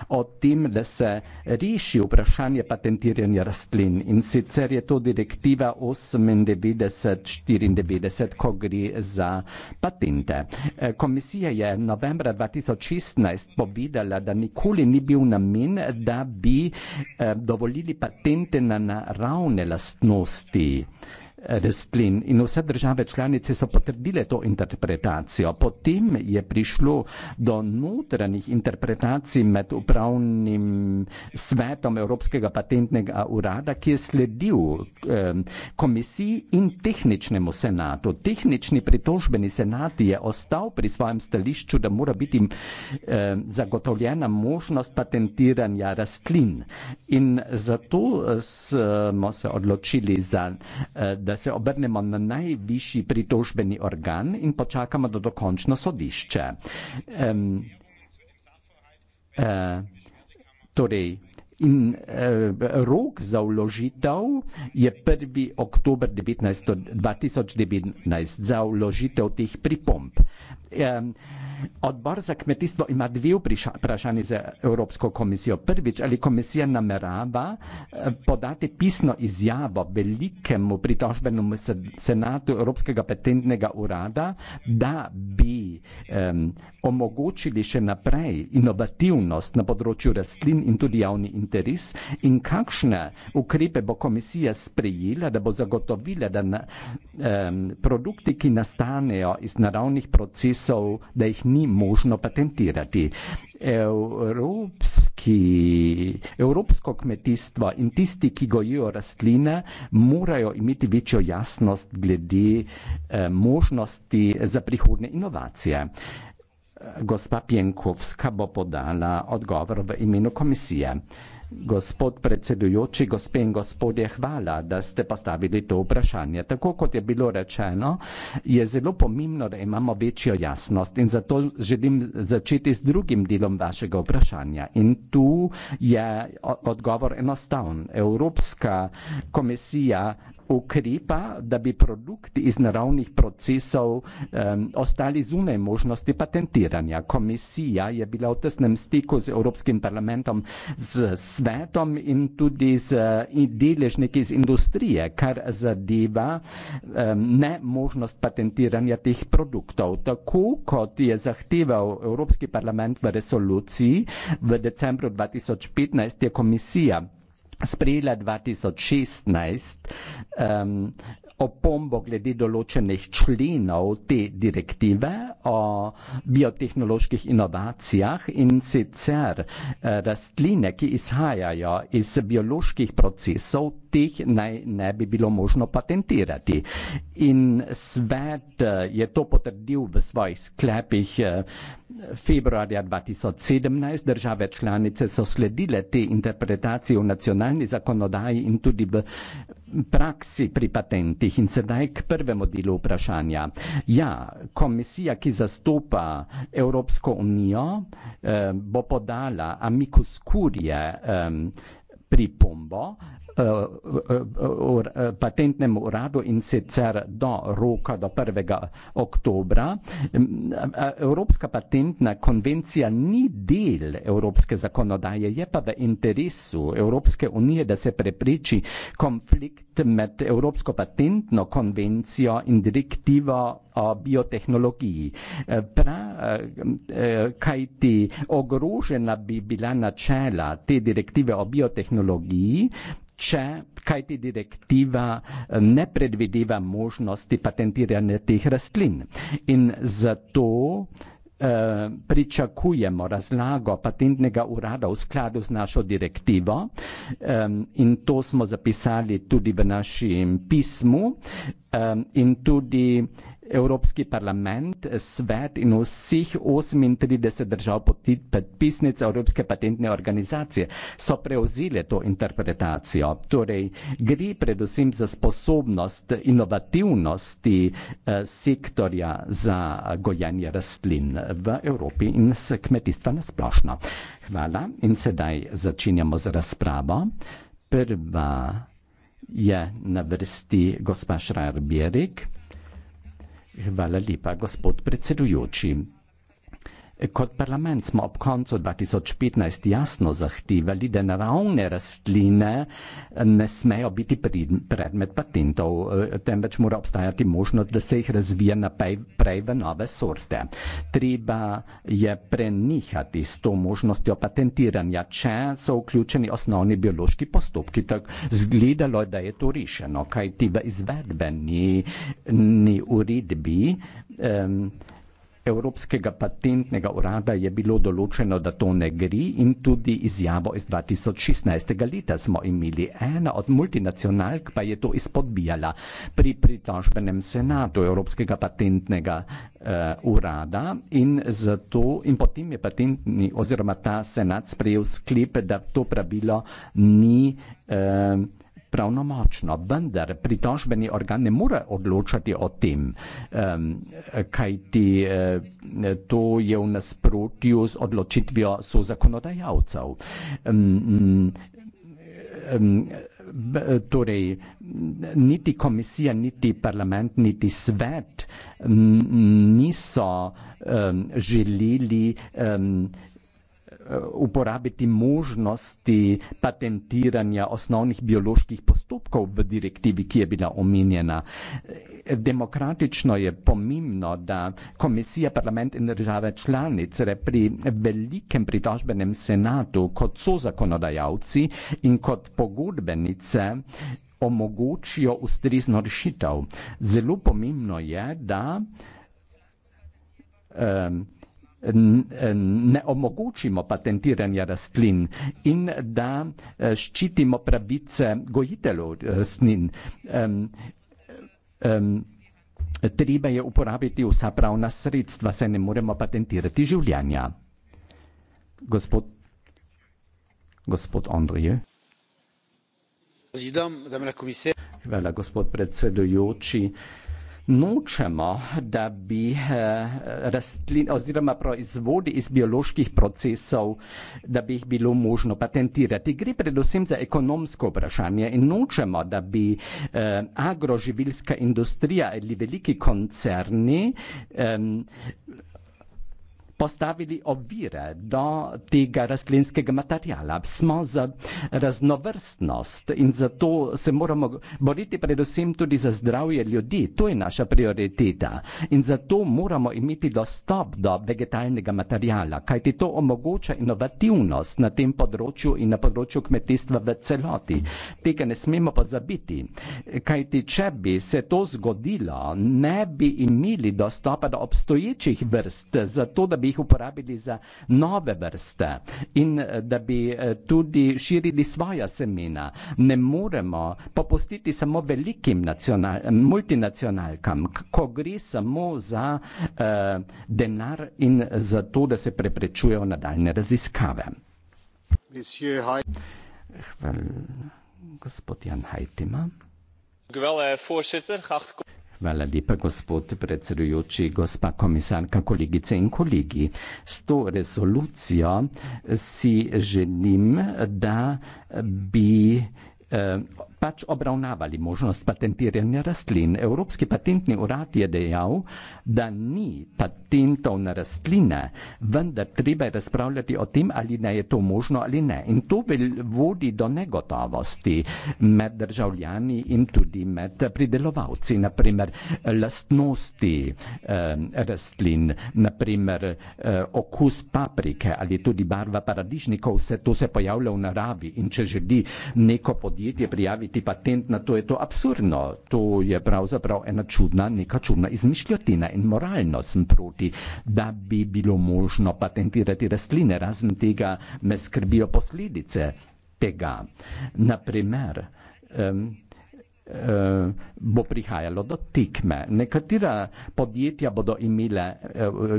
o tem, da se reši vprašanje patentov patentiranja rastlin in sicer je to direktiva 9894, ko gre za patente. Eh, komisija je novembra 2016 povedala, da nikoli ni bil namen, da bi eh, dovolili patente na naravne lastnosti rastlin eh, in vse države članice so potrdile to interpretacijo. Potem je prišlo do notranjih interpretacij med upravnim svetom Evropskega patentnega urada, ki je sledil eh, komisiji in tehničnemu senatu. Tehnični pritožbeni senat je ostal pri svojem stališču, da mora biti eh, zagotovljena možnost patentiranja rastlin. In zato eh, smo se odločili za, eh, da se obrnemo na najvišji pritožbeni organ in počakamo do dokončno sodišče. Um, uh, torej, In eh, rok za vložitev je 1. oktober 19, 2019 za vložitev teh pripomp. Eh, Odbor za kmetijstvo ima dve vprašanje za Evropsko komisijo. Prvič, ali komisija namerava eh, podati pisno izjavo velikemu pritožbenemu senatu Evropskega patentnega urada, da bi um, omogočili še naprej inovativnost na področju rastlin in tudi javni interes in kakšne ukrepe bo komisija sprejela, da bo zagotovila, da na, um, produkti, ki nastanejo iz naravnih procesov, da jih ni ni možno patentirati. Evropski, evropsko kmetijstvo in tisti, ki gojijo rastline, morajo imeti večjo jasnost glede eh, možnosti za prihodne inovacije. Gospa Pjenkovska bo podala odgovor v imenu komisije. Eh, Gospod predsedujoči, gospe in gospodje, hvala, da ste postavili to vprašanje. Tako kot je bilo rečeno, je zelo pomembno, da imamo večjo jasnost in zato želim začeti s drugim delom vašega vprašanja. In tu je odgovor enostavn. Evropska komisija ukrepa, da bi produkti iz naravnih procesov um, ostali zunaj možnosti patentiranja. Komisija je bila v tesnem stiku z Evropskim parlamentom, z svetom in tudi z deležniki iz industrije, kar zadeva um, ne možnost patentiranja teh produktov. Tako kot je zahteval Evropski parlament v resoluciji v decembru 2015, je komisija sprejela 2016 um, opombo glede določenih členov te direktive o biotehnoloških inovacijah in sicer eh, rastline, ki izhajajo iz bioloških procesov, teh naj ne bi bilo možno patentirati. In svet eh, je to potrdil v svojih sklepih. Eh, februarja 2017 države članice so sledile te interpretacije v nacionalni zakonodaji in tudi v praksi pri patentih. In sedaj k prvemu delu vprašanja. Ja, komisija, ki zastopa Evropsko unijo, eh, bo podala amikus kurje eh, pripombo, uh, uh, uh, patentnemu uradu in sicer do roka do 1. oktobra. Evropska patentna konvencija ni del evropske zakonodaje, je pa v interesu Evropske unije, da se prepriči konflikt med Evropsko patentno konvencijo in direktivo o biotehnologiji. Eh, pra, eh, eh, kaj ti ogrožena bi bila načela te direktive o biotehnologiji, če kajti direktiva eh, ne predvideva možnosti patentiranja teh rastlin. In zato eh, pričakujemo razlago patentnega urada v skladu z našo direktivo in to smo zapisali tudi v našem pismu in tudi Evropski parlament, svet in vseh 38 držav podpisnic Evropske patentne organizacije so prevzeli to interpretacijo. Torej, gre predvsem za sposobnost inovativnosti eh, sektorja za gojanje rastlin v Evropi in s kmetijstva nasplošno. Hvala in sedaj začenjamo z razpravo. Prva je na vrsti gospa Šrajer Bjerik. Hvala lepa, gospod predsedujoči. Kot parlament smo ob koncu 2015 jasno zahtevali, da naravne rastline eh, ne smejo biti predmet patentov, eh, temveč mora obstajati možnost, da se jih razvija naprej v nove sorte. Treba je prenihati s to možnostjo patentiranja, če so vključeni osnovni biološki postopki. Tako zgledalo je, da je to rešeno, kajti v izvedbeni uredbi. Um, Evropskega patentnega urada je bilo določeno, da to ne gre, in tudi izjavo iz 2016. leta smo imeli. Ena od multinacionalk pa je to izpodbijala. Pri pritožbenem senatu Evropskega patentnega uh, urada in, zato, in potem je patentni oziroma ta senat sprejel sklep, da to pravilo ni. Uh, pravnomočno, vendar pritožbeni organ ne more odločati o tem, um, kajti eh, to je v nasprotju z odločitvijo so zakonodajalcev. Um, um, torej, niti komisija, niti parlament, niti svet um, niso um, želeli. Um, uporabiti možnosti patentiranja osnovnih bioloških postopkov v direktivi, ki je bila omenjena. Demokratično je pomembno, da komisija, parlament in države članice pri velikem pritožbenem senatu kot so zakonodajalci in kot pogodbenice omogočijo ustrezno rešitev. Zelo pomembno je, da um, ne omogočimo patentiranja rastlin in da eh, ščitimo pravice gojiteljev eh, rastlin. Um, um, treba je uporabiti vsa pravna sredstva, saj ne moremo patentirati življenja. Gospod, gospod Andrije. Hvala, gospod predsedujoči nočemo, da bi eh, rastline oziroma proizvodi iz bioloških procesov, da bi jih bilo možno patentirati. Gre predvsem za ekonomsko vprašanje in nočemo, da bi eh, agroživilska industrija ali veliki koncerni postavili ovire do tega rastlinskega materijala. Smo za raznovrstnost in zato se moramo boriti predvsem tudi za zdravje ljudi. To je naša prioriteta in zato moramo imeti dostop do vegetalnega materijala, kajti to omogoča inovativnost na tem področju in na področju kmetijstva v celoti. Tega ne smemo pozabiti, kajti če bi se to zgodilo, ne bi imeli dostopa do obstoječih vrst, zato da bi bi jih uporabili za nove vrste in eh, da bi eh, tudi širili svoja semena. Ne moremo popustiti samo velikim multinacionalkam, ko gre samo za uh, denar in za to, da se preprečujejo nadaljne raziskave. Hvala, gospod Jan Hajtima. Gvele, voorzitter, geachte Hvala lepa, gospod predsedujoči, gospa komisarka, kolegice in kolegi. S to rezolucijo si želim, da bi eh, pač obravnavali možnost patentiranja rastlin. Evropski patentni urad je dejal, da ni patentov na rastline, vendar treba razpravljati o tem, ali ne je to možno ali ne. In to vodi do negotovosti med državljani in tudi med pridelovalci. Naprimer, lastnosti eh, rastlin, naprimer eh, okus paprike ali tudi barva paradižnikov, vse to se pojavlja v naravi. In če želi neko podjetje prijaviti, dobiti patent na to, je to absurdno. To je pravzaprav ena čudna, neka čudna izmišljotina in moralno sem proti, da bi bilo možno patentirati rastline, razen tega me skrbijo posledice tega. Naprimer, um, bo prihajalo do tikme. Nekatera podjetja bodo eh, imela,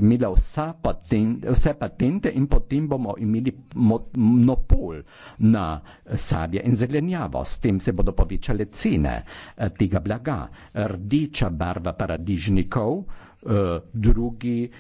imela vse patente in potem bomo imeli monopol na sadje in zelenjavo. S tem se bodo povečale cene eh, tega blaga. Rdeča barva paradižnikov, eh, drugi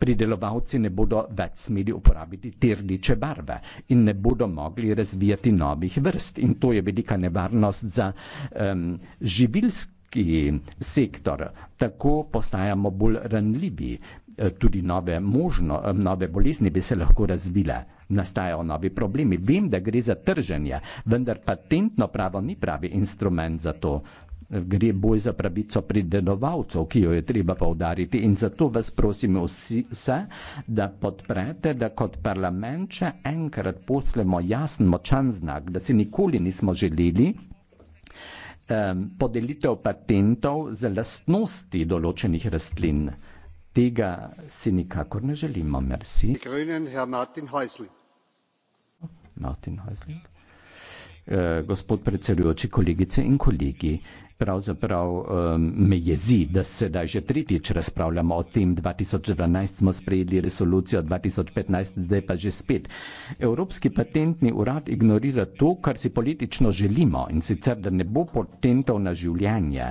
pridelovalci ne bodo več smeli uporabiti tirdiče barve in ne bodo mogli razvijati novih vrst. In to je velika nevarnost za um, živilski sektor. Tako postajamo bolj ranljivi, e, tudi nove, možno, nove bolezni bi se lahko razvile. Nastajajo novi problemi. Vem, da gre za trženje, vendar patentno pravo ni pravi instrument za to gre boj za pravico pridelovalcev, ki jo je treba povdariti. In zato vas prosimo vse, da podprete, da kot parlament še enkrat poslemo jasen, močan znak, da si nikoli nismo želeli um, podelitev patentov za lastnosti določenih rastlin. Tega si nikakor ne želimo. Merci. Martin Heusling. Uh, eh, gospod predsedujoči, kolegice in kolegi. Pravzaprav um, me jezi, da sedaj že tretjič razpravljamo o tem. 2012 smo sprejeli resolucijo, 2015 zdaj pa že spet. Evropski patentni urad ignorira to, kar si politično želimo in sicer, da ne bo patentov na življenje,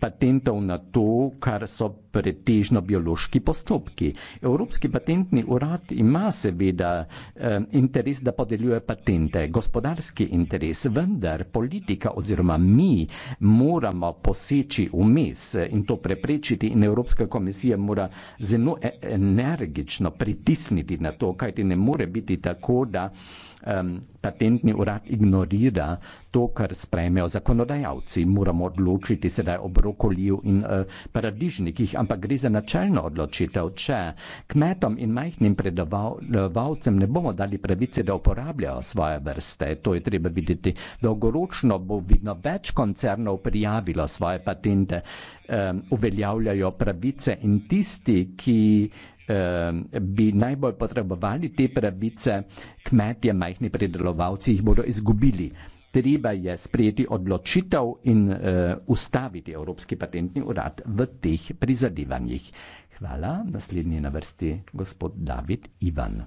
patentov na to, kar so pretežno biološki postopki. Evropski patentni urad ima seveda eh, interes, da podeljuje patente, gospodarski interes, vendar politika oziroma mi moramo poseči vmes in to preprečiti in Evropska komisija mora zelo e-, energično pritisniti na to, kajti ne more biti tako, da um, patentni urad ignorira to, kar sprejmejo zakonodajalci. Moramo odločiti sedaj o brokoliju in uh, paradižnikih, ampak gre za načelno odločitev. Če kmetom in majhnim predavalcem ne bomo dali pravice, da uporabljajo svoje vrste, to je treba videti. Dolgoročno bo vidno več koncernov prijavilo svoje patente, um, uveljavljajo pravice in tisti, ki. Ehm, bi najbolj potrebovali te pravice, kmetje, majhni predelovalci jih bodo izgubili. Treba je sprejeti odločitev in uh, ustaviti Evropski patentni urad v teh prizadevanjih. Hvala. Naslednji na vrsti gospod David Ivan.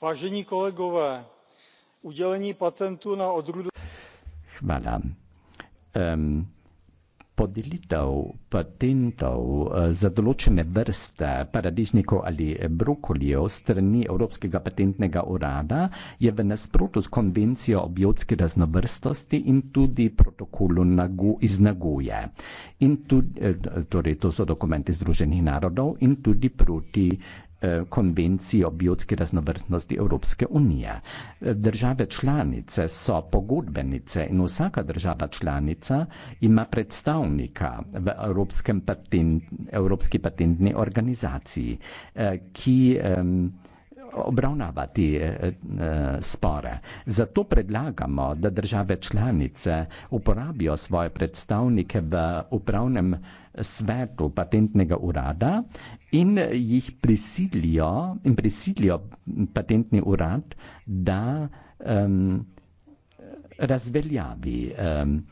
Važeni kolegove, udeljenje patentu na odrudu. Hvala. Um, podelitev patentov eh, za določene vrste paradižnikov ali brokolijev strani Evropskega patentnega urada je v nasprotu s konvencijo o biotski raznovrstosti in tudi protokolu iz Nagoje. In tudi, eh, torej to so dokumenti Združenih narodov in tudi proti Eh, konvencijo biotske raznovrstnosti Evropske unije. Države članice so pogodbenice in vsaka država članica ima predstavnika v patent, Evropski patentni organizaciji, eh, ki obravnava te eh, spore. Zato predlagamo, da države članice uporabijo svoje predstavnike v upravnem svetu patentnega urada in jih prisilijo, in prisilijo patentni urad, da um, razveljavi um,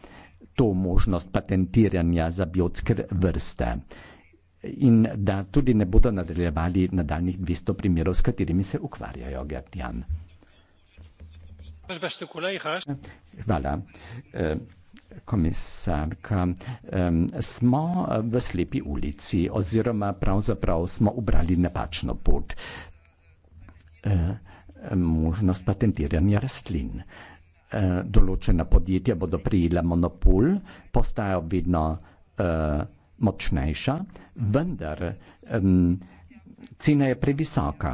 to možnost patentiranja za biotske vrste in da tudi ne bodo nadaljevali nadaljnih 200 primerov, s katerimi se ukvarjajo, Gertjan. Hvala. Uh, komisarka, um, smo v slepi ulici oziroma pravzaprav smo ubrali napačno pot. Uh, možnost patentiranja rastlin. Uh, določena podjetja bodo prijela monopol, postajajo vedno uh, močnejša, vendar um, cena je previsoka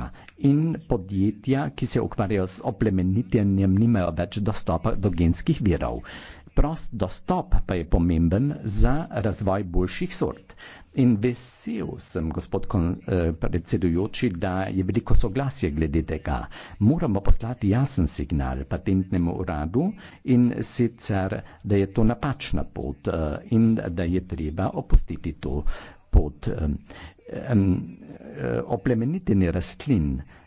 in podjetja, ki se ukvarjajo s oplemenitjenjem, nimajo več dostopa do genskih virov. Uh, prost dostop pa je pomemben za razvoj boljših sort. In vesel sem, gospod kon, eh, predsedujoči, da je veliko soglasje glede tega. Moramo poslati jasen signal patentnemu uradu in sicer, da je to napačna pot eh, in da je treba opustiti to pot. Eh, eh, oplemenitenje rastlin eh,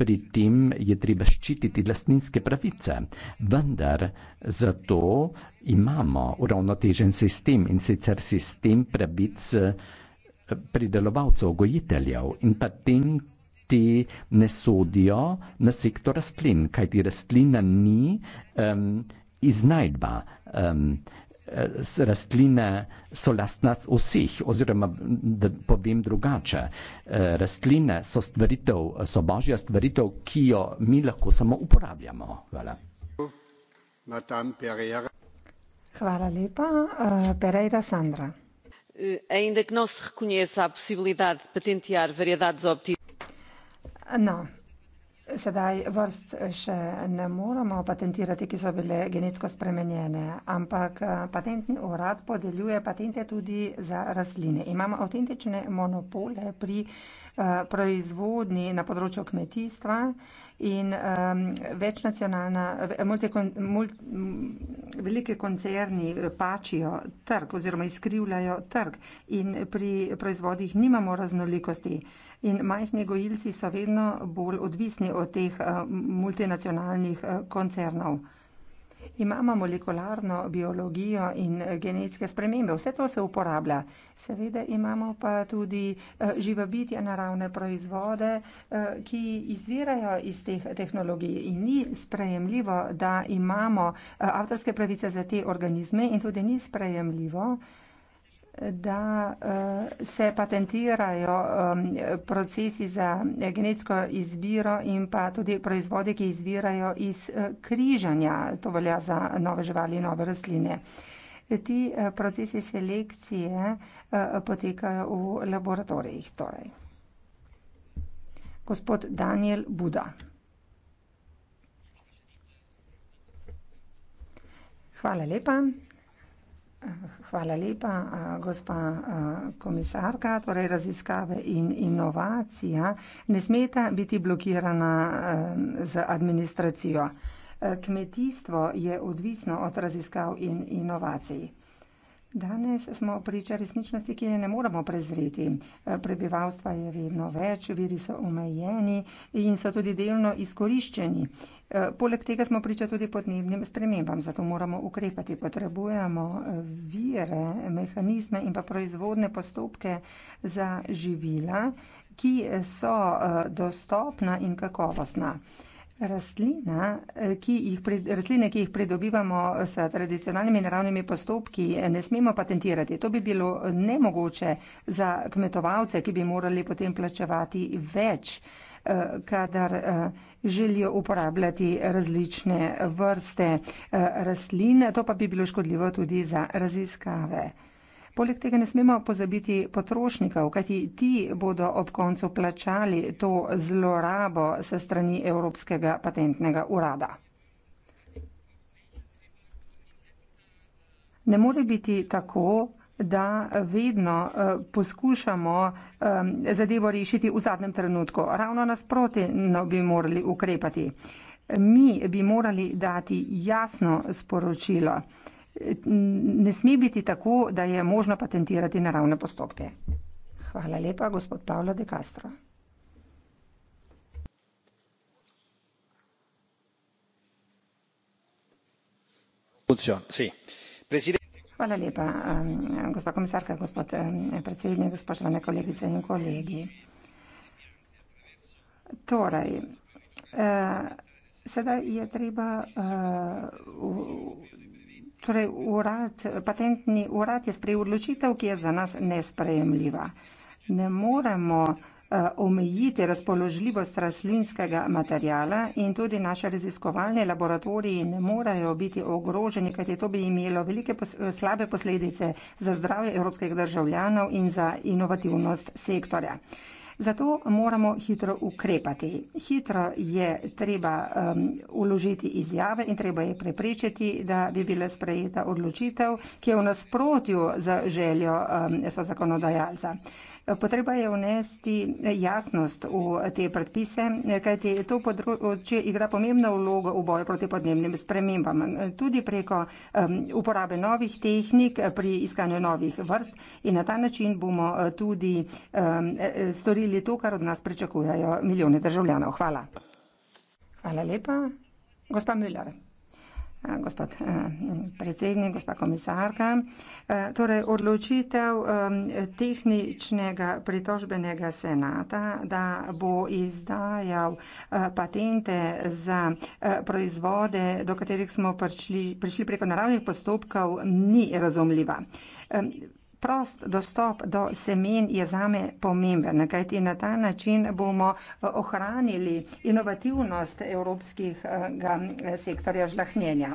pri tem je treba ščititi lastninske pravice, vendar zato imamo uravnotežen sistem in sicer sistem pravic eh, pridelovalcev, gojiteljev in pa tem, ki ne sodijo na sektor rastlin, kajti rastlina ni um, iznajdba. Um, rastline so lastnost vseh, oziroma da povem drugače, eh, rastline so stvaritev, so božja stvaritev, ki jo mi lahko samo uporabljamo. Hvala. Hvala lepa. Eh, Pereira Sandra. No, Sedaj vrst eh, še ne moremo patentirati, ki so bile genetsko spremenjene, ampak eh, patentni urad podeljuje patente tudi za rastline. Imamo avtentične monopole pri uh, proizvodnji na področju kmetijstva, uh, in um, večnacionalna, velike koncerni eh, pačijo trg oziroma izkrivljajo trg in pri proizvodih nimamo raznolikosti in majhni gojilci so vedno bolj odvisni od teh eh, multinacionalnih eh, koncernov imamo molekularno biologijo in genetske spremembe. Vse to se uporablja. Seveda imamo pa tudi eh, živa bitja, naravne proizvode, eh, ki izvirajo iz teh tehnologij. In ni sprejemljivo, da imamo eh, avtorske pravice za te organizme in tudi ni sprejemljivo, da eh, se patentirajo eh, procesi za genetsko izbiro in pa tudi proizvodi, ki izvirajo iz eh, križanja. To velja za nove živali in nove rastline. Ti procesi selekcije potekajo v laboratorijih torej. Gospod Daniel Buda. Hvala lepa. Hvala lepa, gospa komisarka. Torej, raziskave in inovacija ne smeta biti blokirana z administracijo. Kmetijstvo je odvisno od raziskav in inovacij. Danes smo priča resničnosti, ki je ne moremo prezreti. Prebivalstva je vedno več, viri so omejeni in so tudi delno izkoriščeni. Poleg tega smo priča tudi podnebnim spremembam, zato moramo ukrepati. Potrebujemo eh, vire, mehanizme in pa proizvodne postopke za živila, ki so eh, dostopna in kakovostna. Rastlina, eh, ki jih, rastline, ki jih pridobivamo s tradicionalnimi naravnimi postopki, ne smemo patentirati. To bi bilo nemogoče za kmetovalce, ki bi morali potem plačevati več, eh, kadar eh, želijo uporabljati različne vrste rastlin. To pa bi bilo škodljivo tudi za raziskave. Poleg tega ne smemo pozabiti potrošnikov, kajti ti bodo ob koncu plačali to zlorabo se strani Evropskega patentnega urada. Ne more biti tako, da vedno eh, poskušamo zadevo rešiti v zadnjem trenutku. Ravno nasproti no, bi morali ukrepati. Mi bi morali dati jasno sporočilo ne sme biti tako, da je možno patentirati naravne postopke. Hvala lepa, gospod Pavlo De Castro. Hvala lepa, gospa komisarka, gospod predsednik, spoštovane kolegice in kolegi. Torej, eh, sedaj je treba, eh, Torej, urad, patentni urad je sprejel odločitev, ki je za nas nesprejemljiva. Ne moremo eh, omejiti razpoložljivost rastlinskega materijala in tudi naši raziskovalni laboratoriji ne morejo biti ogroženi, kajti to bi imelo velike pos slabe posledice za zdravje evropskih državljanov in za inovativnost sektorja. Zato moramo hitro ukrepati. Hitro je treba um, uložiti izjave in treba je preprečiti, da bi bila sprejeta odločitev, ki je v nasprotju z željo um, so zakonodajalca. Potreba je vnesti jasnost v te predpise, kajti to področje igra pomembno vlogo v boju proti podnebnim spremembam. Tudi preko um, uporabe novih tehnik pri iskanju novih vrst in na ta način bomo eh, tudi um, e, e, storili to, kar od nas pričakujejo milijone državljanov. Hvala. Hvala lepa. Gospa Müller. Eh, gospod eh, predsednik, gospa komisarka. Eh, torej, odločitev tehničnega pritožbenega senata, da bo izdajal patente za proizvode, do katerih smo prišli, prišli preko naravnih postopkov, ni razumljiva prost dostop do semen je zame pomemben, kajti na ta način bomo eh, ohranili inovativnost evropskih eh, sektorja žlahnjenja.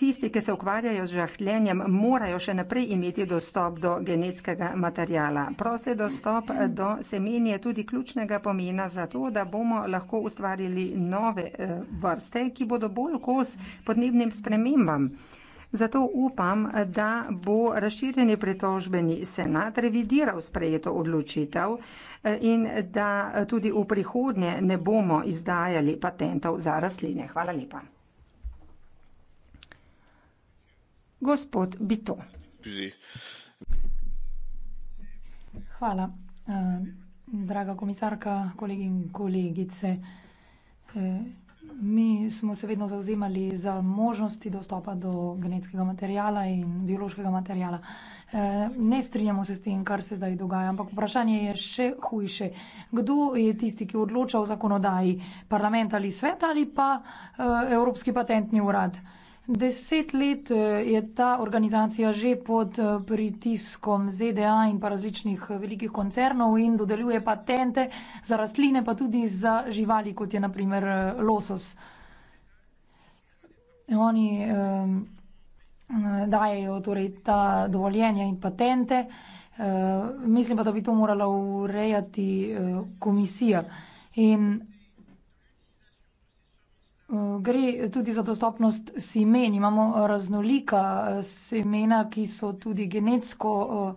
Tisti, ki se ukvarjajo z žahljenjem, morajo še naprej imeti dostop do genetskega materijala. Prosti dostop eh, do semen je tudi ključnega pomena za to, da bomo lahko ustvarili nove vrste, ki bodo bolj kos podnebnim spremembam. Zato upam, da bo razširjeni pritožbeni senat revidiral sprejeto odločitev e, in da tudi v prihodnje ne bomo izdajali patentov za rastline. Hvala lepa. Gospod Bito. Hvala. E, draga komisarka, kolegi in kolegice. E, Mi smo se vedno zauzemali za možnosti dostopa do genetskega materijala in biološkega materijala. E, ne strinjamo se s tem, kar se zdaj dogaja, ampak vprašanje je še hujše. Kdo je tisti, ki odloča o zakonodaji? Parlament ali svet ali pa e, Evropski patentni urad? Deset let, eh, je ta organizacija že pod, eh, pritiskom ZDA in pa različnih eh, velikih koncernov in dodeljuje patente za rastline, pa tudi za živali, kot je na primer losos. Oni eh, dajejo torej ta dovoljenja in patente, eh, mislim pa, da bi to morala urejati eh, komisija. In Eh, gre tudi za dostopnost semen, imamo eh, raznolika eh, semena, ki so tudi genetsko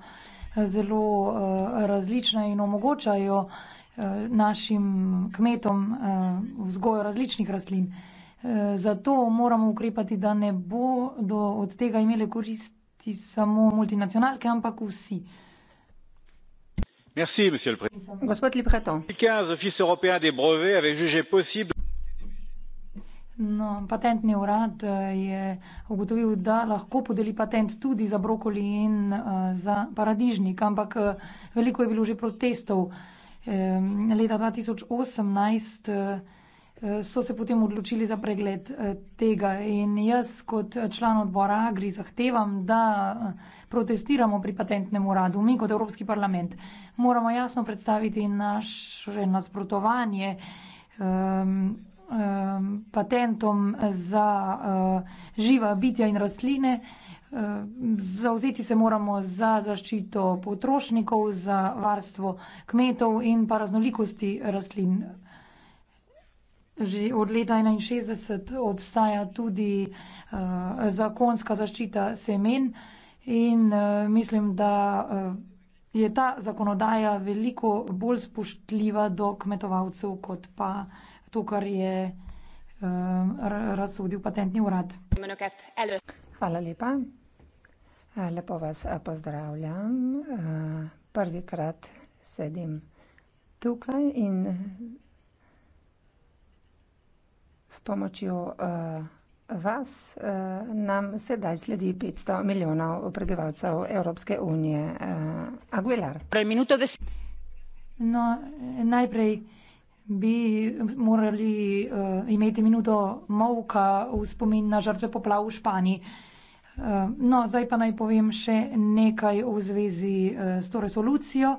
zelo različna in omogočajo našim kmetom vzgojo različnih rastlin. Zato moramo ukrepati, da ne bodo od tega imele koristi samo multinacionalke, ampak vsi. Gospod Lipreton. No, patentni urad eh, je ugotovil, da lahko podeli patent tudi za brokoli in eh, za paradižnik, ampak eh, veliko je bilo že protestov. Leta 2018 so se potem odločili za pregled tega in jaz kot član odbora Agri zahtevam, da protestiramo pri patentnem uradu. Mi kot Evropski parlament moramo jasno predstaviti naše nasprotovanje Um, patentom za uh, živa bitja in rastline. Uh, zauzeti se moramo za zaščito potrošnikov, za varstvo kmetov in pa raznolikosti rastlin. Že od leta enainšestdeset obstaja tudi uh, zakonska zaščita semen in mislim, da je ta zakonodaja veliko bolj spoštljiva do kmetovalcev kot pa to, kar je eh, razsodil patentni urad. Hvala lepa. Eh, lepo vas eh, pozdravljam, prvikrat sedim tukaj in s pomočjo, vas, nam sedaj sledi petsto milijonov prebivalcev Evropske unije, Aguilar. No, najprej bi eh, morali uh, imeti minuto molka v spomin na žrtve poplav v Španiji. Eh, no, zdaj pa naj povem še nekaj v zvezi s to resolucijo.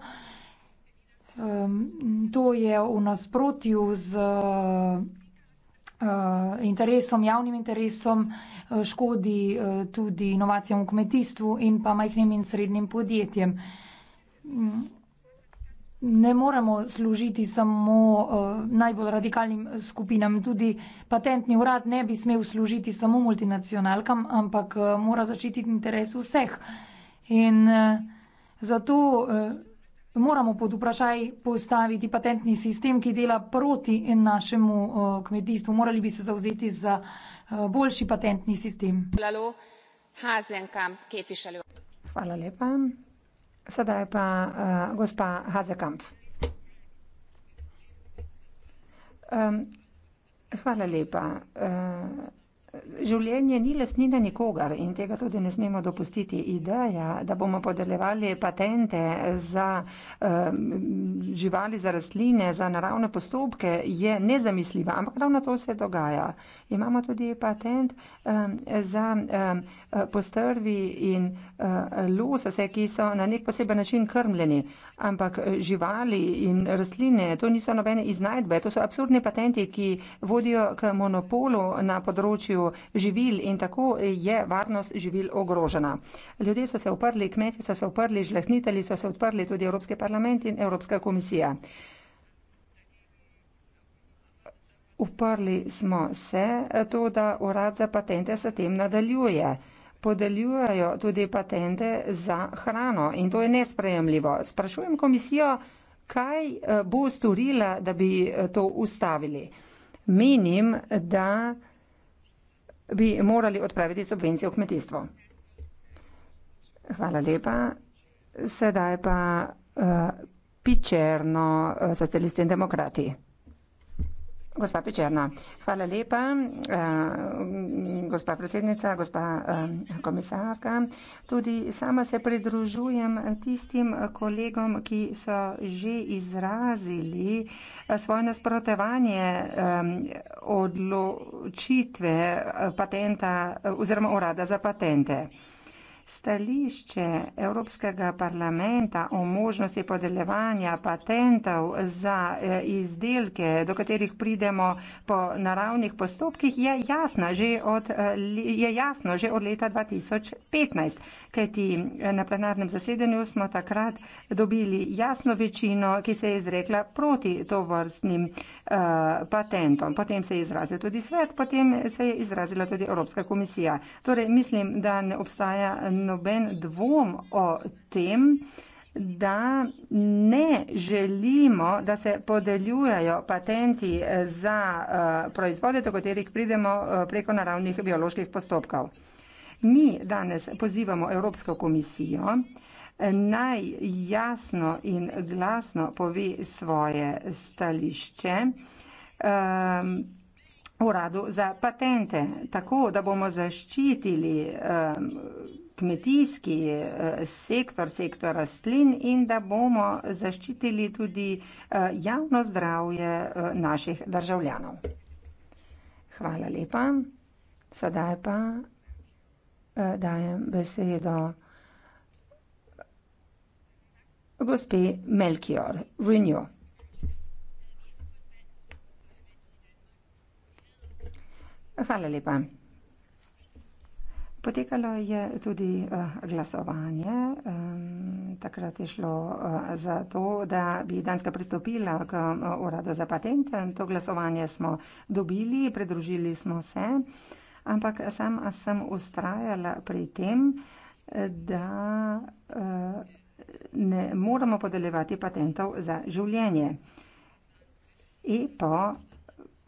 Ehm, to je v nasprotju z interesom, javnim interesom, škodi tudi inovacijam v kmetijstvu in pa majhnim in srednjim podjetjem. Mm, ne moremo služiti samo uh, najbolj radikalnim eh, skupinam. Tudi patentni urad ne bi smel služiti samo multinacionalkam, ampak uh, mora začititi interes vseh. In uh, zato uh, moramo pod vprašaj postaviti patentni sistem, ki dela proti našemu uh, kmetijstvu. Morali bi se zauzeti za uh, boljši patentni sistem. Hvala lepa. Sedaj pa uh, gospa Hazekamp. Um, hvala lepa. Uh, Življenje ni lastnina nikogar in tega tudi ne smemo dopustiti. Ideja, da bomo podeljevali patente za eh, živali, za rastline, za naravne postopke, je nezamisljiva, ampak ravno to se dogaja. Imamo tudi patent eh, za eh, postrvi in eh, losose, ki so na nek poseben način krmljeni, ampak eh, živali in rastline, to niso nobene iznajdbe, to so absurdni patenti, ki vodijo k monopolu na področju živil in tako je varnost živil ogrožena. Ljudje so se uprli, kmeti so se uprli, žlehnitelji so se uprli, tudi Evropski parlament in Evropska komisija. Uprli smo se, to, da urad za patente se tem nadaljuje. Podeljujejo tudi patente za hrano in to je nesprejemljivo. Sprašujem komisijo, kaj eh, bo storila, da bi eh, to ustavili. Menim, da bi morali odpraviti subvencije v kmetijstvo. Hvala lepa. Sedaj pa uh, pičerno uh, socialisti in demokrati. Gospa Pečerna, hvala lepa. Eh, gospa predsednica, gospa eh, komisarka, tudi sama se pridružujem tistim kolegom, ki so že izrazili eh, svoje nasprotevanje odločitve patenta oziroma urada za patente. Stališče Evropskega parlamenta o možnosti podeljevanja patentov za eh, izdelke, do katerih pridemo po naravnih postopkih, je, že od, eh, je jasno že od leta 2015. Kajti eh, na plenarnem zasedanju smo takrat dobili jasno večino, ki se je izrekla proti to vrstnim uh, patentom. Potem se je izrazil tudi svet, potem se je izrazila tudi Evropska komisija. Torej, mislim, noben dvom o tem, da ne želimo, da se podeljujejo patenti za eh, proizvode, do katerih pridemo eh, preko naravnih bioloških postopkov. Mi danes pozivamo Evropsko komisijo, eh, naj jasno in glasno pove svoje stališče um, uradu za patente, tako da bomo zaščitili um, kmetijski eh, sektor, sektor rastlin in da bomo zaščitili tudi eh, javno zdravje eh, naših državljanov. Hvala lepa. Sedaj pa dajem besedo gospe Melchior Renew. Hvala lepa. Potekalo je tudi eh, glasovanje. Takrat je šlo eh, za to, da bi Danska pristopila k eh, uradu za patente. To glasovanje smo dobili, pridružili smo se, ampak sam sem ustrajala pri tem, da ne moramo podeljevati patentov za življenje. EPO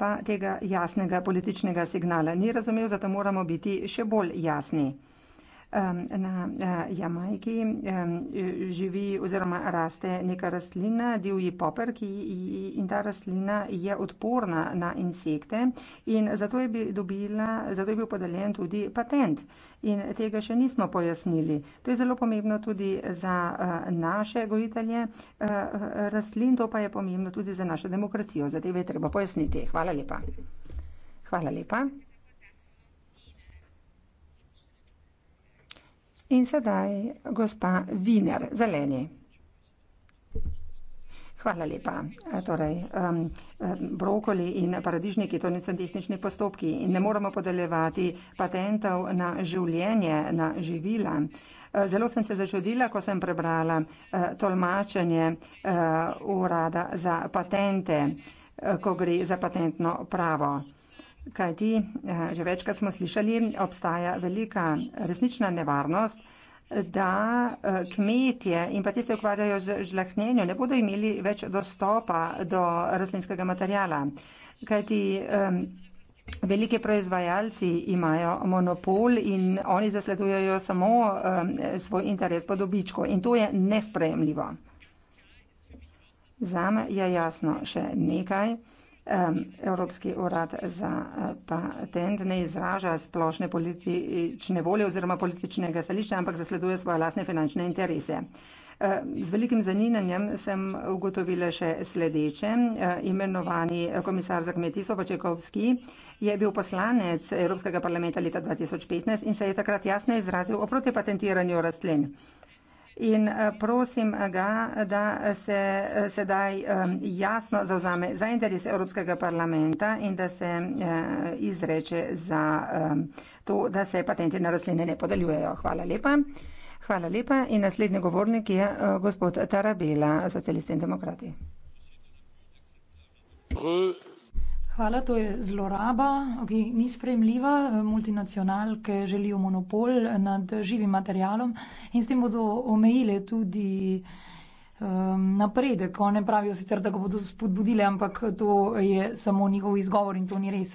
pa tega jasnega političnega signala ni razumel, zato moramo biti še bolj jasni. Na eh, Jamajki eh, živi oziroma raste neka rastlina, divji poper, ki in ta rastlina je odporna na insekte in zato je, bi dobila, zato je bil podeljen tudi patent in tega še nismo pojasnili. To je zelo pomembno tudi za eh, naše gojitelje rastlin, to pa je pomembno tudi za našo demokracijo. Zadeve je treba pojasniti. Hvala lepa. Hvala lepa. In sedaj gospa Viner, zeleni. Hvala lepa. E, torej, brokoli in paradižniki, to niso tehnični postopki in ne moramo podeljevati patentov na življenje, na živila. E, zelo sem se začudila, ko sem prebrala e, tolmačenje urada za patente, ko gre za patentno pravo kajti eh, že večkrat smo slišali, obstaja velika resnična nevarnost, da eh, kmetje in pa ti se ukvarjajo z žlahnenjem, ne bodo imeli več dostopa do rastlinskega materijala. Kajti um, velike proizvajalci imajo monopol in oni zasledujejo samo um, svoj interes po dobičku in to je nesprejemljivo. Zame je jasno še nekaj. Evropski urad za eh, patent ne izraža splošne politične volje oziroma političnega stališča, ampak zasleduje svoje lastne finančne interese. Z velikim zanimanjem sem ugotovila še sledeče. Imenovani eh, komisar za kmetijstvo Vačekovski je bil poslanec Evropskega parlamenta leta 2015 in se je takrat jasno izrazil o protipatentiranju rastlin in eh, prosim ga, da eh, se eh, sedaj jasno zavzame za interese Evropskega parlamenta in da se izreče za to, da se patenti na rastline ne podeljujejo. Hvala lepa. Hvala lepa in naslednji govornik je gospod Tarabela, socialisti in demokrati. Pre... Hvala, to je zloraba, ki ni sprejemljiva. Multinacionalke želijo monopol nad živim materialom in s tem bodo omejile tudi um, napredek. One pravijo sicer, da ga bodo spodbudile, ampak to je samo njihov izgovor in to ni res.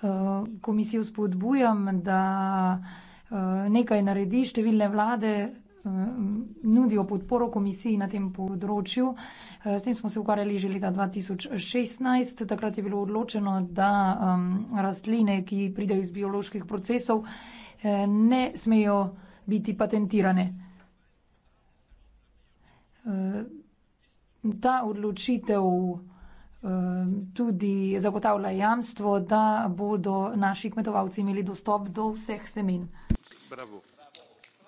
Uh, komisijo spodbujam, da uh, nekaj naredi, številne vlade Eh, nudijo podporo komisiji na tem področju. Eh, s tem smo se ukvarjali že leta 2016. Takrat je bilo odločeno, da eh, rastline, ki pridejo iz bioloških procesov, ne smejo biti patentirane. Ta odločitev tudi zagotavlja jamstvo, da bodo naši kmetovalci imeli dostop do vseh semen. Bravo.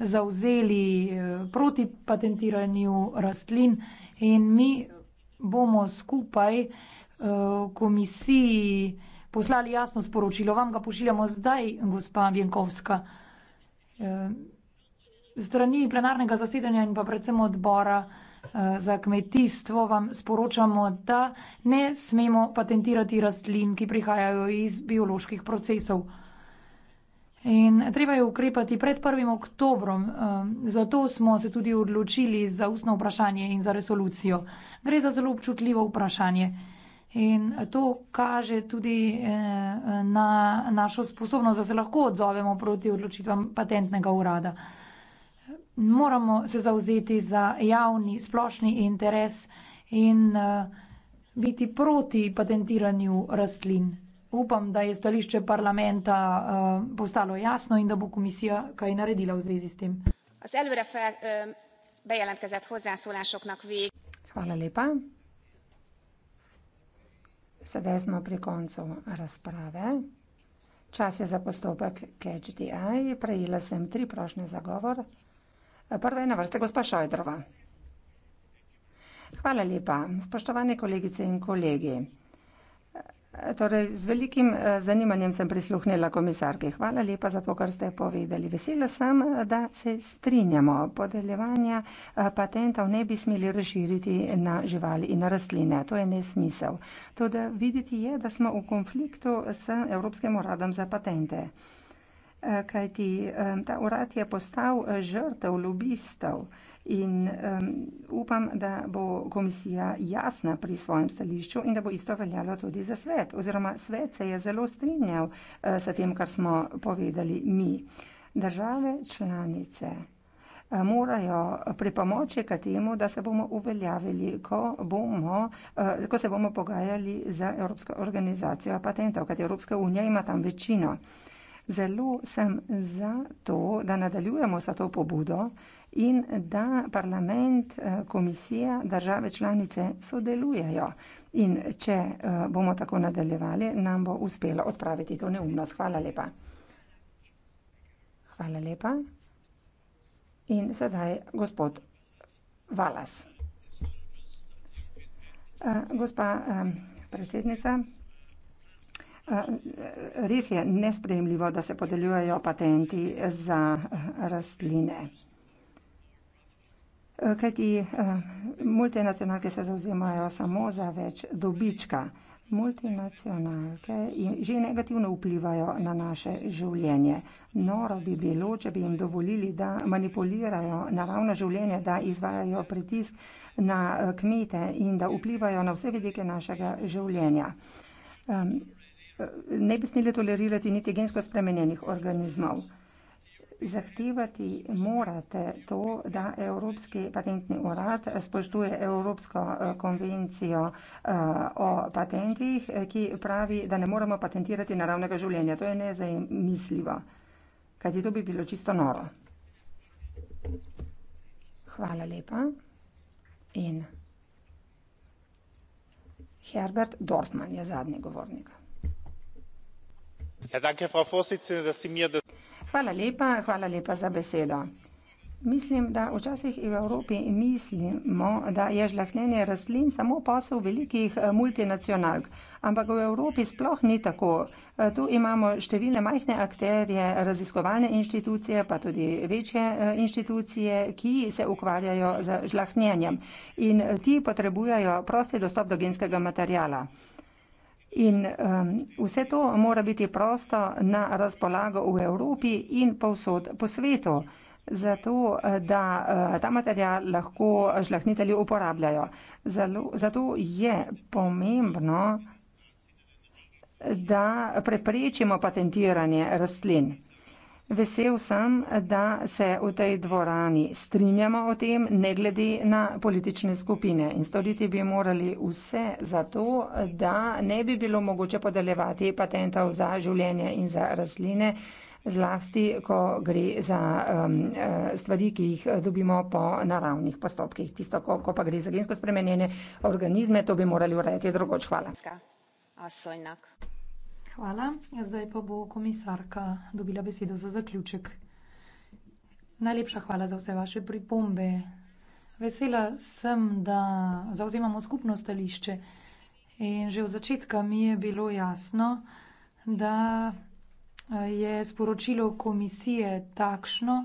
zauzeli eh, proti patentiranju rastlin in mi bomo skupaj eh, komisiji poslali jasno sporočilo. Vam ga pošiljamo zdaj, gospa Vjenkovska. Eh, strani plenarnega zasedanja in pa predvsem odbora za kmetijstvo vam sporočamo, da ne smemo patentirati rastlin, ki prihajajo iz bioloških procesov. In treba je ukrepati pred 1. oktobrom, um, zato smo se tudi odločili za ustno vprašanje in za resolucijo. Gre za zelo občutljivo vprašanje. In to kaže tudi eh, na našo sposobnost, da se lahko odzovemo proti odločitvam patentnega urada. Moramo se zauzeti za javni, splošni interes in eh, biti proti patentiranju rastlin upam, da je stališče parlamenta uh, postalo jasno in da bo komisija kaj naredila v zvezi s tem. Hvala lepa. Sedaj smo pri koncu razprave. Čas je za postopek KGDI. Prejela sem tri prošnje za govor. Prva je na vrste gospa Šojdrova. Hvala lepa. Spoštovane kolegice in kolegi. Torej, z velikim eh, zanimanjem sem prisluhnila komisarki. Hvala lepa za to, kar ste povedali. Vesela sem, da se strinjamo. Podeljevanja eh, patentov ne bi smeli razširiti na živali in na rastline. To je nesmisel. To, da videti je, da smo v konfliktu s Evropskim uradom za patente. Eh, kajti ta urad je postal žrtev lobistov. In um, upam, da bo komisija jasna pri svojem stališču in da bo isto veljalo tudi za svet. Oziroma svet se je zelo strinjal uh, s tem, kar smo povedali mi. Države članice eh, morajo pripomoči k temu, da se bomo uveljavili, ko, bomo, eh, ko se bomo pogajali za Evropsko organizacijo patentov, kajti Evropska unija ima tam večino. Uh, Zelo sem za to, da nadaljujemo sa to pobudo in da parlament, eh, komisija, države članice sodelujejo. In če eh, bomo tako nadaljevali, nam bo uspelo odpraviti to neumnost. Hvala lepa. Hvala lepa. In sedaj gospod Valas. Eh, gospa predsednica, Eh, res je nesprejemljivo, da se podeljujejo patenti za eh, rastline. Eh, kajti multinacionalke se zauzemajo samo za več dobička. Multinacionalke že negativno vplivajo na naše življenje. Noro bi bilo, če bi jim dovolili, da manipulirajo naravno življenje, da izvajajo pritisk na kmete in da vplivajo na vse vidike našega življenja ne bi smeli tolerirati niti gensko spremenjenih organizmov. Zahtevati morate to, da Evropski patentni urad spoštuje Evropsko eh, konvencijo eh, o patentih, eh, ki pravi, da ne moremo patentirati naravnega življenja. To je nezamisljivo, kajti to bi bilo čisto noro. Hvala lepa. In Herbert Dorfman je zadnji govornik. Ja, hvala lepa, hvala lepa za besedo. Mislim, da včasih v Evropi mislimo, da je žlahnenje rastlin samo posel velikih eh, multinacionalk. Ampak v Evropi sploh ni tako. Eh, tu imamo številne majhne akterje, raziskovalne inštitucije, pa tudi večje eh, inštitucije, ki se ukvarjajo z žlahnjenjem. In ti potrebujajo prosti dostop do genskega materijala. In um, vse to mora biti prosto na razpolago v Evropi in povsod po svetu, zato eh, da uh, ta material lahko žlahnitelji uporabljajo. Zalo, zato je pomembno, da preprečimo patentiranje rastlin. Vesel sem, da se v tej dvorani strinjamo o tem, ne glede na politične skupine. In storiti bi morali vse za to, da ne bi bilo mogoče podeljevati patentov za življenje in za rastline, zlasti, ko gre za um, eh, stvari, ki jih eh, dobimo po naravnih postopkih. Tisto, ko, ko pa gre za gensko spremenjene organizme, to bi morali urejati drugoč. Hvala. A so enak. Hvala. Zdaj pa bo komisarka dobila besedo za zaključek. Najlepša hvala za vse vaše pripombe. Vesela sem, da zauzemamo skupno stališče in že od začetka mi je bilo jasno, da je sporočilo komisije takšno,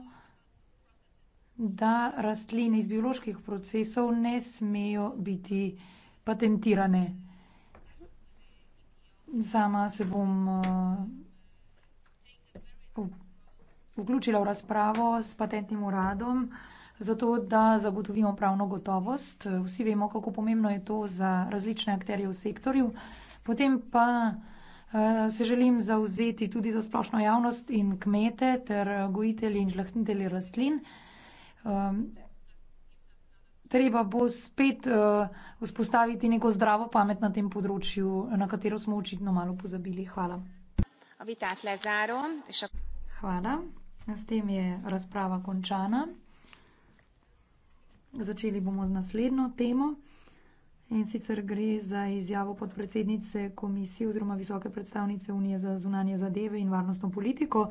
da rastline iz bioloških procesov ne smejo biti patentirane. Sama se bom eh, vključila v razpravo s patentnim uradom, zato da zagotovimo pravno gotovost. Vsi vemo, kako pomembno je to za različne akterje v sektorju. Potem pa eh, se želim zauzeti tudi za splošno javnost in kmete ter gojitelji in žlahtnitelji rastlin. Eh, treba bo spet uh, vzpostaviti neko zdravo pamet na tem področju, na katero smo očitno malo pozabili. Hvala. Hvala. S tem je razprava končana. Začeli bomo z naslednjo temo. In sicer gre za izjavo podpredsednice komisije oziroma visoke predstavnice Unije za zunanje zadeve in varnostno politiko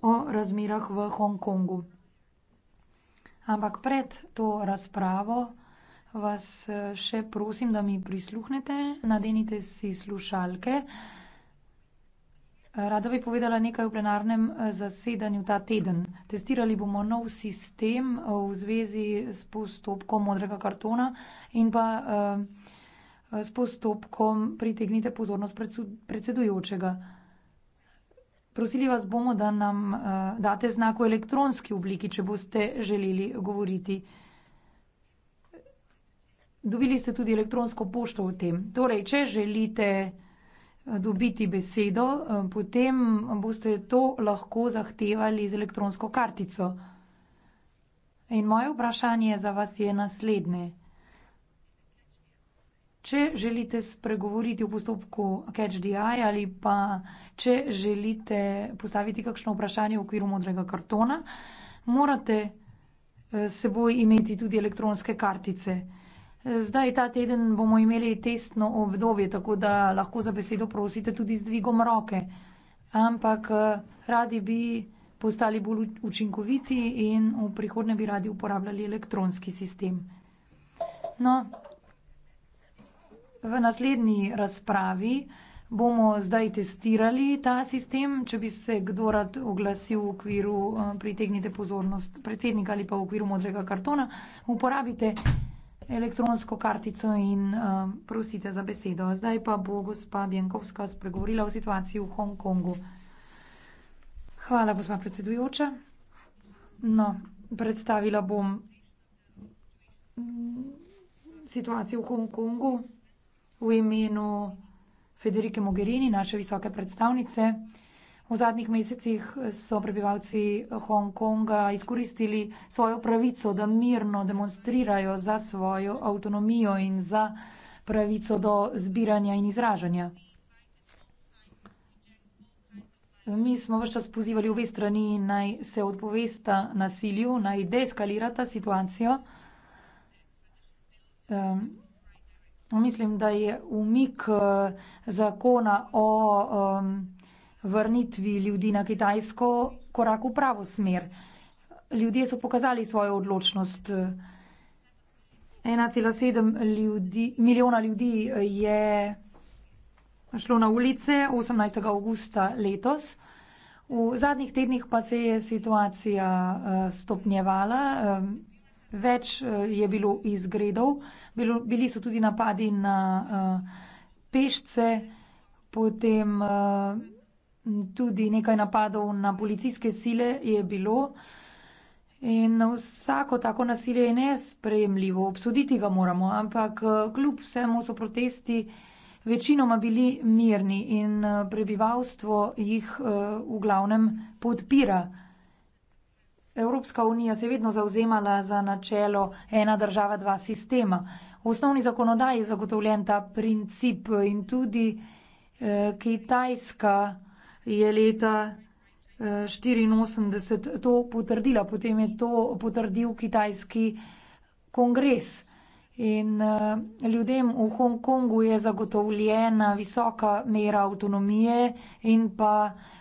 o razmerah v Hongkongu. Ampak pred to razpravo vas eh, še prosim, da mi prisluhnete, nadenite si slušalke. Eh, rada bi povedala nekaj o plenarnem eh, zasedanju ta teden. Testirali bomo nov sistem v zvezi s postopkom modrega kartona in pa s postopkom pritegnite pozornost predsedujočega. Prosili vas bomo, da nam uh, date znak v elektronski obliki, če boste želeli govoriti. Dobili ste tudi elektronsko pošto v tem. Torej, če želite eh, dobiti besedo, eh, potem boste to lahko zahtevali z elektronsko kartico. In moje vprašanje za vas je naslednje. Če želite spregovoriti v postopku Catch the Eye ali pa če želite postaviti kakšno vprašanje v okviru modrega kartona, morate eh, seboj imeti tudi elektronske kartice. Zdaj ta teden bomo imeli testno obdobje, tako da lahko za besedo prosite tudi z dvigom roke. Ampak eh, radi bi postali bolj učinkoviti in v prihodnje bi radi uporabljali elektronski sistem. No, V naslednji razpravi bomo zdaj testirali ta sistem, če bi se kdo rad oglasil v okviru, eh, pritegnite pozornost predsednika ali pa v okviru modrega kartona, uporabite elektronsko kartico in, eh, prosite za besedo. Zdaj pa bo gospa Bjenkovska spregovorila o situaciji v Hongkongu. Hvala, gospa predsedujoča. No, predstavila bom mm, situacijo v Hongkongu v imenu Federike Mogherini, naše visoke predstavnice. V zadnjih mesecih so prebivalci Hongkonga izkoristili svojo pravico, da mirno demonstrirajo za svojo avtonomijo in za pravico do zbiranja in izražanja. Mi smo vse čas pozivali obe strani naj se odpovesta nasilju, naj deeskalirata situacijo. Um, Mislim, da je umik eh, zakona o um, vrnitvi ljudi na Kitajsko korak v pravo smer. Ljudje so pokazali svojo odločnost. 1,7 ljudi, milijona ljudi eh, je šlo na ulice 18. augusta letos. V zadnjih tednih pa se je situacija eh, stopnjevala. Več je bilo izgredov. Bilo, bili so tudi napadi na uh, pešce, potem uh, tudi nekaj napadov na policijske sile je bilo. In vsako tako nasilje je nespremljivo, obsoditi ga moramo, ampak eh, kljub vsemu so protesti večinoma bili mirni in prebivalstvo jih v glavnem podpira. Evropska unija se je vedno zauzemala za načelo ena država, dva sistema. V osnovni zakonodaji je zagotovljen ta princip in tudi eh, Kitajska je leta 1984 eh, to potrdila, potem je to potrdil Kitajski kongres. In eh, ljudem v Hongkongu je zagotovljena visoka mera avtonomije in pa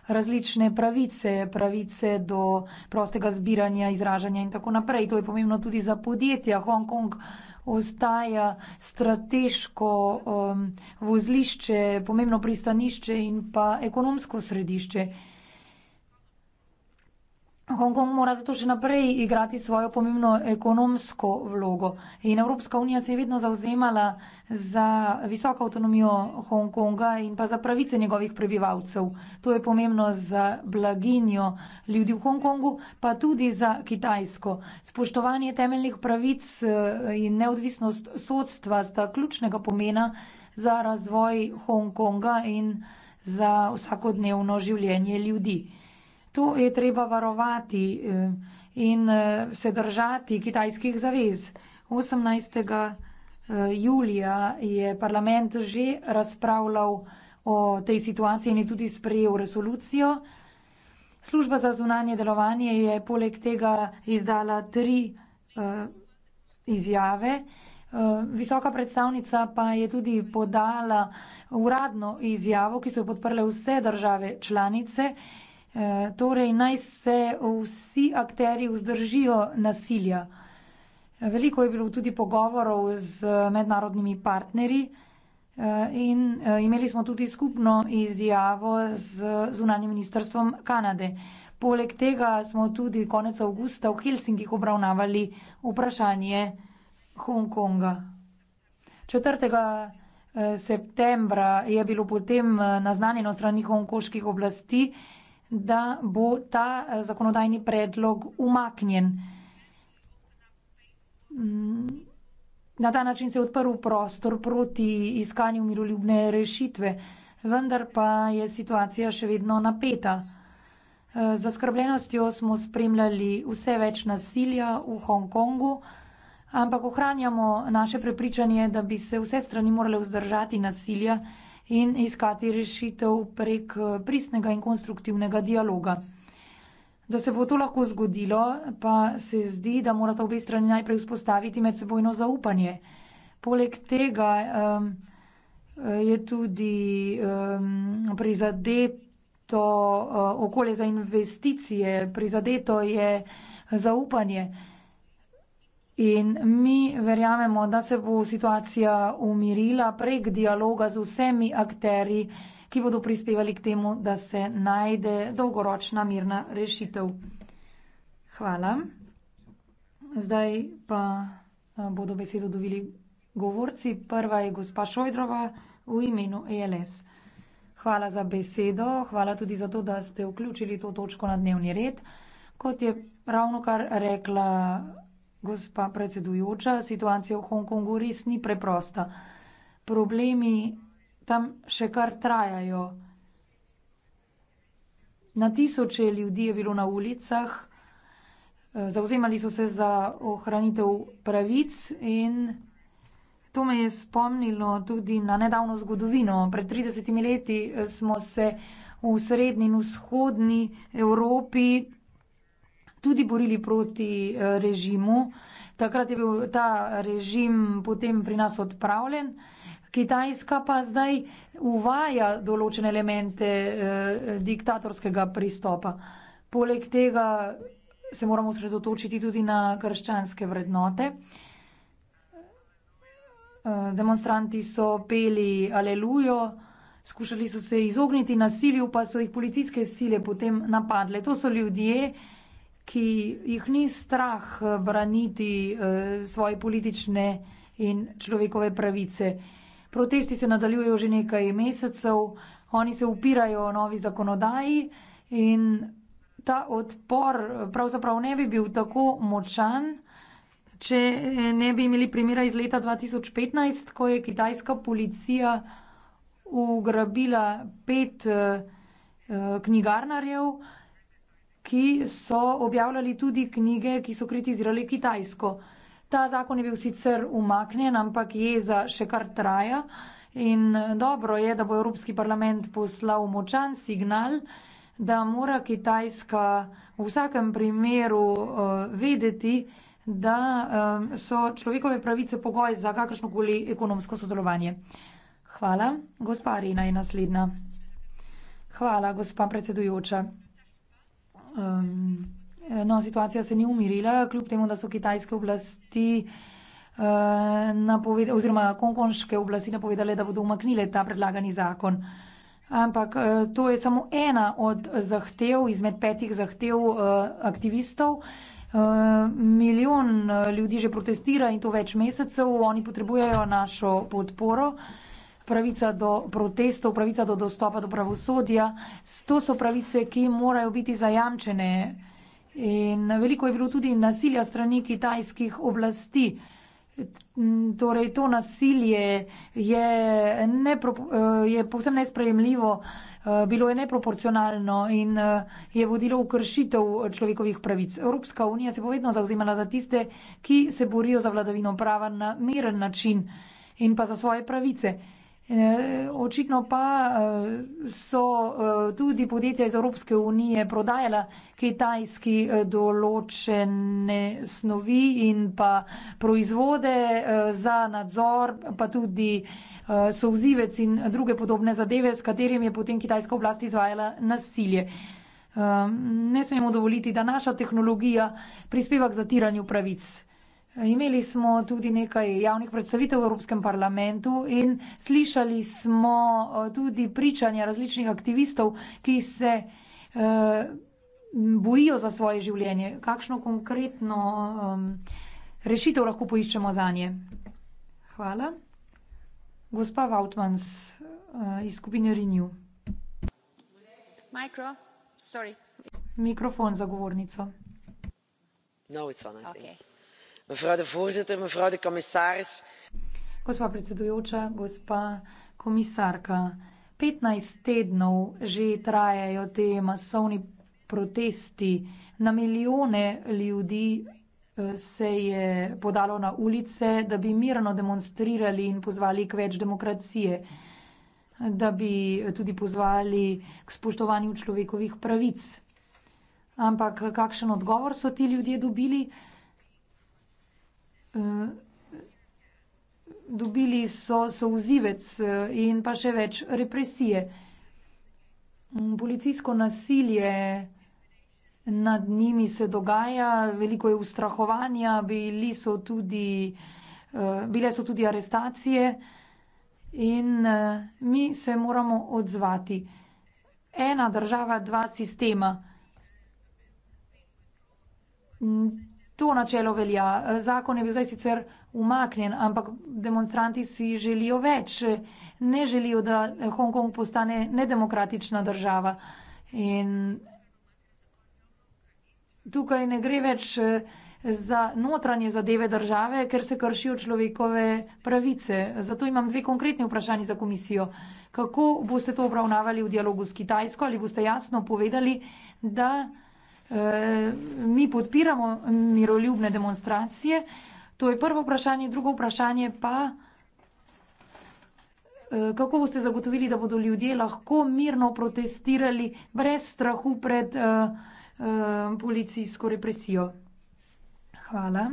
različne pravice, pravice do prostega zbiranja, izražanja in tako naprej. To je pomembno tudi za podjetja. Hongkong ostaja strateško um, vozlišče, pomembno pristanišče in pa ekonomsko središče. Hongkong mora zato še naprej igrati svojo pomembno ekonomsko vlogo. In Evropska unija se je vedno zauzemala za visoko avtonomijo Hongkonga in pa za pravice njegovih prebivalcev. To je pomembno za blaginjo ljudi v Hongkongu, pa tudi za Kitajsko. Spoštovanje temeljnih pravic eh, in neodvisnost sodstva sta ključnega pomena za razvoj Hongkonga in za vsakodnevno življenje ljudi. To je treba varovati eh, in eh, se držati kitajskih zavez. 18. Eh, julija je parlament že razpravljal o tej situaciji in je tudi sprejel resolucijo. Služba za zunanje delovanje je poleg tega izdala tri izjave. Visoka predstavnica pa je tudi podala uradno izjavo, ki so jo podprle vse države članice, torej naj se vsi akterji vzdržijo nasilja. Veliko je bilo tudi pogovorov z mednarodnimi partnerji in imeli smo tudi skupno izjavo z zunanjim ministrstvom Kanade. Poleg tega smo tudi konec avgusta v Helsinkih obravnavali vprašanje Hongkonga. 4. Eh, septembra je bilo potem eh, naznanjeno strani hongkoških oblasti, da bo ta eh, zakonodajni predlog umaknjen. Mm, na ta način se je odprl prostor proti iskanju miroljubne rešitve, vendar pa je situacija še vedno napeta. Eh, z zaskrbljenostjo smo spremljali vse več nasilja v Hongkongu, ampak ohranjamo naše prepričanje, da bi se vse strani morale vzdržati nasilja in iskati rešitev prek pristnega in konstruktivnega dialoga. Da se bo to lahko zgodilo, pa se zdi, da morata obe strani najprej vzpostaviti medsebojno zaupanje. Poleg tega um, je tudi um, prizadeto uh, okolje za investicije, prizadeto je zaupanje. In mi verjamemo, da se bo situacija umirila prek dialoga z vsemi akteri, ki bodo prispevali k temu, da se najde dolgoročna mirna rešitev. Hvala. Zdaj pa eh, bodo besedo dobili govorci. Prva je gospa Šojdrova v imenu ELS. Hvala za besedo, hvala tudi za to, da ste vključili to točko na dnevni red. Kot je ravno kar rekla Gospa predsedujoča, situacija v Hongkongu res ni preprosta. Problemi tam še kar trajajo. Na tisoče ljudi je bilo na ulicah, eh, zauzemali so se za ohranitev pravic in to me je spomnilo tudi na nedavno zgodovino. Pred 30 leti eh, smo se v srednji in vzhodni Evropi tudi borili proti eh, režimu. Takrat je bil ta režim potem pri nas odpravljen. Kitajska pa zdaj uvaja določene elemente eh, diktatorskega pristopa. Poleg tega se moramo sredotočiti tudi na krščanske vrednote. Eh, demonstranti so peli Alelujo, skušali so se izogniti nasilju, pa so jih policijske sile potem napadle. To so ljudje, eh, ki jih ni strah eh, braniti eh, svoje politične in človekove pravice. Protesti se nadaljujejo že nekaj mesecev, oni se upirajo novi zakonodaji in ta odpor eh, pravzaprav ne bi bil tako močan, če ne bi imeli primera iz leta 2015, ko je kitajska policija ugrabila pet knjigarnarjev, ki so objavljali tudi knjige, ki so kritizirali Kitajsko. Ta zakon je bil sicer umaknjen, ampak jeza še kar traja in dobro je, da bo Evropski parlament poslal močan signal, da mora Kitajska v vsakem primeru uh, vedeti, da um, so človekove pravice pogoj za kakršnokoli ekonomsko sodelovanje. Hvala. Gospa Arena je naslednja. Hvala, gospa predsedujoča. Um, no, situacija se ni umirila, kljub temu, da so kitajske oblasti uh, eh, napovedale, oziroma hongkonške oblasti napovedale, da bodo umaknile ta predlagani zakon. Ampak uh, to je samo ena od zahtev, izmed petih zahtev uh, aktivistov. Uh, milijon ljudi že protestira in to več mesecev, oni potrebujejo našo podporo. Uh, pravica do protestov, pravica do dostopa do pravosodja. To so pravice, ki morajo biti zajamčene. In veliko je bilo tudi nasilja strani kitajskih oblasti. Torej, to nasilje je, nepro, je povsem nesprejemljivo, bilo je neproporcionalno in je vodilo v kršitev človekovih pravic. Evropska unija se bo vedno zauzemala za tiste, ki se borijo za vladavino prava na miren način in pa za svoje pravice. Eh, očitno pa eh, so eh, tudi podjetja iz Evropske unije prodajala Kitajski določene snovi in pa proizvode za nadzor, pa tudi souzivec in druge podobne zadeve, s katerim je potem kitajska oblast izvajala nasilje. Ne smemo dovoliti, da naša tehnologija prispeva k zatiranju pravic. Imeli smo tudi nekaj javnih predstavitev v Evropskem parlamentu in slišali smo eh, tudi pričanja različnih aktivistov, ki se eh, bojijo za svoje življenje. Kakšno konkretno eh, rešitev lahko poiščemo za nje? Hvala. Gospa Vautmans eh, iz skupine Renew. Mikro, Sorry. Mikrofon za govornico. No, it's on, I think. Okay gospa predsedujoča gospa komisarka petnajst tednov že trajajo ti masovni protesti na milijone ljudi eh, se je podalo na ulice da bi mirno demonstrirali in pozvali k več demokracije da bi tudi pozvali k spoštovanju človekovih pravic ampak kakšen odgovor so ti ljudje dobili Eh, dobili so souzivec eh, in pa še več represije. Mm, policijsko nasilje nad njimi se dogaja, veliko je ustrahovanja, bili so tudi, eh, bile so tudi arestacije in mi se moramo odzvati. Ena država, dva sistema. Mm, To načelo velja. Zakon je bil zdaj sicer umaknjen, ampak demonstranti si želijo več. Ne želijo, da Hongkong postane nedemokratična država. In tukaj ne gre več za notranje zadeve države, ker se kršijo človekove pravice. Zato imam dve konkretni vprašanji za komisijo. Kako boste to obravnavali v dialogu s Kitajsko? Ali boste jasno povedali, da. Eh, mi podpiramo miroljubne demonstracije. To je prvo vprašanje. Drugo vprašanje pa, eh, kako boste zagotovili, da bodo ljudje lahko mirno protestirali brez strahu pred eh, policijsko represijo? Hvala.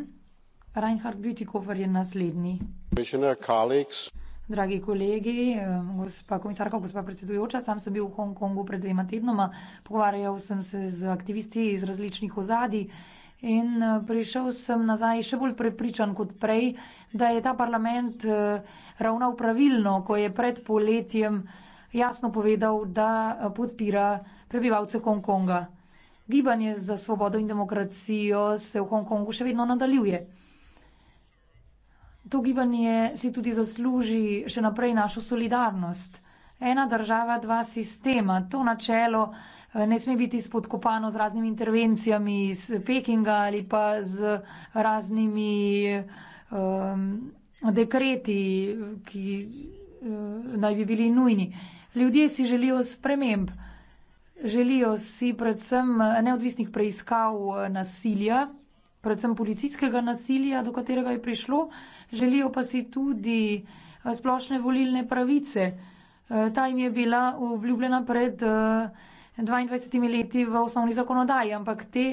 Reinhard Bütikofer je naslednji. Commissioner, colleagues dragi kolegi, eh, gospa komisarka, gospa predsedujoča, sam sem bil v Hongkongu pred dvema tednoma, pogovarjal sem se z aktivisti iz različnih ozadij in eh, prišel sem nazaj še bolj prepričan kot prej, da je ta parlament eh, ravnal pravilno, ko je pred poletjem jasno povedal, da podpira prebivalce Hongkonga. Gibanje za svobodo in demokracijo se v Hongkongu še vedno nadaljuje to gibanje si tudi zasluži še naprej našo solidarnost. Ena država, dva sistema. To načelo eh, ne sme biti spodkopano z raznimi intervencijami iz Pekinga ali pa z raznimi um, dekreti, ki uh, naj bi bili nujni. Ljudje si želijo sprememb. Želijo si predvsem eh, neodvisnih preiskav nasilja, predvsem policijskega nasilja, do katerega je prišlo. Uh, Želijo pa si tudi eh, splošne volilne pravice. Eh, ta jim je bila obljubljena pred 22 eh, leti v osnovni zakonodaji, ampak te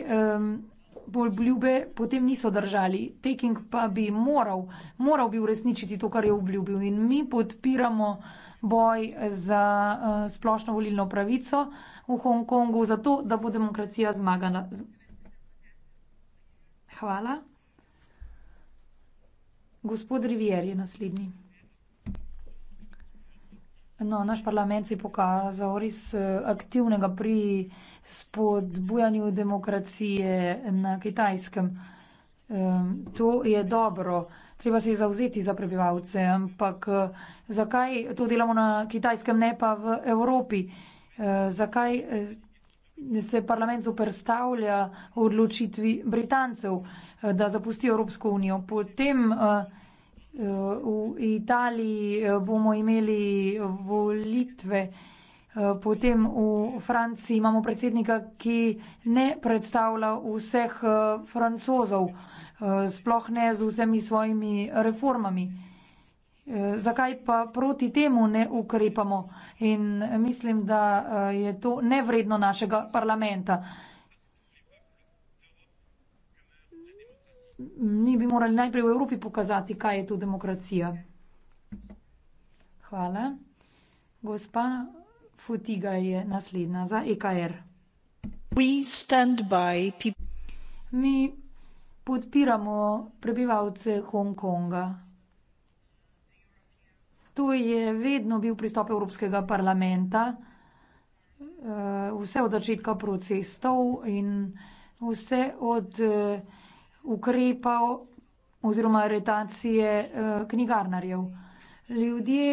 obljube potem niso držali. Peking pa bi moral, moral bi uresničiti to, kar je obljubil. In mi podpiramo boj za splošno volilno pravico v Hongkongu, zato da bo demokracija zmagana. Hvala. Gospod Rivier je naslednji. No, naš parlament se je pokazal res eh, aktivnega pri spodbujanju demokracije na Kitajskem. Ehm, to je dobro, treba se je zavzeti za prebivalce, ampak eh, zakaj to delamo na Kitajskem, ne pa v Evropi? Eh, zakaj se parlament zoprstavlja odločitvi Britancev, eh, da zapustijo Evropsko unijo. Potem eh, eh, v Italiji bomo imeli volitve, potem v Franciji imamo predsednika, ki ne predstavlja vseh francozov, sploh ne z vsemi svojimi reformami. Eh, zakaj pa proti temu ne ukrepamo? In mislim, da eh, je to nevredno našega parlamenta. Mi bi morali najprej v Evropi pokazati, kaj je to demokracija. Hvala. Gospa Futiga je naslednja za EKR. We stand by Mi podpiramo prebivalce Hongkonga. To je vedno bil pristop Evropskega parlamenta, eh, vse od začetka procesov in vse od eh, ukrepov oziroma aretacije eh, knjigarnarjev. Ljudje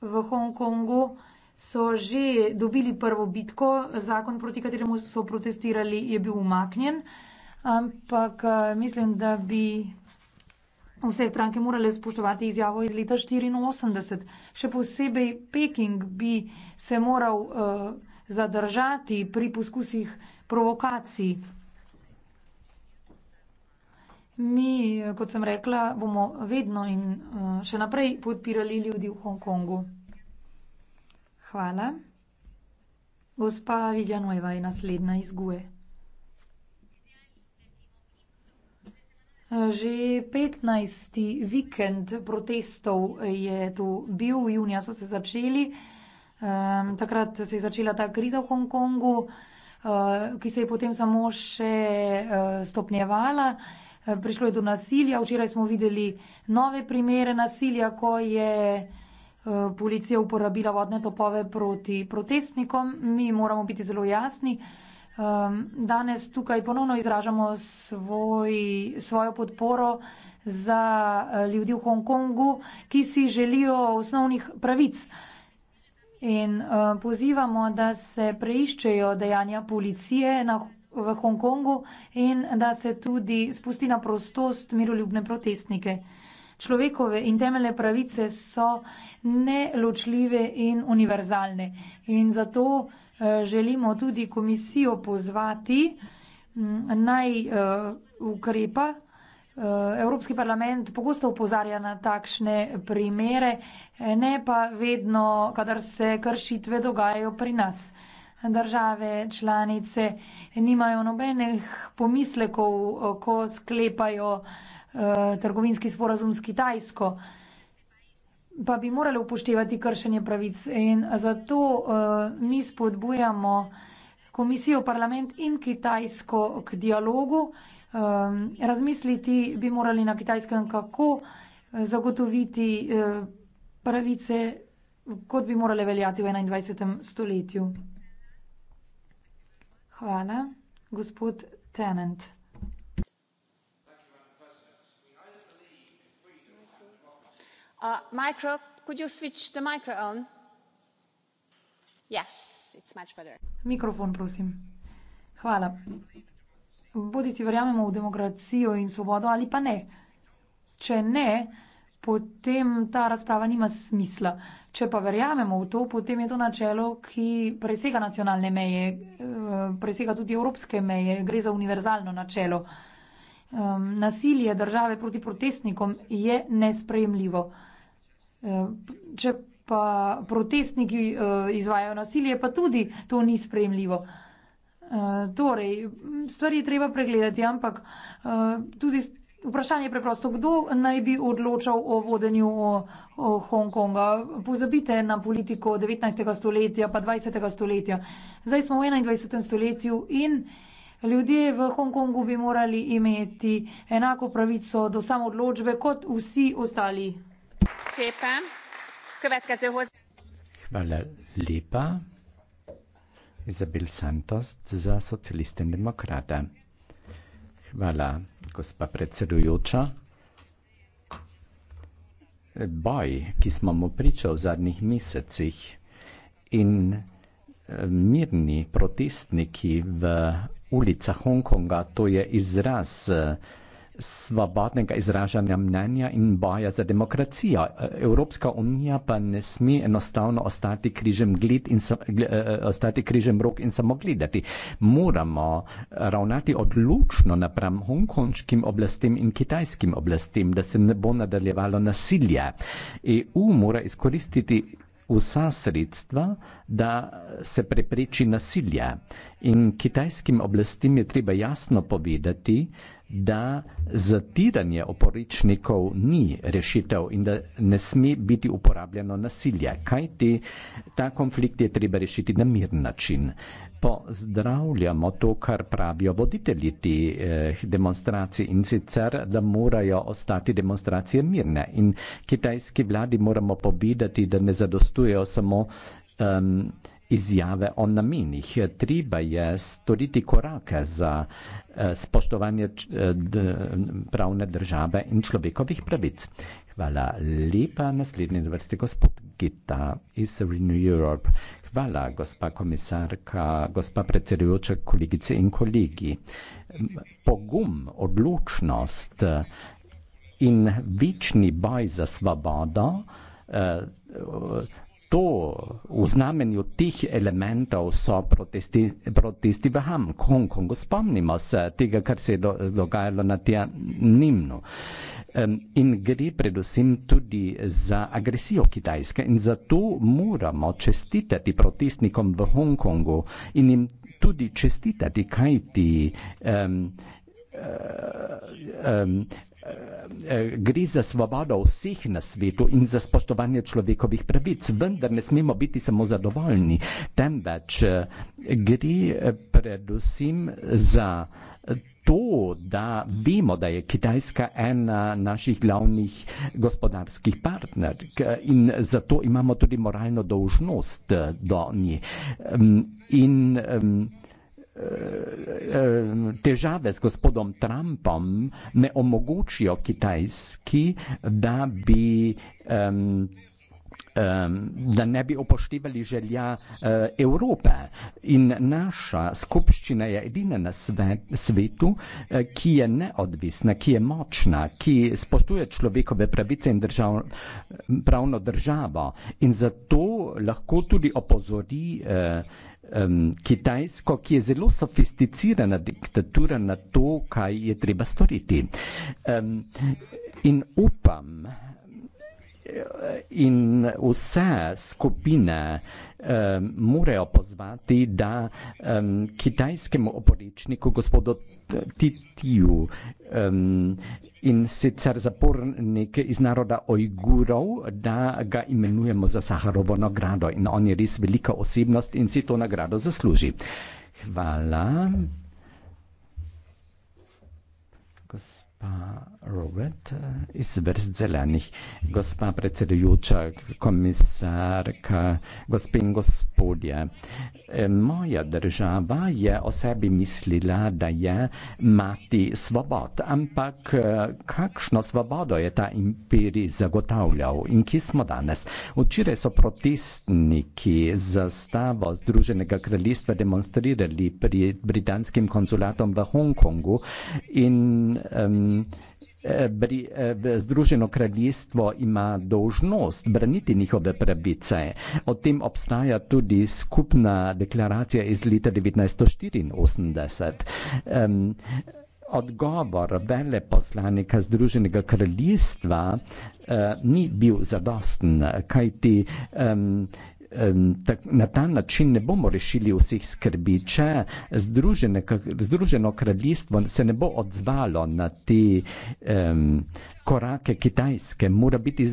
v Hongkongu so že dobili prvo bitko, zakon, proti kateremu so protestirali, je bil umaknjen, ampak mislim, da bi vse stranke morale spoštovati izjavo iz leta 1984. Še posebej Peking bi se moral uh, zadržati pri poskusih provokacij. Mi, eh, kot sem rekla, bomo vedno in uh, še naprej podpirali ljudi v Hongkongu. Hvala. Gospa Vidjanueva je naslednja izguje. Že 15. vikend protestov je tu bil, junija so se začeli. Takrat se je začela ta kriza v Hongkongu, eh, ki se je potem samo še eh, stopnjevala. Eh, prišlo je do nasilja. Včeraj smo videli nove primere nasilja, ko je policija uporabila vodne topove proti protestnikom. Mi moramo biti zelo jasni. Um, danes tukaj ponovno izražamo svoj, svojo podporo za eh, ljudi v Hongkongu, ki si želijo osnovnih pravic. In um, pozivamo, da se preiščejo dejanja policije na, v Hongkongu in da se tudi spusti na prostost miroljubne protestnike. Človekove in temeljne pravice so neločljive in univerzalne. In zato Eh, želimo tudi komisijo pozvati, mm, naj, eh, ukrepa. Eh, Evropski parlament pogosto opozarja na takšne primere, ne pa vedno, kadar se kršitve dogajajo pri nas. Države članice nimajo nobenih pomislekov, ko sklepajo, trgovinski sporazum s Kitajsko pa bi morali upoštevati kršenje pravic in zato uh, mi spodbujamo komisijo, parlament in Kitajsko k dialogu. Um, razmisliti bi morali na kitajskem, kako eh, zagotoviti uh, pravice, kot bi morale veljati v 21. stoletju. Hvala, gospod Tenant. Uh, Mikrofon, prosim. Hvala. Bodisi verjamemo v demokracijo in svobodo ali pa ne. Če ne, potem ta razprava nima smisla. Če pa verjamemo v to, potem je to načelo, ki presega nacionalne meje, eh, presega tudi evropske meje, gre za univerzalno načelo. Ehm, nasilje države proti protestnikom je nesprejemljivo. Če pa protestniki eh, izvajajo nasilje, pa tudi to ni sprejemljivo. Eh, torej, stvari je treba pregledati, ampak eh, tudi vprašanje je preprosto, kdo naj bi odločal o vodenju o, o Hongkonga. Pozabite na politiko 19. stoletja pa 20. stoletja. Zdaj smo v 21. stoletju in ljudje v Hongkongu bi morali imeti enako pravico do samodločbe kot vsi ostali. Hvala lepa. Izabel Santos za socialiste in demokrata. Hvala, gospa predsedujoča. Boj, ki smo mu priča v zadnjih mesecih in eh, mirni protestniki v ulicah Hongkonga, to je izraz eh, svobodnega izražanja mnenja in boja za demokracijo. Evropska unija pa ne sme enostavno ostati križem, in sam, gl, uh, ostati križem rok in samo gledati. Moramo ravnati odločno napram hongkonškim oblastem in kitajskim oblastem, da se ne bo nadaljevalo nasilje. EU mora izkoristiti vsa sredstva, da se prepreči nasilje. In kitajskim oblastem je treba jasno povedati, da zatiranje oporičnikov ni rešitev in da ne sme biti uporabljeno nasilje, kajti ta konflikt je treba rešiti na miren način. Pozdravljamo to, kar pravijo voditelji teh demonstracij in sicer, da morajo ostati demonstracije mirne in kitajski vladi moramo pobidati, da ne zadostujejo samo um, izjave o namenih. Treba je storiti korake za eh, spoštovanje eh, pravne države in človekovih pravic. Hvala lepa, naslednji vrsti gospod Gita iz Renew Europe. Hvala, gospa komisarka, gospa predsedujoča, kolegice in kolegi. Pogum, odločnost eh, in večni boj za svobodo to v znamenju teh elementov so protesti, protesti v Ham, Hong Kongu. Spomnimo se tega, kar se je do, dogajalo na tem Nimnu. Um, in gre predvsem tudi za agresijo Kitajske in zato moramo čestitati protestnikom v Hong Kongu in jim tudi čestitati, kaj ti um, um, eh, Eh, eh, gre za svobodo vseh na svetu in za spoštovanje človekovih pravic, vendar ne smemo biti samo zadovoljni, temveč eh, gre predvsem za to, da vemo, da je Kitajska ena naših glavnih gospodarskih partnerk in zato imamo tudi moralno dolžnost do nje. In, um, težave z gospodom Trumpom ne omogočijo Kitajski, da bi. Um, Da ne bi upoštevali želja eh, Evrope. In naša skupščina je edina na svet, svetu, eh, ki je neodvisna, ki je močna, ki spoštuje človekove pravice in držav, pravno državo. In zato lahko tudi opozori. Eh, um, Kitajsko, ki je zelo sofisticirana diktatura na to, kaj je treba storiti. Um, in upam, eh, in vse skupine um, morajo pozvati, da um, kitajskemu oporečniku gospodu Titiu. Um, in sicer zapornik iz naroda Ojgurov, da ga imenujemo za Saharovo nagrado. In on je res velika osebnost in si to nagrado zasluži. Hvala. Gospa. Robert eh, Isbers Zelenih, gospa predsedujoča, komisarka, gospe in gospodje. Eh, moja država je o sebi mislila, da je mati svobod, ampak eh, kakšno svobodo je ta imperij zagotavljal in kje smo danes? Včeraj so protestniki za stavo Združenega kraljestva demonstrirali pri britanskim konzulatom v Hongkongu in um, Eh, eh, Združeno kraljestvo ima dožnost braniti njihove pravice. O tem obstaja tudi skupna deklaracija iz leta 1984. Odgovor veleposlanika Združenega kraljestva eh, ni bil zadosten, kajti eh, na ta način ne bomo rešili vseh skrbi. Če združene, Združeno kraljestvo se ne bo odzvalo na te um, korake Kitajske, mora biti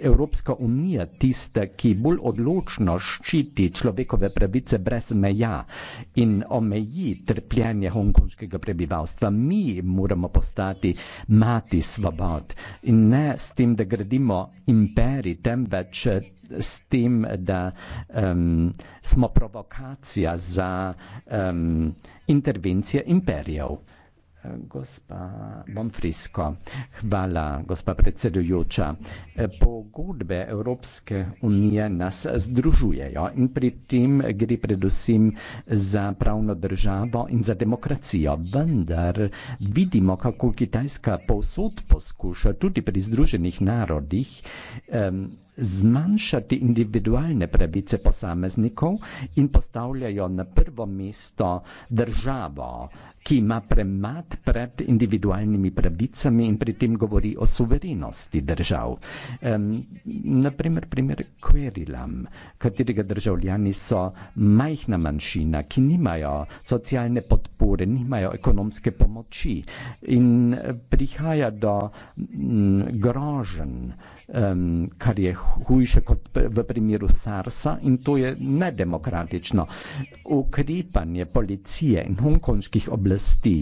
Evropska unija tista, ki bolj odločno ščiti človekove pravice brez meja in omeji trpljenje hongkonškega prebivalstva. Mi moramo postati mati svobod in ne s tem, da gradimo imperi, temveč s tem, da um, smo provokacija za um, intervencije imperijev. Eh, gospa Monfrisko, hvala, gospa predsedujoča. Eh, pogodbe Evropske unije nas združujejo in pri tem gre predvsem za pravno državo in za demokracijo. Vendar vidimo, kako Kitajska povsod poskuša, tudi pri Združenih narodih, um, zmanjšati individualne pravice posameznikov in postavljajo na prvo mesto državo, ki ima premat pred individualnimi pravicami in pri tem govori o suverenosti držav. Um, naprimer, primer Querilam, katerega državljani so majhna manjšina, ki nimajo socialne podpore, nimajo ekonomske pomoči in eh, prihaja do mm, groženj um, kar je hujše kot v primeru SARS-a in to je nedemokratično. Ukrepanje policije in hongkonških oblasti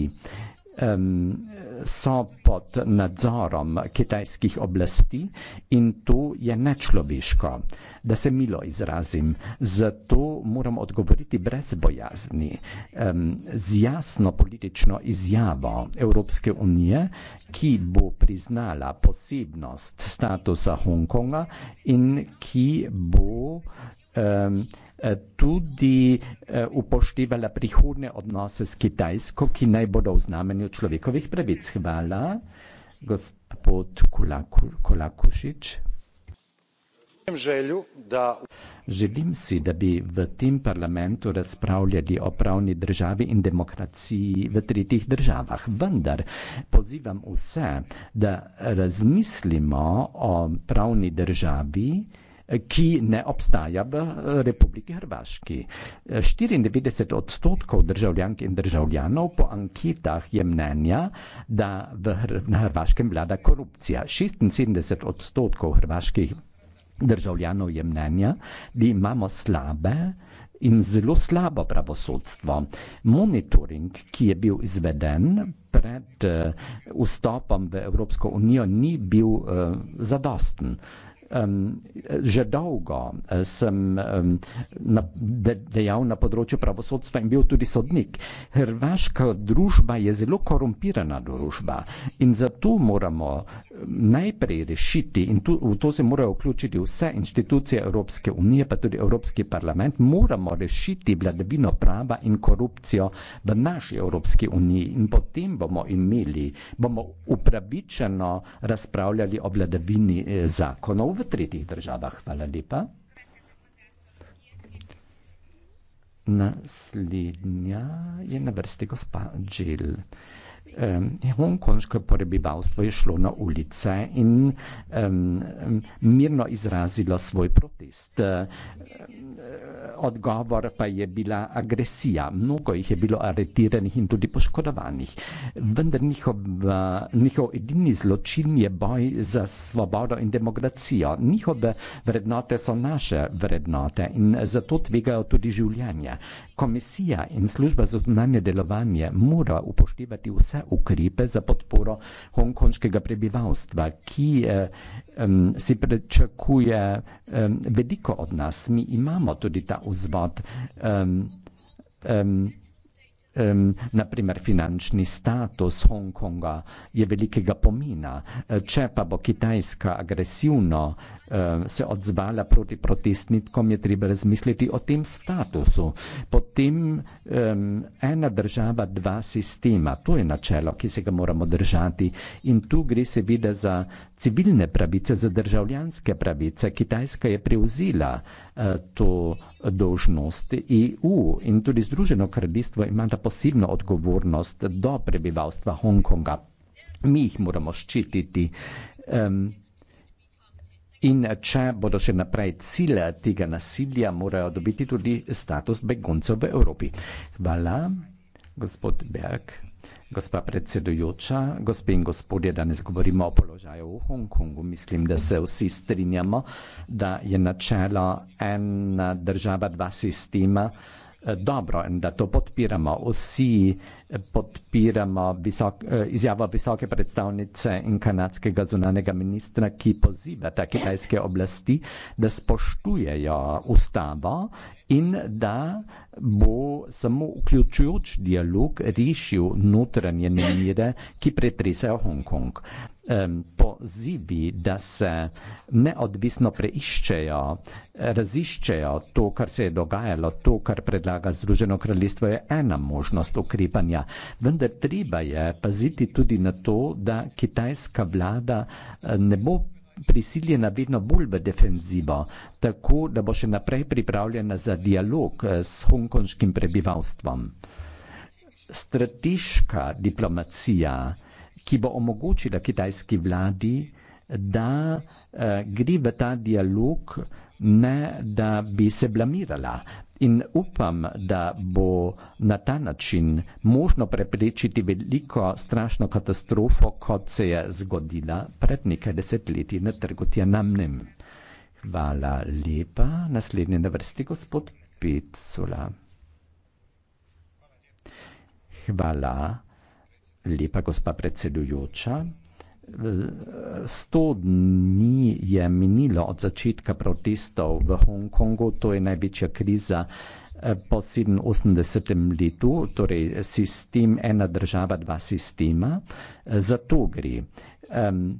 so pod nadzorom kitajskih oblasti in to je nečloveško, da se milo izrazim. Zato moramo odgovoriti brez bojazni, z jasno politično izjavo Evropske unije, ki bo priznala posebnost statusa Hongkonga in ki bo. Eh, tudi eh, upoštevala prihodne odnose s Kitajsko, ki naj bodo v znamenju človekovih pravic. Hvala, gospod Kolakušič. Želim si, da bi v tem parlamentu razpravljali o pravni državi in demokraciji v tretjih državah, vendar pozivam vse, da razmislimo o pravni državi ki ne obstaja v eh, Republiki Hrvaški. 94 eh, odstotkov državljank in državljanov po anketah je mnenja, da v Hr na Hrvaškem vlada korupcija. 76 odstotkov hrvaških državljanov je mnenja, da imamo slabe in zelo slabo pravosodstvo. Monitoring, ki je bil izveden pred uh, vstopom v Evropsko unijo, ni bil uh, zadosten. Uh, um, že dolgo eh, sem um, na, de, dejal na področju pravosodstva in bil tudi sodnik. Hrvaška družba je zelo korumpirana družba in zato moramo najprej rešiti in tu, v to se morajo vključiti vse inštitucije Evropske unije, pa tudi Evropski parlament, moramo rešiti vladavino prava in korupcijo v naši Evropski uniji in potem bomo imeli, bomo upravičeno razpravljali o vladavini eh, zakonov v tretjih državah. Hvala lepa. Naslednja je na vrsti gospa Džil hongkonško prebivalstvo je šlo na ulice in mirno izrazilo svoj protest. Odgovor pa je bila agresija. Mnogo jih je bilo aretiranih in tudi poškodovanih. Vendar njihov, njihov edini zločin je boj za svobodo in demokracijo. Njihove vrednote so naše vrednote in zato tvegajo tudi življenje. Komisija in služba za zunanje delovanje mora upoštevati vse ukrepe za podporo hongkonškega prebivalstva, ki um, si prečakuje um, veliko od nas. Mi imamo tudi ta vzvod, um, um, um, naprimer finančni status Hongkonga je velikega pomena. Če pa bo Kitajska agresivno uh, Eh, se odzvala proti protestnikom, je treba razmisliti o tem statusu. Potem um, ena država, dva sistema, to je načelo, ki se ga moramo držati in tu gre seveda za civilne pravice, za državljanske pravice. Kitajska je prevzela uh, to dožnost EU in tudi Združeno kraljestvo ima ta posebno odgovornost do prebivalstva Hongkonga. Mi jih moramo ščititi. Um, In če bodo še naprej cilja tega nasilja, morajo dobiti tudi status beguncev v Evropi. Hvala, gospod Berg. Gospa predsedujoča, gospe in gospodje, danes govorimo o položaju v Hongkongu. Mislim, da se vsi strinjamo, da je načelo ena država, dva sistema. Eh, dobro in da to podpiramo. Vsi eh, podpiramo visok, eh, izjavo visoke predstavnice in kanadskega zunanega ministra, ki poziva ta kitajske oblasti, da spoštujejo ustavo in da bo samo vključujoč dialog rešil notranje nemire, ki pretresajo Hongkong pozivi, da se neodvisno preiščejo, raziščejo to, kar se je dogajalo, to, kar predlaga Združeno kraljestvo, je ena možnost ukrepanja. Vendar treba je paziti tudi na to, da kitajska vlada eh, ne bo prisiljena vedno bolj v defenzivo, tako da bo še naprej pripravljena za dialog eh, s hongkonškim prebivalstvom. Strateška diplomacija, ki bo omogočila kitajski vladi, da eh, gre v ta dialog, ne da bi se blamirala. In upam, da bo na ta način možno preprečiti veliko strašno katastrofo, kot se je zgodila pred nekaj desetletji na trgu Tjanamnem. Hvala lepa. Naslednji na vrsti gospod Petsula. Hvala lepa gospa predsedujoča. 100 dni je minilo od začetka protestov v Hongkongu, to je največja kriza eh, po 87. letu, torej sistem ena država, dva sistema. Za to gre. Um,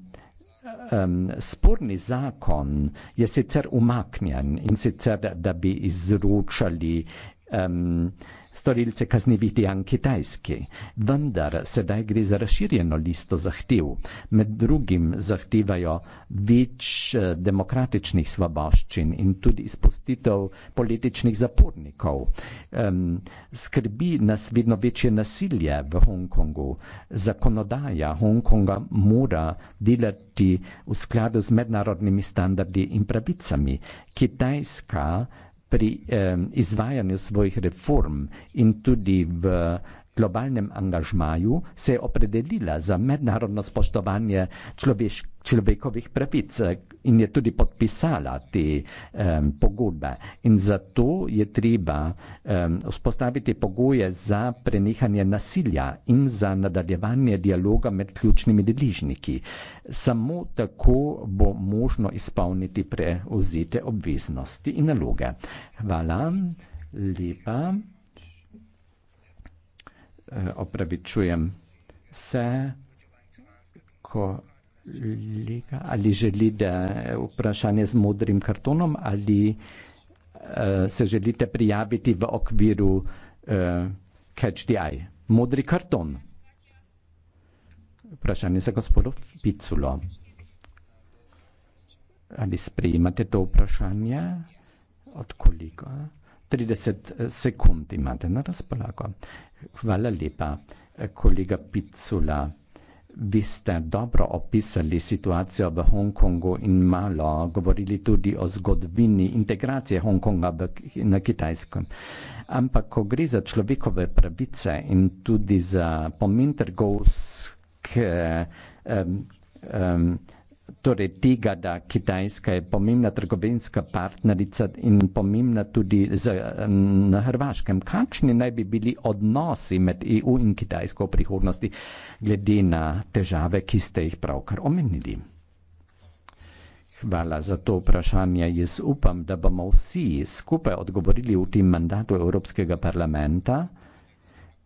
um, sporni zakon je sicer umaknjen in sicer, da bi izročali um, storilce kaznivih dejanj Kitajske, vendar sedaj gre za razširjeno listo zahtev. Med drugim zahtevajo več eh, demokratičnih svoboščin in tudi izpustitev političnih zapornikov. Um, skrbi nas vedno večje nasilje v Hongkongu. Zakonodaja Hongkonga mora delati v skladu z mednarodnimi standardi in pravicami. Kitajska pri eh, izvajanju svojih reform in tudi v globalnem angažmaju se je opredelila za mednarodno spoštovanje človeš, človekovih pravic eh, in je tudi podpisala te um, pogodbe. In zato je treba um, vzpostaviti pogoje za prenehanje nasilja in za nadaljevanje dialoga med ključnimi deližniki. Samo tako bo možno izpolniti preuzete obveznosti in naloge. Hvala. Lepa. Eh, opravičujem se, ko liga, ali želite vprašanje z modrim kartonom ali uh, se želite prijaviti v okviru uh, Catch the Eye. Modri karton. Vprašanje za gospodo Piculo. Ali sprejmate to vprašanje? Od koliko? 30 sekund imate na razpolago. Hvala lepa, kolega Picula. Vi ste dobro opisali situacijo v Hongkongu in malo govorili tudi o zgodovini integracije Hongkonga v, na Kitajskem. Ampak, ko gre za človekove pravice in tudi za pomen trgovske um, um, torej tega, da Kitajska je pomembna trgovinska partnerica in pomembna tudi za, na Hrvaškem. Kakšni naj bi bili odnosi med EU in Kitajsko v prihodnosti, glede na težave, ki ste jih pravkar omenili? Hvala za to vprašanje. Jaz upam, da bomo vsi skupaj odgovorili v tem mandatu Evropskega parlamenta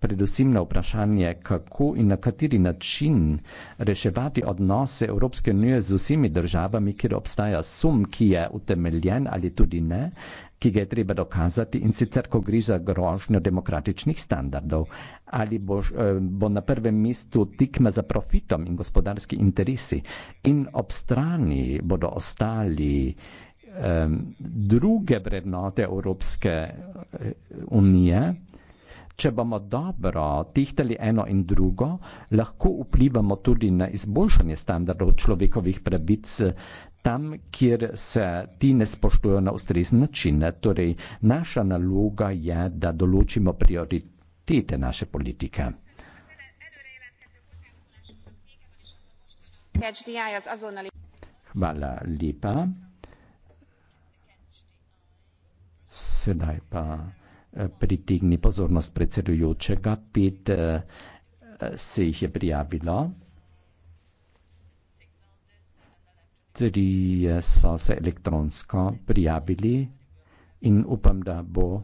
predvsem na vprašanje, kako in na kateri način reševati odnose Evropske unije z vsemi državami, kjer obstaja sum, ki je utemeljen ali tudi ne, ki ga je treba dokazati in sicer, ko gre za grožnjo demokratičnih standardov. Ali bo, eh, bo na prvem mestu tikma za profitom in gospodarski interesi in ob strani bodo ostali um, druge vrednote Evropske eh, unije, Če bomo dobro tehtali eno in drugo, lahko vplivamo tudi na izboljšanje standardov človekovih pravic eh, tam, kjer se ti ne spoštujo na ustrezen način. Torej, naša naloga je, da določimo prioritete naše politike. Hvala lepa. Sedaj pa. Eh, pritegni pozornost predsedujočega. Pet eh, se jih je prijavilo. Tri so se elektronsko prijavili in upam, da bo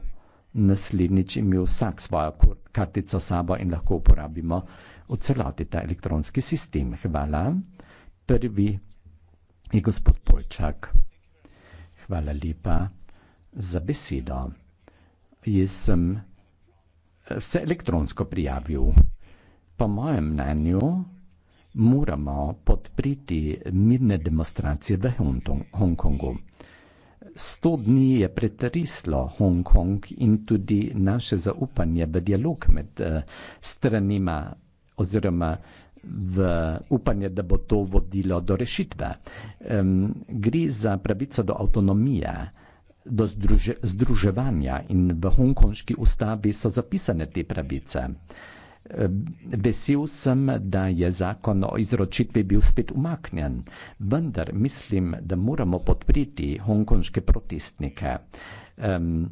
naslednjič imel vsak svojo kartico sabo in lahko uporabimo v celoti ta elektronski sistem. Hvala. Prvi je gospod Polčak. Hvala lepa za besedo jaz sem eh, vse elektronsko prijavil. Po mojem mnenju moramo podpriti mirne demonstracije v Hongkongu. Sto dni je pretrislo Hongkong in tudi naše zaupanje v dialog med eh, stranima oziroma v upanje, da bo to vodilo do rešitve. Um, gre za pravico do avtonomije do združe, združevanja in v hongkonški ustavi so zapisane te pravice. Vesel sem, da je zakon o izročitvi bil spet umaknjen, vendar mislim, da moramo podpreti hongkonške protestnike. Um,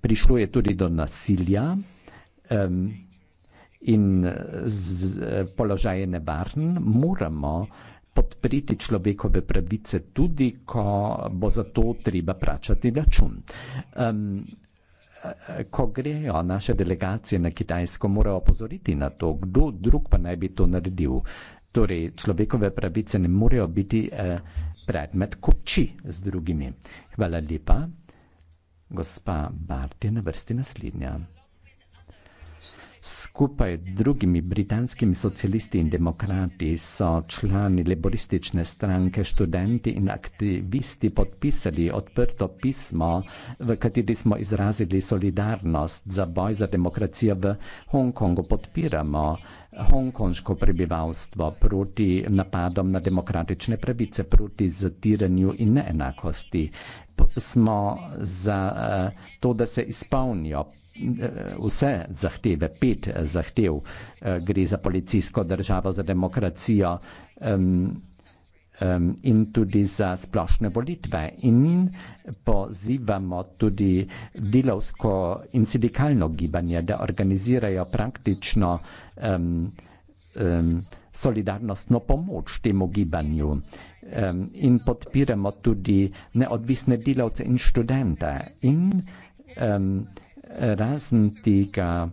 prišlo je tudi do nasilja um, in z, položaj je nevaren, moramo uh, podpreti človekove pravice, tudi ko bo za to treba plačati račun. Um, Ko grejo naše delegacije na Kitajsko, morajo opozoriti na to, kdo drug pa naj bi to naredil. Torej, človekove pravice ne morejo biti eh, predmet kopči z drugimi. Hvala lepa. Gospa Bart je na vrsti naslednja. Skupaj z drugimi britanskimi socialisti in demokrati so člani laboristične stranke, študenti in aktivisti podpisali odprto pismo, v kateri smo izrazili solidarnost za boj za demokracijo v Hongkongu. Podpiramo hongkonško prebivalstvo proti napadom na demokratične pravice, proti zatiranju in neenakosti. Smo za eh, to, da se izpolnijo eh, vse zahteve, pet eh, zahtev, gre za policijsko državo, za demokracijo. Ehm, in tudi za splošne volitve. In pozivamo tudi delovsko in sindikalno gibanje, da organizirajo praktično um, um, solidarnostno pomoč temu gibanju. Um, in podpiramo tudi neodvisne delavce in študente. In um, razen tega.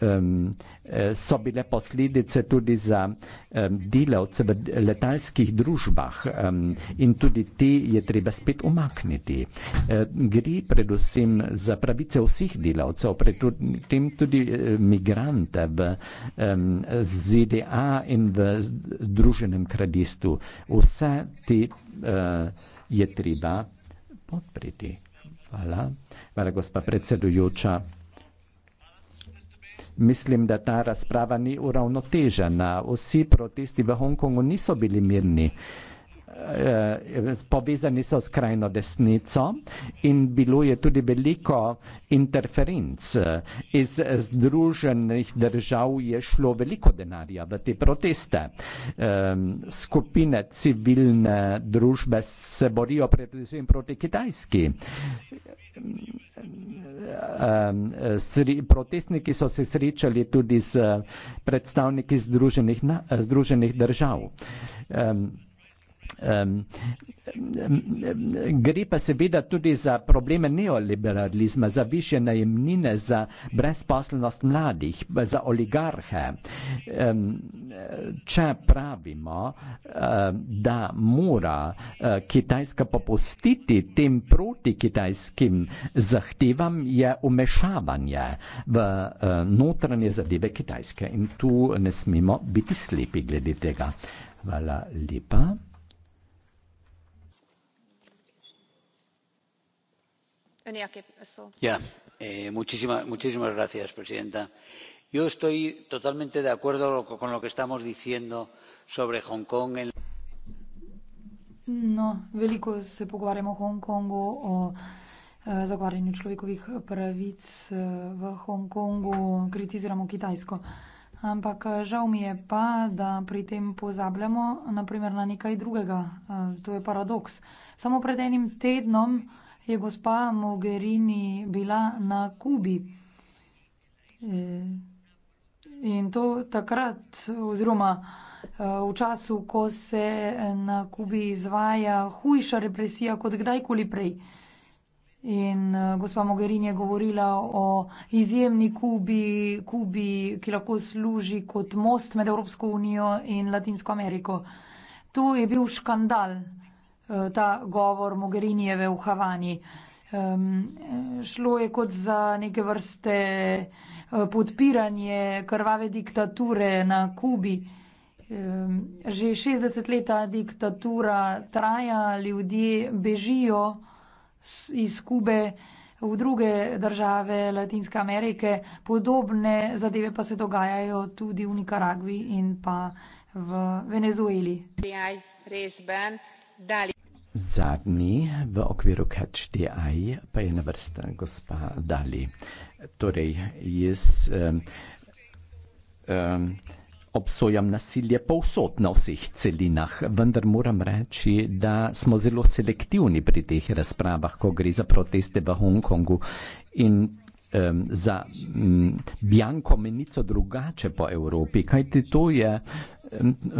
Um, Eh, so bile posledice tudi za um, delavce v letalskih družbah um, in tudi te je treba spet umakniti. Uh, gre predvsem za pravice vseh delavcev, predtem tudi eh, migrante v um, ZDA in v Združenem kraljestvu. Vse te uh, je treba podpreti. Hvala. Hvala, gospa predsedujoča mislim, da ta razprava ni uravnotežena. Vsi protesti v Hongkongu niso bili mirni. Eh, povezani so s krajno desnico in bilo je tudi veliko interferenc. Iz združenih držav je šlo veliko denarja v te proteste. Eh, skupine civilne družbe se borijo predvsem proti Kitajski protestniki so se srečali tudi s predstavniki Združenih držav. Um, gre pa seveda tudi za probleme neoliberalizma, za više najemnine, za brezposelnost mladih, za oligarhe. Um, če pravimo, um, da mora uh, Kitajska popustiti tem proti kitajskim zahtevam, je umešavanje v uh, notranje zadeve Kitajske in tu ne smemo biti slepi glede tega. Hvala lepa. señora eh, presidenta yo estoy totalmente de acuerdo con lo que estamos diciendo sobre hong kong. no veliko se pogovarjamo o hong kongu o eh, zagovarjanju človekovih eh, pravic v hong kongu kritiziramo kitajsko ampak žal mi je pa da pri tem pozabljamo na primer na nekaj drugega to je paradoks samo pred enim tednom je gospa Mogherini bila na Kubi. Eh, in to takrat oziroma eh, v času, ko se na Kubi izvaja hujša represija kot kdajkoli prej. In eh, gospa Mogherini je govorila o izjemni Kubi, Kubi, ki lahko služi kot most med Evropsko unijo in Latinsko Ameriko. To je bil škandal Eh, ta govor Mogherinijeve v Havani. Um, šlo je kot za neke vrste eh, podpiranje krvave diktature na Kubi. Um, že 60 leta diktatura traja, ljudje bežijo iz Kube v druge države Latinske Amerike. Podobne zadeve pa se dogajajo tudi v Nikaragvi in pa v Venezueli. Ja, res ben. Dali. Zadnji v okviru CatchDI pa je na vrsti gospa Dali. Torej, jaz um, um, obsojam nasilje povsod na vseh celinah, vendar moram reči, da smo zelo selektivni pri teh razpravah, ko gre za proteste v Hongkongu in um, za um, bjanko menico drugače po Evropi, kajti to je. Um,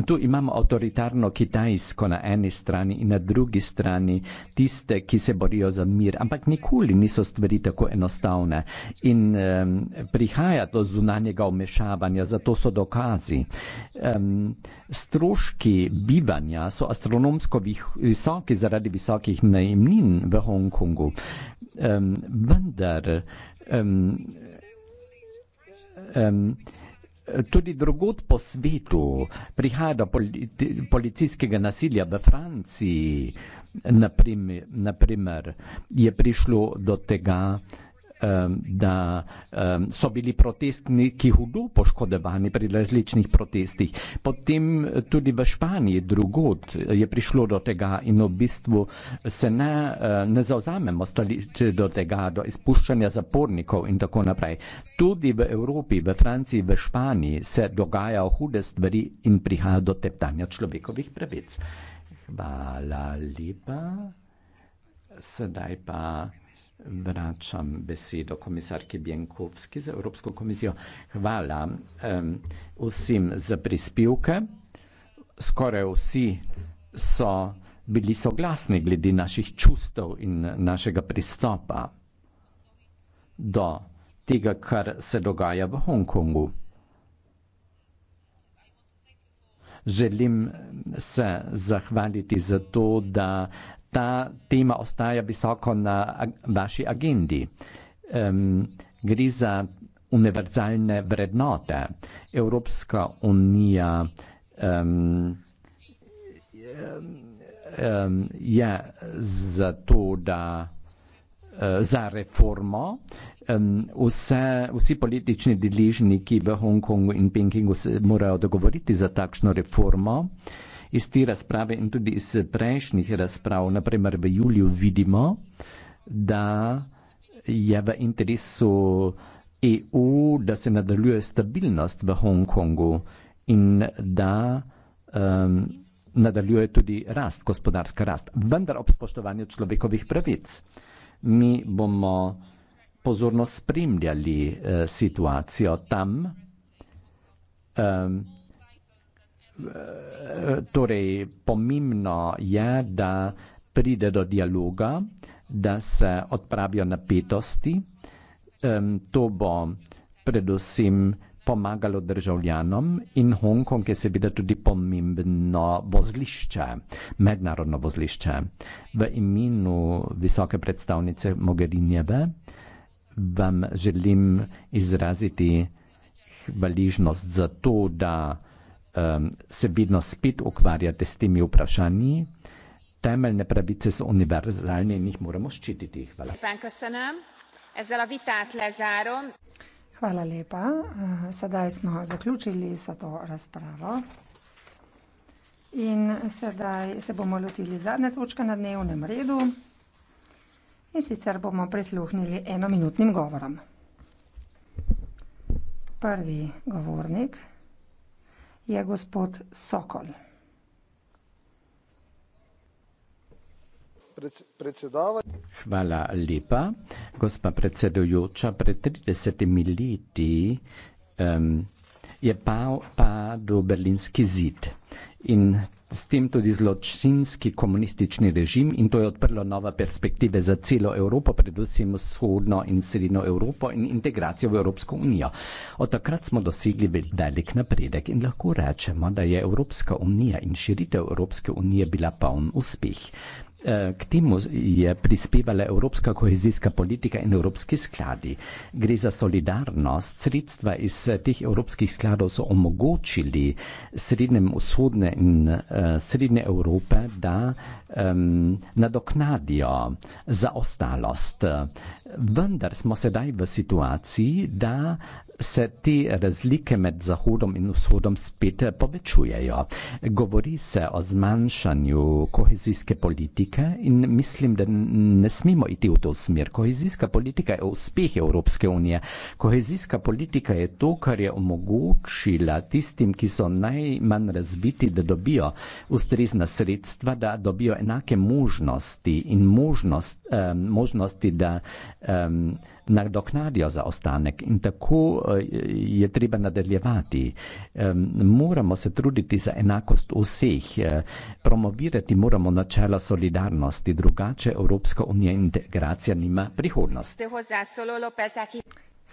tu imamo avtoritarno Kitajsko na eni strani in na drugi strani tiste, ki se borijo za mir, ampak nikoli niso stvari tako enostavne. In um, prihaja do zunanjega omešavanja, zato so dokazi. Um, stroški bivanja so astronomsko visoki zaradi visokih najemnin v Hongkongu. Um, vendar. Um, um, tudi drugot po svetu prihaja do politi, policijskega nasilja. V Franciji, naprimer, je prišlo do tega, da so bili protestniki hudo poškodovani pri različnih protestih. Potem tudi v Španiji drugod je prišlo do tega in v bistvu se ne, ne zauzamemo stališče do tega, do izpuščanja zapornikov in tako naprej. Tudi v Evropi, v Franciji, v Španiji se dogajajo hude stvari in prihaja do teptanja človekovih pravic. Hvala lepa. Sedaj pa. Vračam besedo komisarki Bjenkovski za Evropsko komisijo. Hvala um, vsem za prispevke. Skoraj vsi so bili soglasni glede naših čustev in našega pristopa do tega, kar se dogaja v Hongkongu. Želim se zahvaliti za to, da ta tema ostaja visoko na ag vaši agendi. Um, gre za univerzalne vrednote. Evropska unija um, um, je za to, da e, za reformo. Vse, vsi politični deležniki v Hongkongu in Pekingu se morajo dogovoriti za takšno reformo iz te razprave in tudi iz prejšnjih razprav, naprimer v juliju, vidimo, da je v interesu EU, da se nadaljuje stabilnost v Hongkongu in da um, nadaljuje tudi rast, gospodarska rast, vendar ob spoštovanju človekovih pravic. Mi bomo pozorno spremljali uh, situacijo tam. Um, Eh, torej, pomembno je, da pride do dialoga, da se odpravijo napetosti. To bo predvsem pomagalo državljanom in Hongkong je seveda tudi pomembno vozlišče, mednarodno vozlišče. V imenu visoke predstavnice Mogherinjeve vam želim izraziti hvaležnost za to, da um, se vedno spet ukvarjate s temi vprašanji. Temeljne pravice so univerzalne in jih moramo ščititi. Hvala. Hvala lepa. Uh, sedaj smo zaključili sa to razpravo. In sedaj se bomo lotili zadnje točke na dnevnem redu. In sicer bomo prisluhnili enominutnim govorom. Prvi govornik je gospod Sokol. Hvala lepa. Gospa predsedujoča, pred 30 leti um, je padel pa berlinski zid. In s tem tudi zločinski komunistični režim in to je odprlo nova perspektive za celo Evropo, predvsem vzhodno in srednjo Evropo in integracijo v Evropsko unijo. Od takrat smo dosegli velik napredek in lahko rečemo, da je Evropska unija in širitev Evropske unije bila poln uspeh. Eh, k temu je prispevala evropska kohezijska politika in evropski skladi. Gre za solidarnost. Sredstva iz eh, teh evropskih skladov so omogočili srednjem vzhodne in uh, srednje Evrope, da uh, um, nadoknadijo zaostalost. Vendar smo sedaj v situaciji, da se te razlike med Zahodom in Vzhodom spet povečujejo. Govori se o zmanjšanju kohezijske politike in mislim, da ne smemo iti v to smer. Kohezijska politika je uspeh Evropske unije. Kohezijska politika je to, kar je omogočila tistim, ki so najmanj razviti, da dobijo ustrezna sredstva, da dobijo enake možnosti in možnost, eh, možnosti, da eh, nadoknadijo zaostanek. In tako eh, je treba nadaljevati. Eh, moramo se truditi za enakost vseh, eh, promovirati moramo načela solidarnosti, drugače Evropska unija in integracija nima prihodnosti.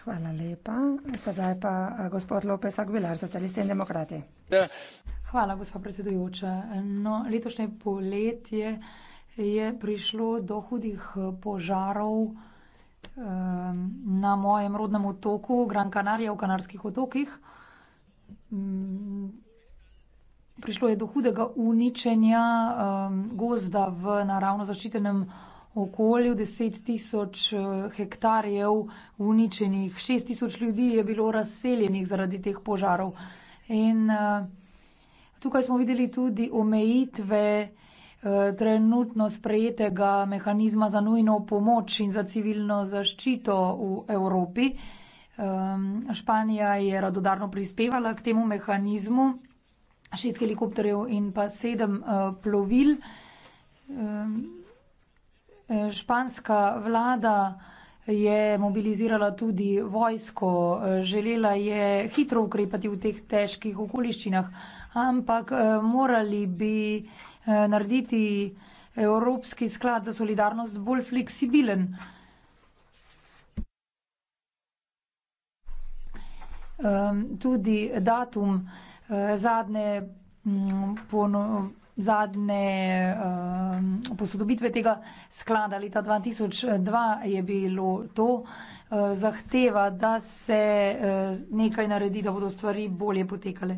Hvala lepa. Sedaj pa eh, gospod Lopes Aguilar, socialisti in demokrati. Ja. Hvala, gospa predsedujoča. No, letošnje poletje je prišlo do hudih eh, požarov eh, na mojem rodnem otoku Gran Canaria v Kanarskih otokih. Mm, prišlo je do hudega uničenja eh, gozda v naravno zaščitenem okolju, deset tisoč hektarjev uničenih, šest tisoč ljudi je bilo razseljenih zaradi teh požarov. In uh, Tukaj smo videli tudi omejitve eh, trenutno sprejetega mehanizma za nujno pomoč in za civilno zaščito v Evropi. Španija je radodarno prispevala k temu mehanizmu, šest helikopterjev in pa sedem eh, plovil. Eh, španska vlada je mobilizirala tudi vojsko, želela je hitro ukrepati v teh težkih okoliščinah ampak eh, morali bi eh, narediti Evropski sklad za solidarnost bolj fleksibilen. Tudi datum eh, zadnje mm, zadnje posodobitve tega sklada leta 2002 je bilo to zahteva, da se nekaj naredi, da bodo stvari bolje potekale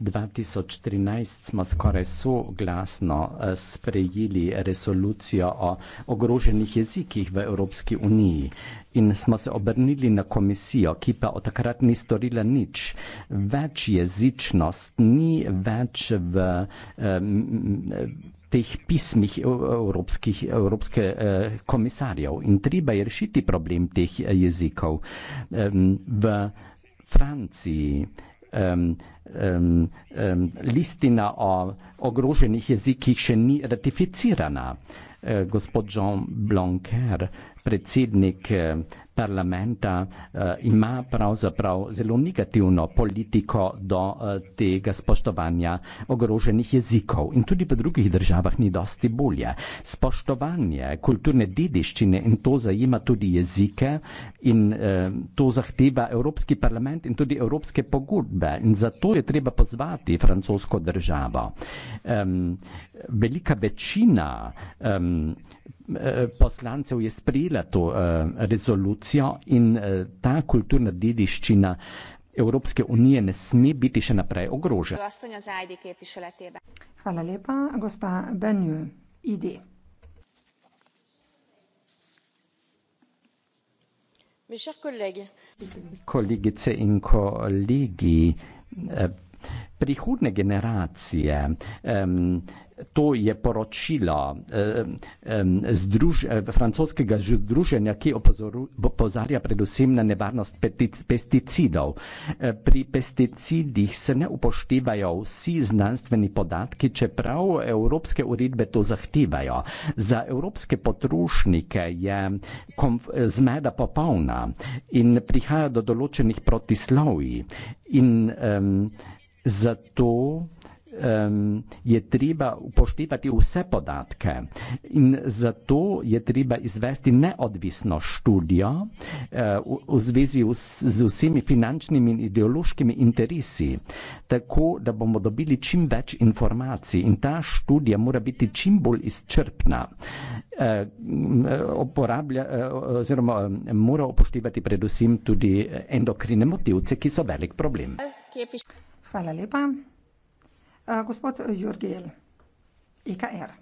2013 smo skoraj soglasno eh, sprejeli resolucijo o ogroženih jezikih v Evropski uniji in smo se obrnili na komisijo, ki pa od takrat ni storila nič. Več jezičnost ni več v teh pismih evropskih, evropske eh, komisarjev in treba je rešiti problem teh jezikov. V Franciji um, um, listina o ogroženih jezikih še ni ratificirana. Uh, gospod John Blanker, uh, predsednik eh, parlamenta eh, ima pravzaprav zelo negativno politiko do eh, tega spoštovanja ogroženih jezikov in tudi v drugih državah ni dosti bolje. Spoštovanje kulturne dediščine in to zajema tudi jezike in to zahteva Evropski parlament in tudi Evropske pogodbe in zato je treba pozvati francosko državo. Velika večina poslancev je sprejela to eh, rezolucijo in eh, ta kulturna dediščina Evropske unije ne sme biti še naprej ogrožena. Hvala lepa, gospa Benjue, ide. Kolegice in kolegi, eh, prihodne generacije um, To je poročilo eh, eh, francoskega združenja, ki opozarja predvsem na nevarnost pesticidov. Eh, pri pesticidih se ne upoštevajo vsi znanstveni podatki, čeprav evropske uredbe to zahtevajo. Za evropske potrošnike je zmeda popolna in prihaja do določenih protislovij. In zato um, je treba upoštevati vse podatke in zato je treba izvesti neodvisno študijo uh, v, v zvezi v, z vsemi finančnimi in ideološkimi interesi, tako da bomo dobili čim več informacij in ta študija mora biti čim bolj izčrpna. Eh, uporablja, eh, oziroma mora upoštevati predvsem tudi endokrine motivce, ki so velik problem. Hvala lepa. Eh, gospod Jurgel, IKR.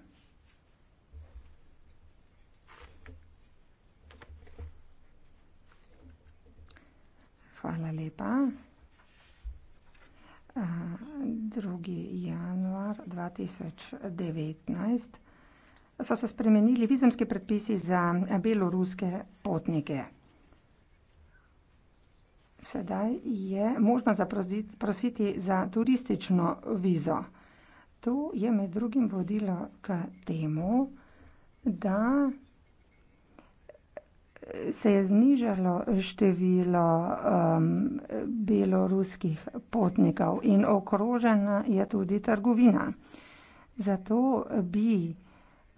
Hvala lepa. Eh, drugi januar 2019 so se spremenili vizumski predpisi za beloruske potnike. Sedaj je možno zaprositi za turistično vizo. To je med drugim vodilo k temu, da se je znižalo število um, beloruskih potnikov in okrožena je tudi trgovina. Zato bi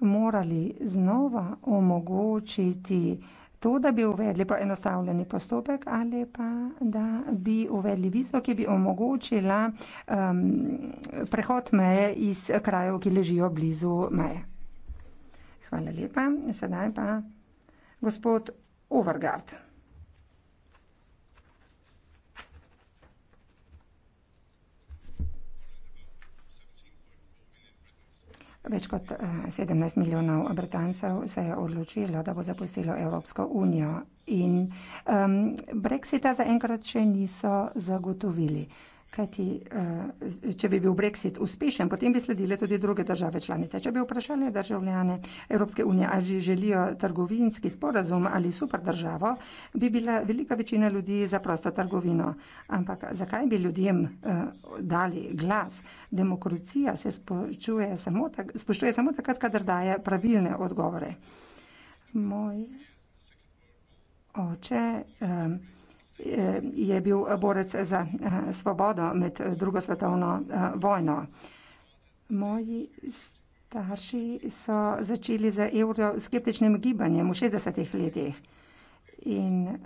morali znova omogočiti to, da bi uvedli poenostavljeni postopek ali pa da bi uvedli vizo, ki bi omogočila um, prehod meje iz krajev, ki ležijo blizu meje. Hvala lepa. Sedaj pa gospod Overgard. Več kot 17 eh, milijonov Britancev se je odločilo, da bo zapustilo Evropsko unijo. In um, brexita zaenkrat še niso zagotovili. Kajti, eh, če bi bil brexit uspešen, potem bi sledile tudi druge države članice. Če bi vprašali državljane Evropske unije, ali želijo trgovinski sporazum ali super državo, bi bila velika večina ljudi za prosto trgovino. Ampak zakaj bi ljudem uh, dali glas? Demokracija se spoštuje samo, tak, spoštuje samo takrat, kadar daje pravilne odgovore. Moj oče. Um, je bil borec za eh, svobodo med eh, drugo svetovno eh, vojno. Moji starši so začeli z evroskeptičnim gibanjem v 60-ih letih in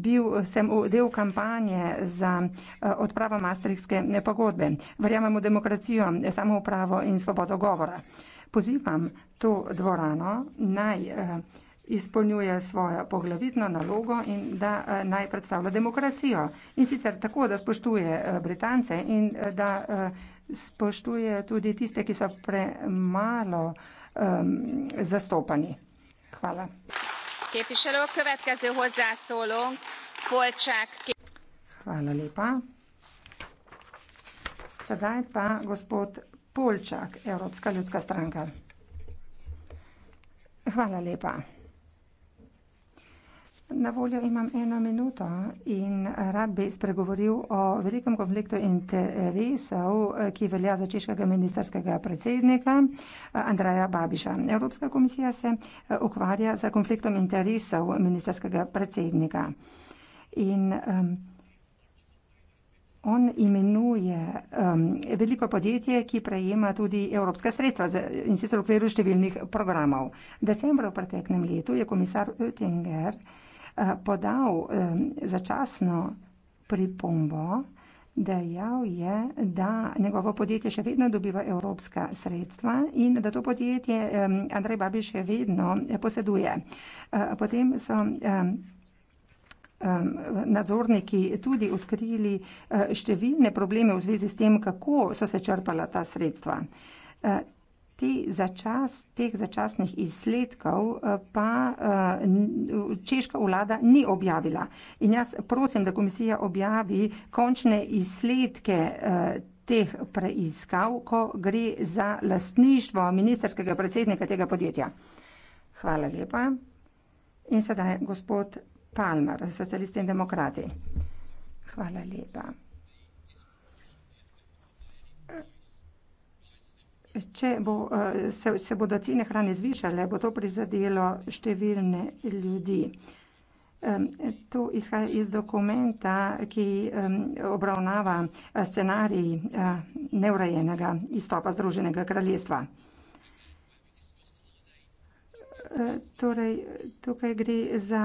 bil sem del kampanje za odpravo Maastrichtske pogodbe. Verjamem v demokracijo, samoupravo in svobodo govora. Pozivam to dvorano naj eh, izpolnjuje svojo poglavitno nalogo in da eh, naj predstavlja demokracijo. In sicer tako, da spoštuje eh, Britance in eh, da spoštuje tudi tiste, ki so premalo um, zastopani. Hvala. Hvala lepa. Sedaj pa gospod Polčak, Evropska ljudska stranka. Hvala lepa. Na voljo imam eno minuto in rad bi spregovoril o velikem konfliktu interesov, ki velja za češkega ministerskega predsednika eh, Andreja Babiša. Evropska komisija se eh, ukvarja za konfliktom interesov ministerskega predsednika. In, On imenuje um, veliko podjetje, ki prejema tudi evropska sredstva za, in sicer v okviru številnih programov. Decembra v preteklem letu je komisar Oettinger uh, Eh, podal eh, začasno pripombo, dejal je, da njegovo podjetje še vedno dobiva evropska sredstva in da to podjetje eh, Andrej Babiš še vedno poseduje. Potem so nadzorniki tudi odkrili številne probleme v zvezi s tem, kako so se črpala ta sredstva. Te začas, teh začasnih izsledkov eh, pa eh, češka vlada ni objavila. In jaz prosim, da komisija objavi končne izsledke eh, teh preiskav, ko gre za lastništvo ministerskega predsednika tega podjetja. Hvala lepa. In sedaj gospod Palmer, socialisti in demokrati. Hvala lepa. Če bo, eh, se, se bodo cene hrane zvišale, bo to prizadelo številne ljudi. To izhaja iz dokumenta, ki obravnava eh, scenarij eh, neurejenega izstopa Združenega kraljestva. Torej, tukaj gre za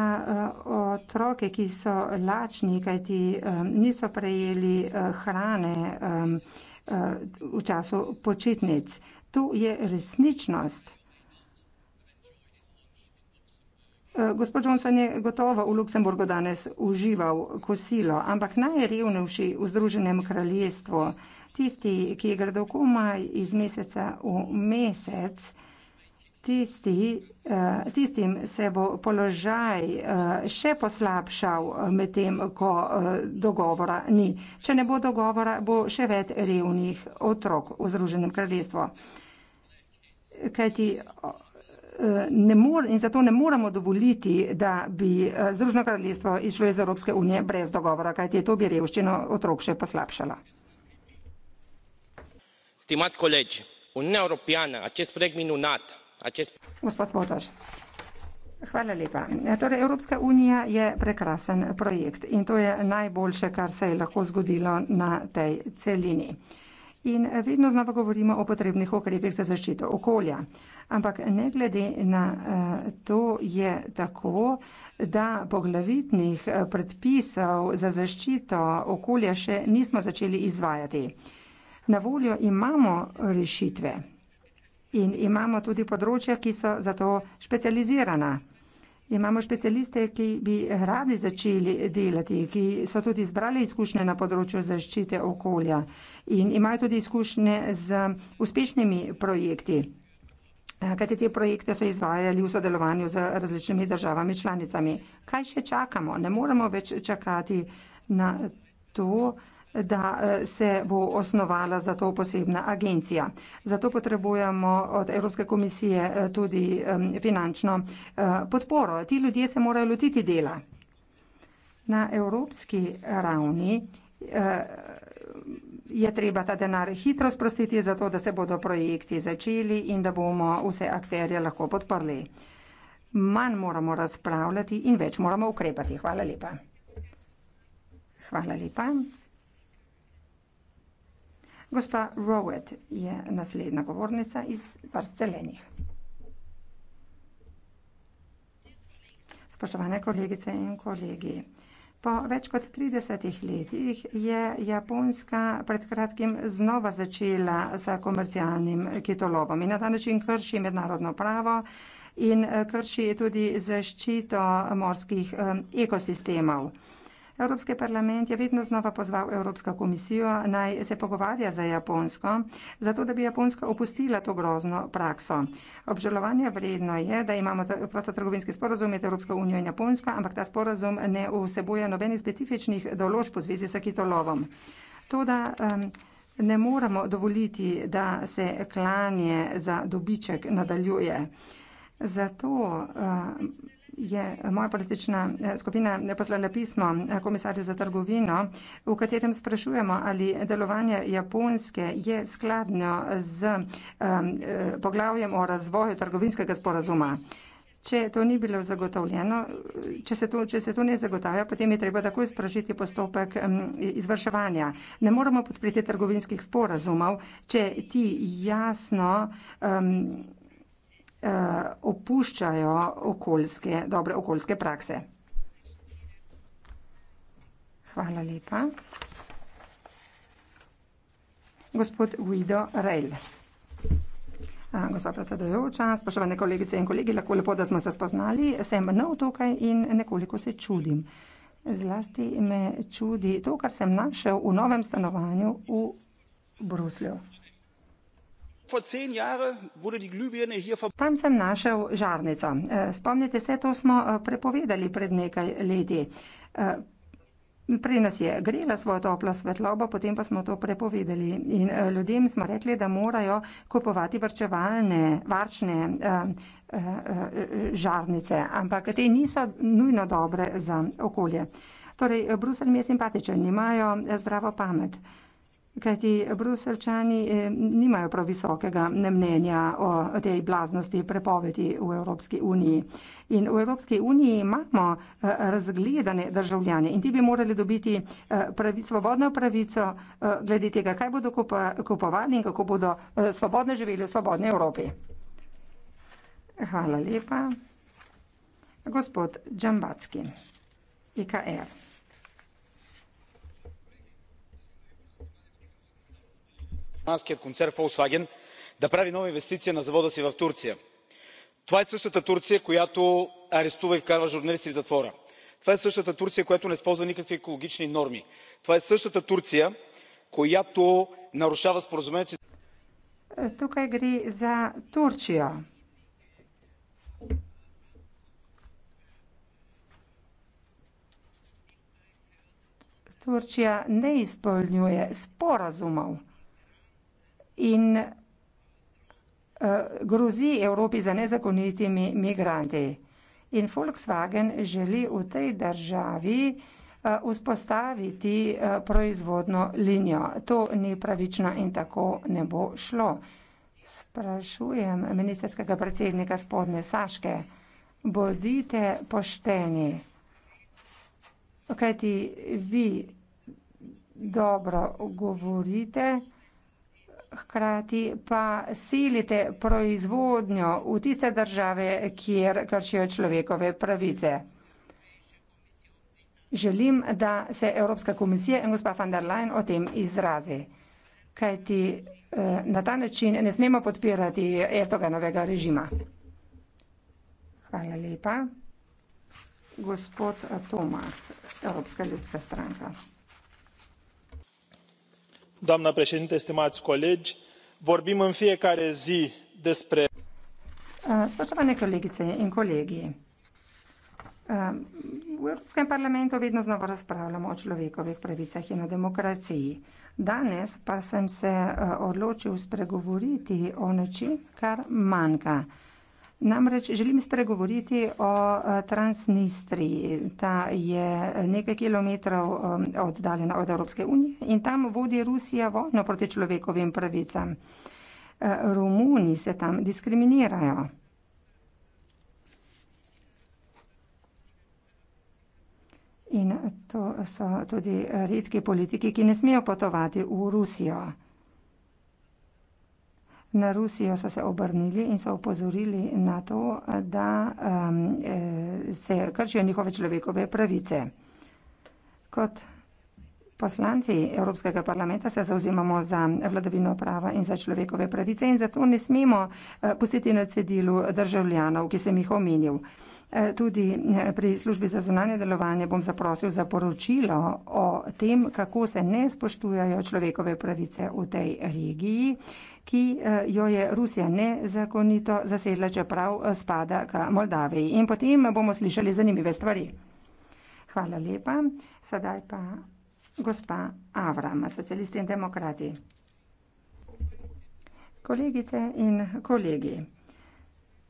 otroke, ki so lačni, kajti niso prejeli hrane v času počitnic. To je resničnost. Eh, gospod Johnson je gotovo v Luksemburgu danes užival kosilo, ampak najrevnejši v Združenem kraljestvu, tisti, ki gredo komaj iz meseca v mesec, tisti, eh, tistim se bo položaj eh, še poslabšal eh, med tem, ko dogovora ni. Če ne bo dogovora, bo še več revnih otrok v Združenem kraljestvu. Kajti ne more, in zato ne moremo dovoliti, da bi Združeno kraljestvo išlo iz Evropske unije brez dogovora, kajti to bi revščino otrok še poslabšala. Stimați colegi, Uniunea Europeană, acest proiect minunat Čez... Gospod Potoš. Hvala lepa. Torej, Evropska unija je prekrasen projekt in to je najboljše, kar se je lahko zgodilo na tej celini. In vedno znova govorimo o potrebnih okrepih za zaščito okolja. Ampak ne glede na eh, to je tako, da poglavitnih eh, predpisov za zaščito okolja še nismo začeli izvajati. Na voljo imamo rešitve, In imamo tudi področja, ki so za to specializirana. Imamo specialiste, ki bi radi začeli delati, ki so tudi zbrali izkušnje na področju zaščite okolja in imajo tudi izkušnje z uspešnimi projekti. Eh, Kajte te projekte so izvajali v sodelovanju z različnimi državami članicami. Kaj še čakamo? Ne moremo več čakati na to da eh, se bo osnovala za to posebna agencija. Zato potrebujemo od Evropske komisije eh, tudi finančno eh, podporo. Ti ljudje se morajo lotiti dela. Na evropski ravni je treba ta denar hitro sprostiti, zato da se bodo projekti začeli in da bomo vse akterje lahko podprli. Manj moramo razpravljati in več moramo ukrepati. Hvala lepa. Hvala lepa. Gospa Rowett je naslednja govornica iz Vars zelenih. Spoštovane kolegice in kolegi, po več kot 30 letih je Japonska pred kratkim znova začela s komercialnim kitolovom in na ta način krši mednarodno pravo in eh, krši tudi zaščito morskih eh, ekosistemov. Evropski parlament je vedno znova pozval Evropsko komisijo naj se pogovarja za Japonsko, zato da bi Japonska opustila to grozno prakso. Obžalovanje vredno je, da imamo prostotrgovinski sporozum med Evropsko unijo in Japonsko, ampak ta sporozum ne vseboja nobenih specifičnih določb v zvezi s kitolovom. Toda, um, Ne moramo dovoliti, da se klanje za dobiček nadaljuje. Zato. Uh, je moja politična eh, skupina eh, poslala pismo eh, komisarju za trgovino, v katerem sprašujemo, ali delovanje Japonske je skladno z um, poglavjem o razvoju trgovinskega sporazuma. Če to ni bilo zagotovljeno, če se to, če se to ne zagotavlja, potem je treba takoj sprožiti postopek izvrševanja. Ne moremo podpreti trgovinskih sporazumov, če ti jasno. Um, Eh, opuščajo okoljske, dobre okoljske prakse. Hvala lepa. Gospod Guido Rejl. Eh, gospa predsedujoča, spoštovane kolegice in kolegi, lahko lepo, da smo se spoznali. Sem nov tukaj in nekoliko se čudim. Zlasti me čudi to, kar sem našel v novem stanovanju v Bruslju. Tam sem našel žarnico. E, spomnite se, to smo e, prepovedali pred nekaj leti. E, Prej nas je grela svojo toplo svetlobo, potem pa smo to prepovedali. In ljudem smo rekli, da morajo kupovati vrčevalne, varčne žarnice, ampak te niso nujno dobre za okolje. Torej, Bruselj mi je simpatičen, imajo zdravo pamet. Kajti bruseljčani eh, nimajo prav visokega mnenja o tej blaznosti prepovedi v Evropski uniji. In v Evropski uniji imamo eh, razgledane državljane in ti bi morali dobiti eh, pravi, svobodno pravico glede tega, kaj bodo kupovali in kako bodo svobodno živeli v svobodni Evropi. Hvala lepa. Gospod Džambacki, IKR. германският концерн фолксваген да прави нова инвестиция на завода си в турция. това е същата турция която арестува и вкарва журналисти в затвора. това е същата турция която не спазва никакви екологични норми. това е същата турция която нарушава споразумението си. Тук е гри за Турция. Турция не изпълнює споразумов in eh, grozi Evropi z nezakonitimi migranti. In Volkswagen želi v tej državi eh, vzpostaviti eh, proizvodno linijo. To ni pravično in tako ne bo šlo. Sprašujem ministerskega predsednika spodne Saške, bodite pošteni, kajti vi dobro govorite hkrati pa silite proizvodnjo v tiste države, kjer kršijo človekove pravice. Želim, da se Evropska komisija in gospa van der Leyen o tem izrazi. Kajti eh, na ta način ne smemo podpirati Erdoganovega režima. Hvala lepa. Gospod Tomah, Evropska ljudska stranka doamnă președintă stimați colegi vorbim în fiecare zi despre. Uh, spoštovane kolegice in kolegi, uh, v Evropskem parlamentu vedno znova razpravljamo o človekovih pravicah in o demokraciji. Danes pa sem se uh, odločil spregovoriti o nečem, kar manjka. Namreč želim spregovoriti o e, Transnistriji. Ta je nekaj kilometrov e, oddaljena od Evropske unije in tam vodi Rusija vojno proti človekovim pravicam. E, Romuni se tam diskriminirajo. In to so tudi redki politiki, ki ne smejo potovati v Rusijo na Rusijo so se obrnili in so opozorili na to, da um, eh, se kršijo njihove človekove pravice. Kot poslanci Evropskega parlamenta se zauzimamo za vladavino prava in za človekove pravice in zato ne smemo eh, pustiti na cedilu državljanov, ki sem jih omenil. Eh, tudi pri službi za zunanje delovanje bom zaprosil za poročilo o tem, kako se ne spoštujajo človekove pravice v tej regiji ki eh, jo je Rusija nezakonito zasedla, čeprav eh, spada k Moldaviji. In potem bomo slišali zanimive stvari. Hvala lepa. Sedaj pa gospa Avram, socialisti in demokrati. Kolegice in kolegi.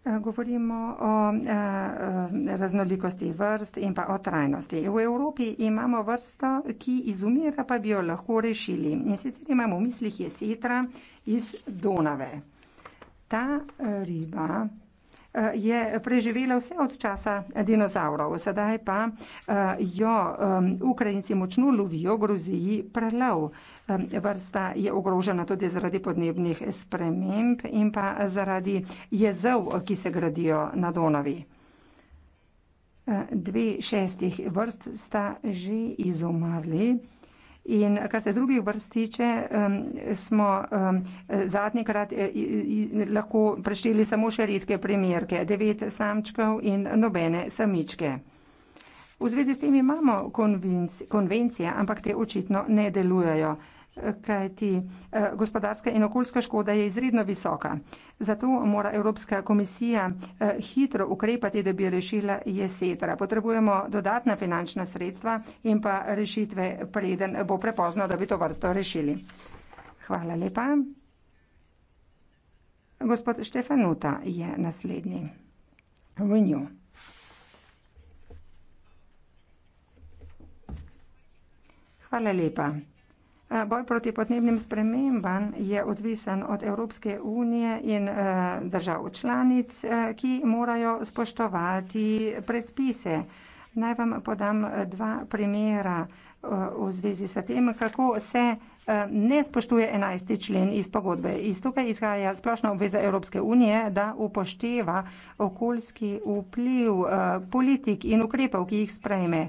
Eh, govorimo o eh, eh, raznolikosti vrst in pa o trajnosti. V Evropi imamo vrsto, ki izumira, pa bi jo lahko rešili. In sicer imamo v mislih jesetra iz Donave. Ta riba je preživela vse od časa dinozavrov. Sedaj pa eh, jo Ukrajinci močno lovijo, Gruziji prelov. Vrsta je ogrožena tudi zaradi podnebnih sprememb in pa zaradi jezov, ki se gradijo na Donavi. Eh, dve šestih vrst sta že izumrli. In kar se drugih vrst tiče, smo zadnjikrat e, lahko prešteli samo še redke primerke, devet samčkov in nobene samičke. V zvezi s tem imamo konvencije, ampak te očitno ne delujejo kajti eh, gospodarska in okoljska škoda je izredno visoka. Zato mora Evropska komisija eh, hitro ukrepati, da bi rešila jesetra. Potrebujemo dodatna finančna sredstva in pa rešitve preden bo prepozno, da bi to vrsto rešili. Hvala lepa. Gospod Štefanuta je naslednji. Renew. Hvala lepa. Eh, boj proti podnebnim spremembam je odvisen od Evropske unije in eh, držav članic, eh, ki morajo spoštovati predpise. Naj vam podam dva primera v zvezi s tem, kako se ne spoštuje 11. člen iz pogodbe. Iz tukaj izhaja splošna obveza Evropske unije, da upošteva okoljski vpliv politik in ukrepov, ki jih sprejme.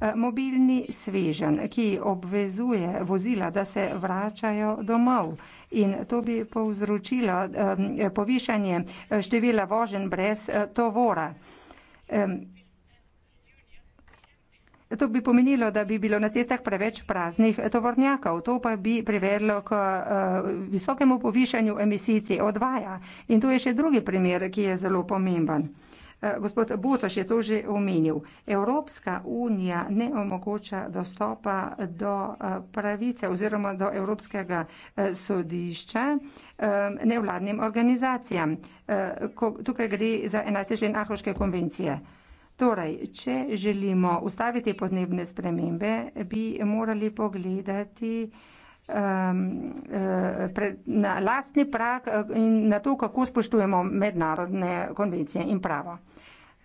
Eh, mobilni svežen, ki obvezuje vozila, da se vračajo domov. In to bi povzročilo eh, povišanje eh, števila vožen brez tovora. To bi pomenilo, da bi bilo na cestah preveč praznih tovornjakov. To pa bi privedlo k visokemu povišanju emisij CO2. In to je še drugi primer, ki je zelo pomemben. Eh, gospod Botoš je to že omenil. Evropska unija ne omogoča dostopa do eh, pravice oziroma do Evropskega eh, sodišča nevladnim organizacijam. Tukaj gre za 11. člen Ahoške konvencije. Torej, če želimo ustaviti podnebne spremembe, bi morali pogledati ehm, na lastni prak in na to, kako spoštujemo mednarodne konvencije in pravo.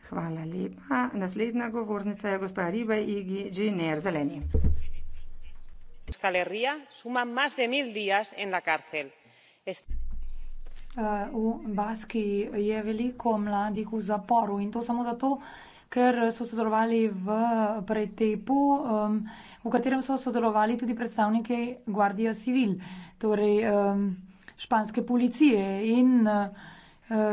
Hvala lepa. Naslednja govornica je gospa Ribe Igi Džiner Zeleni. Eh, v Baski je veliko mladih v zaporu in to samo zato, ker so sodelovali v pretepu, v katerem so sodelovali tudi predstavniki Guardia Civil, torej španske policije in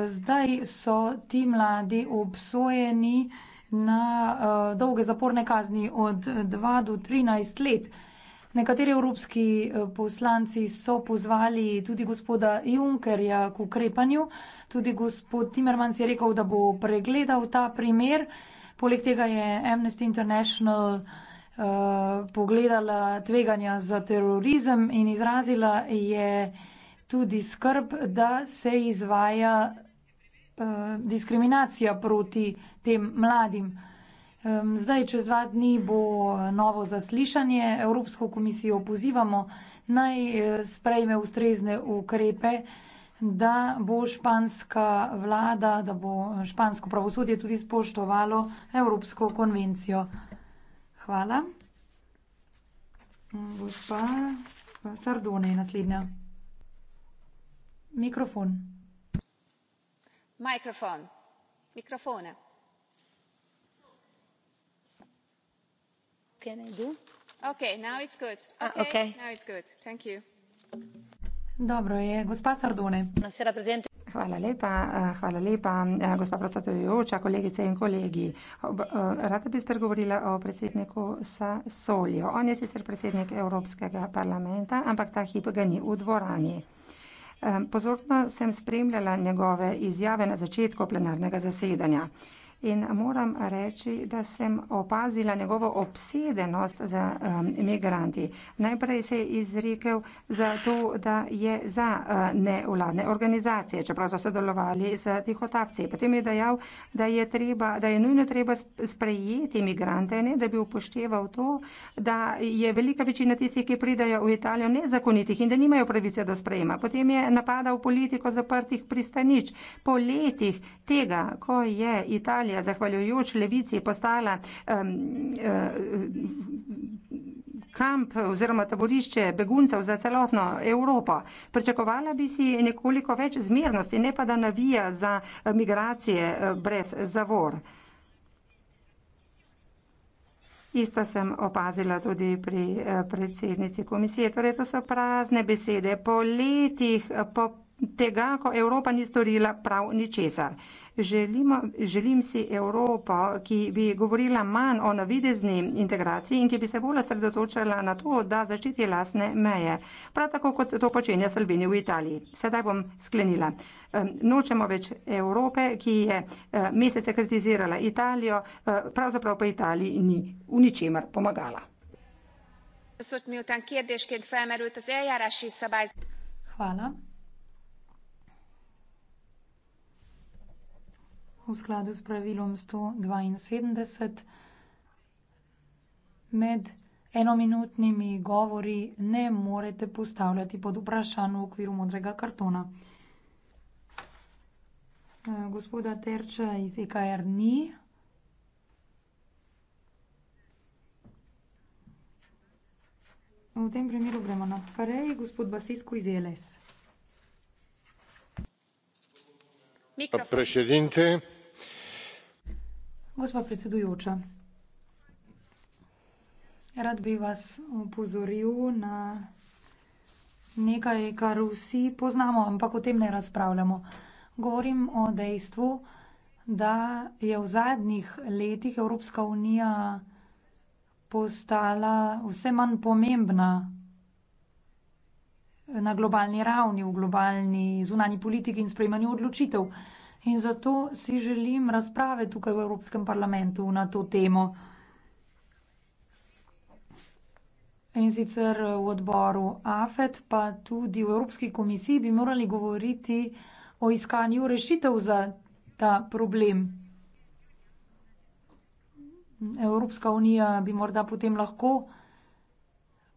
zdaj so ti mladi obsojeni na eh, dolge zaporne kazni od 2 do 13 let. Nekateri evropski eh, poslanci so pozvali tudi gospoda Junkerja k ukrepanju, tudi gospod Timmermans je rekel, da bo pregledal ta primer. Poleg tega je Amnesty International uh, pogledala tveganja za terorizem in izrazila je uh, tudi skrb, da se izvaja eh, diskriminacija proti tem mladim. Zdaj, čez dva dni bo novo zaslišanje. Evropsko komisijo pozivamo naj eh, sprejme ustrezne ukrepe, da bo španska vlada, da bo špansko pravosodje tudi spoštovalo Evropsko konvencijo. Hvala. Gospa Sardone je naslednja. Ah, hvala lepa, eh, hvala lepa, eh, gospa predsedujoča, kolegice in kolegi. Eh, rada bi spregovorila o predsedniku Sassoliju. On je sicer predsednik Evropskega parlamenta, ampak ta hip ga ni v dvorani. Ehm, pozorno sem spremljala njegove izjave na začetku plenarnega zasedanja. In moram reči, da sem opazila njegovo obsedenost z um, imigranti. Najprej se je izrekel za to, da je za uh, nevladne organizacije, čeprav so sodelovali z tihotapci. Potem je dejal, da je, treba, da je nujno treba sprejeti imigrante, ne da bi upošteval to, da je velika večina tistih, ki pridajo v Italijo, nezakonitih in da nimajo pravice do sprejema. Potem je napadal politiko zaprtih pristanič. Po letih tega, ko je Italija je zahvaljujoč levici postala um, um, kamp oziroma taborišče beguncev za celotno Evropo. Pričakovala bi si nekoliko več zmernosti, ne pa da navija za eh, migracije eh, brez zavor. Isto sem opazila tudi pri predsednici komisije. Torej, to so prazne besede. Po letih, po tega, ko Evropa ni storila prav ničesar. Želimo, želim si Evropo, ki bi govorila manj o navidezni integraciji in ki bi se bolj osredotočala na to, da zaščiti lasne meje. Prav tako, kot to počenja Salvini v Italiji. Sedaj bom sklenila. Nočemo več Evrope, ki je mesece kritizirala Italijo, pravzaprav pa Italiji ni v ničemer pomagala. Hvala. v skladu s pravilom 172. Med enominutnimi govori ne morete postavljati pod vprašanj v okviru modrega kartona. E, gospoda Terča iz EKR ni. V tem primeru gremo naprej. Gospod Basesko iz ELS. Mikrofon. Predsednik, Gospa predsedujoča, rad bi vas upozoril na nekaj, kar vsi poznamo, ampak o tem ne razpravljamo. Govorim o dejstvu, da je v zadnjih letih Evropska unija postala vse manj pomembna na globalni ravni, v globalni zunanji politiki in sprejemanju odločitev. In zato si želim razprave tukaj v Evropskem parlamentu na to temo. In sicer eh, v odboru AFET, pa tudi v Evropski komisiji bi morali govoriti o iskanju rešitev za ta problem. Evropska unija bi morda potem lahko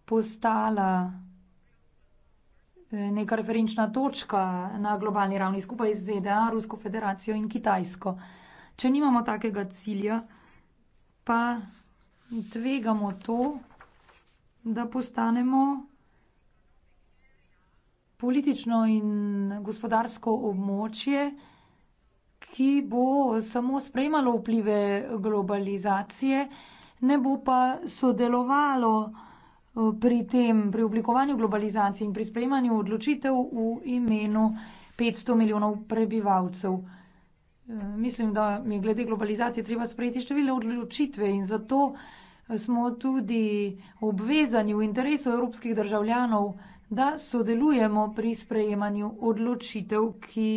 postala neka referenčna točka na globalni ravni skupaj z ZDA, Rusko federacijo in Kitajsko. Če nimamo takega cilja, pa tvegamo to, da postanemo politično in gospodarsko območje, ki bo samo sprejemalo vplive globalizacije, ne bo pa sodelovalo pri tem, pri oblikovanju globalizacije in pri sprejemanju odločitev v imenu 500 milijonov prebivalcev. E, mislim, da mi je glede globalizacije treba sprejeti številne odločitve in zato smo tudi obvezani v interesu evropskih državljanov, da sodelujemo pri sprejemanju odločitev, ki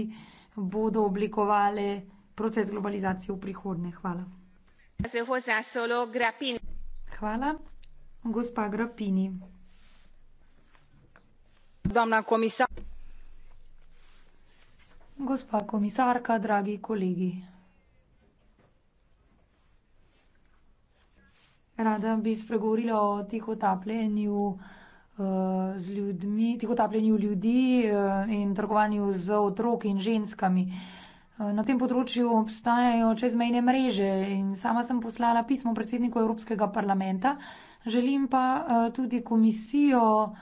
bodo oblikovale proces globalizacije v prihodnje. Hvala. Hvala doamnă comisar gospa comisarka, dragi kolegi. Rada bi spregovorila o tihotapljenju eh, z ljudmi, tihotapljenju ljudi eh, in trgovanju z otroki in ženskami. Eh, na tem področju obstajajo čezmejne mreže in sama sem poslala pismo predsedniku Evropskega parlamenta, Želim pa eh, tudi komisijo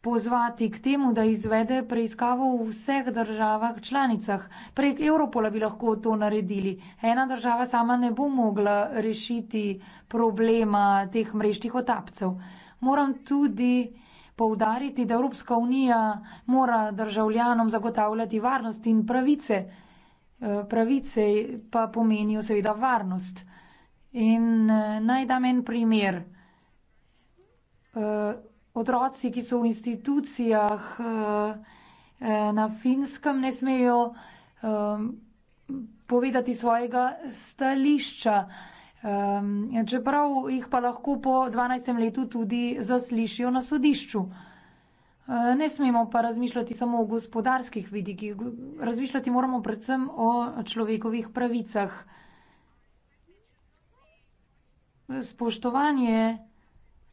pozvati k temu, da izvede preiskavo v vseh državah članicah. Prek Evropola bi lahko to naredili. Ena država sama ne bo mogla rešiti problema teh mreštih otapcev. Moram tudi poudariti, da Evropska unija mora državljanom zagotavljati varnost in pravice. Eh, pravice pa pomenijo seveda varnost. In eh, naj dam en primer. Eh, otroci, ki so v institucijah eh, eh, na finskem, ne smejo povedati svojega stališča. Čeprav jih pa lahko po 12. letu tudi zaslišijo na sodišču. Ne smemo pa razmišljati samo o gospodarskih vidikih, razmišljati moramo predvsem o človekovih pravicah. Spoštovanje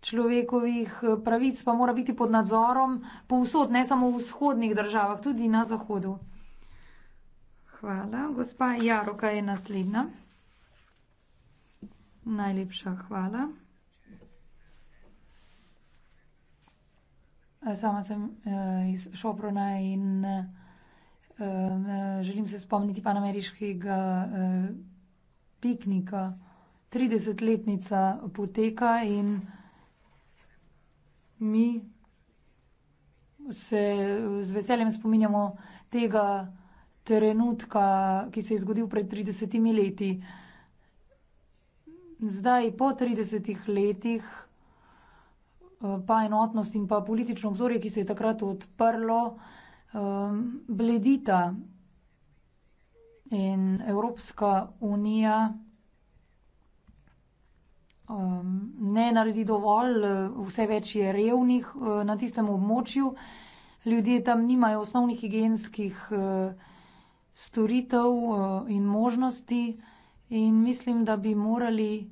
človekovih eh, pravic pa mora biti pod nadzorom povsod, ne samo v vzhodnih državah, tudi na zahodu. Hvala. Gospa Jaroka je naslednja. Najlepša hvala. Eh, sama sem uh, iz Šoprona in uh, želim se spomniti panameriškega uh, piknika. 30-letnica poteka in uh, mi se z veseljem spominjamo tega trenutka, ki se je zgodil pred tridesetimi leti. Zdaj, po tridesetih letih, pa enotnost in pa politično obzorje, ki se je takrat odprlo, ehm, bledita. In Evropska unija ne naredi dovolj, eh, vse več je revnih, eh, na tistem območju. Ljudje tam nimajo osnovnih higienskih, eh, storitev, in možnosti in mislim, da bi morali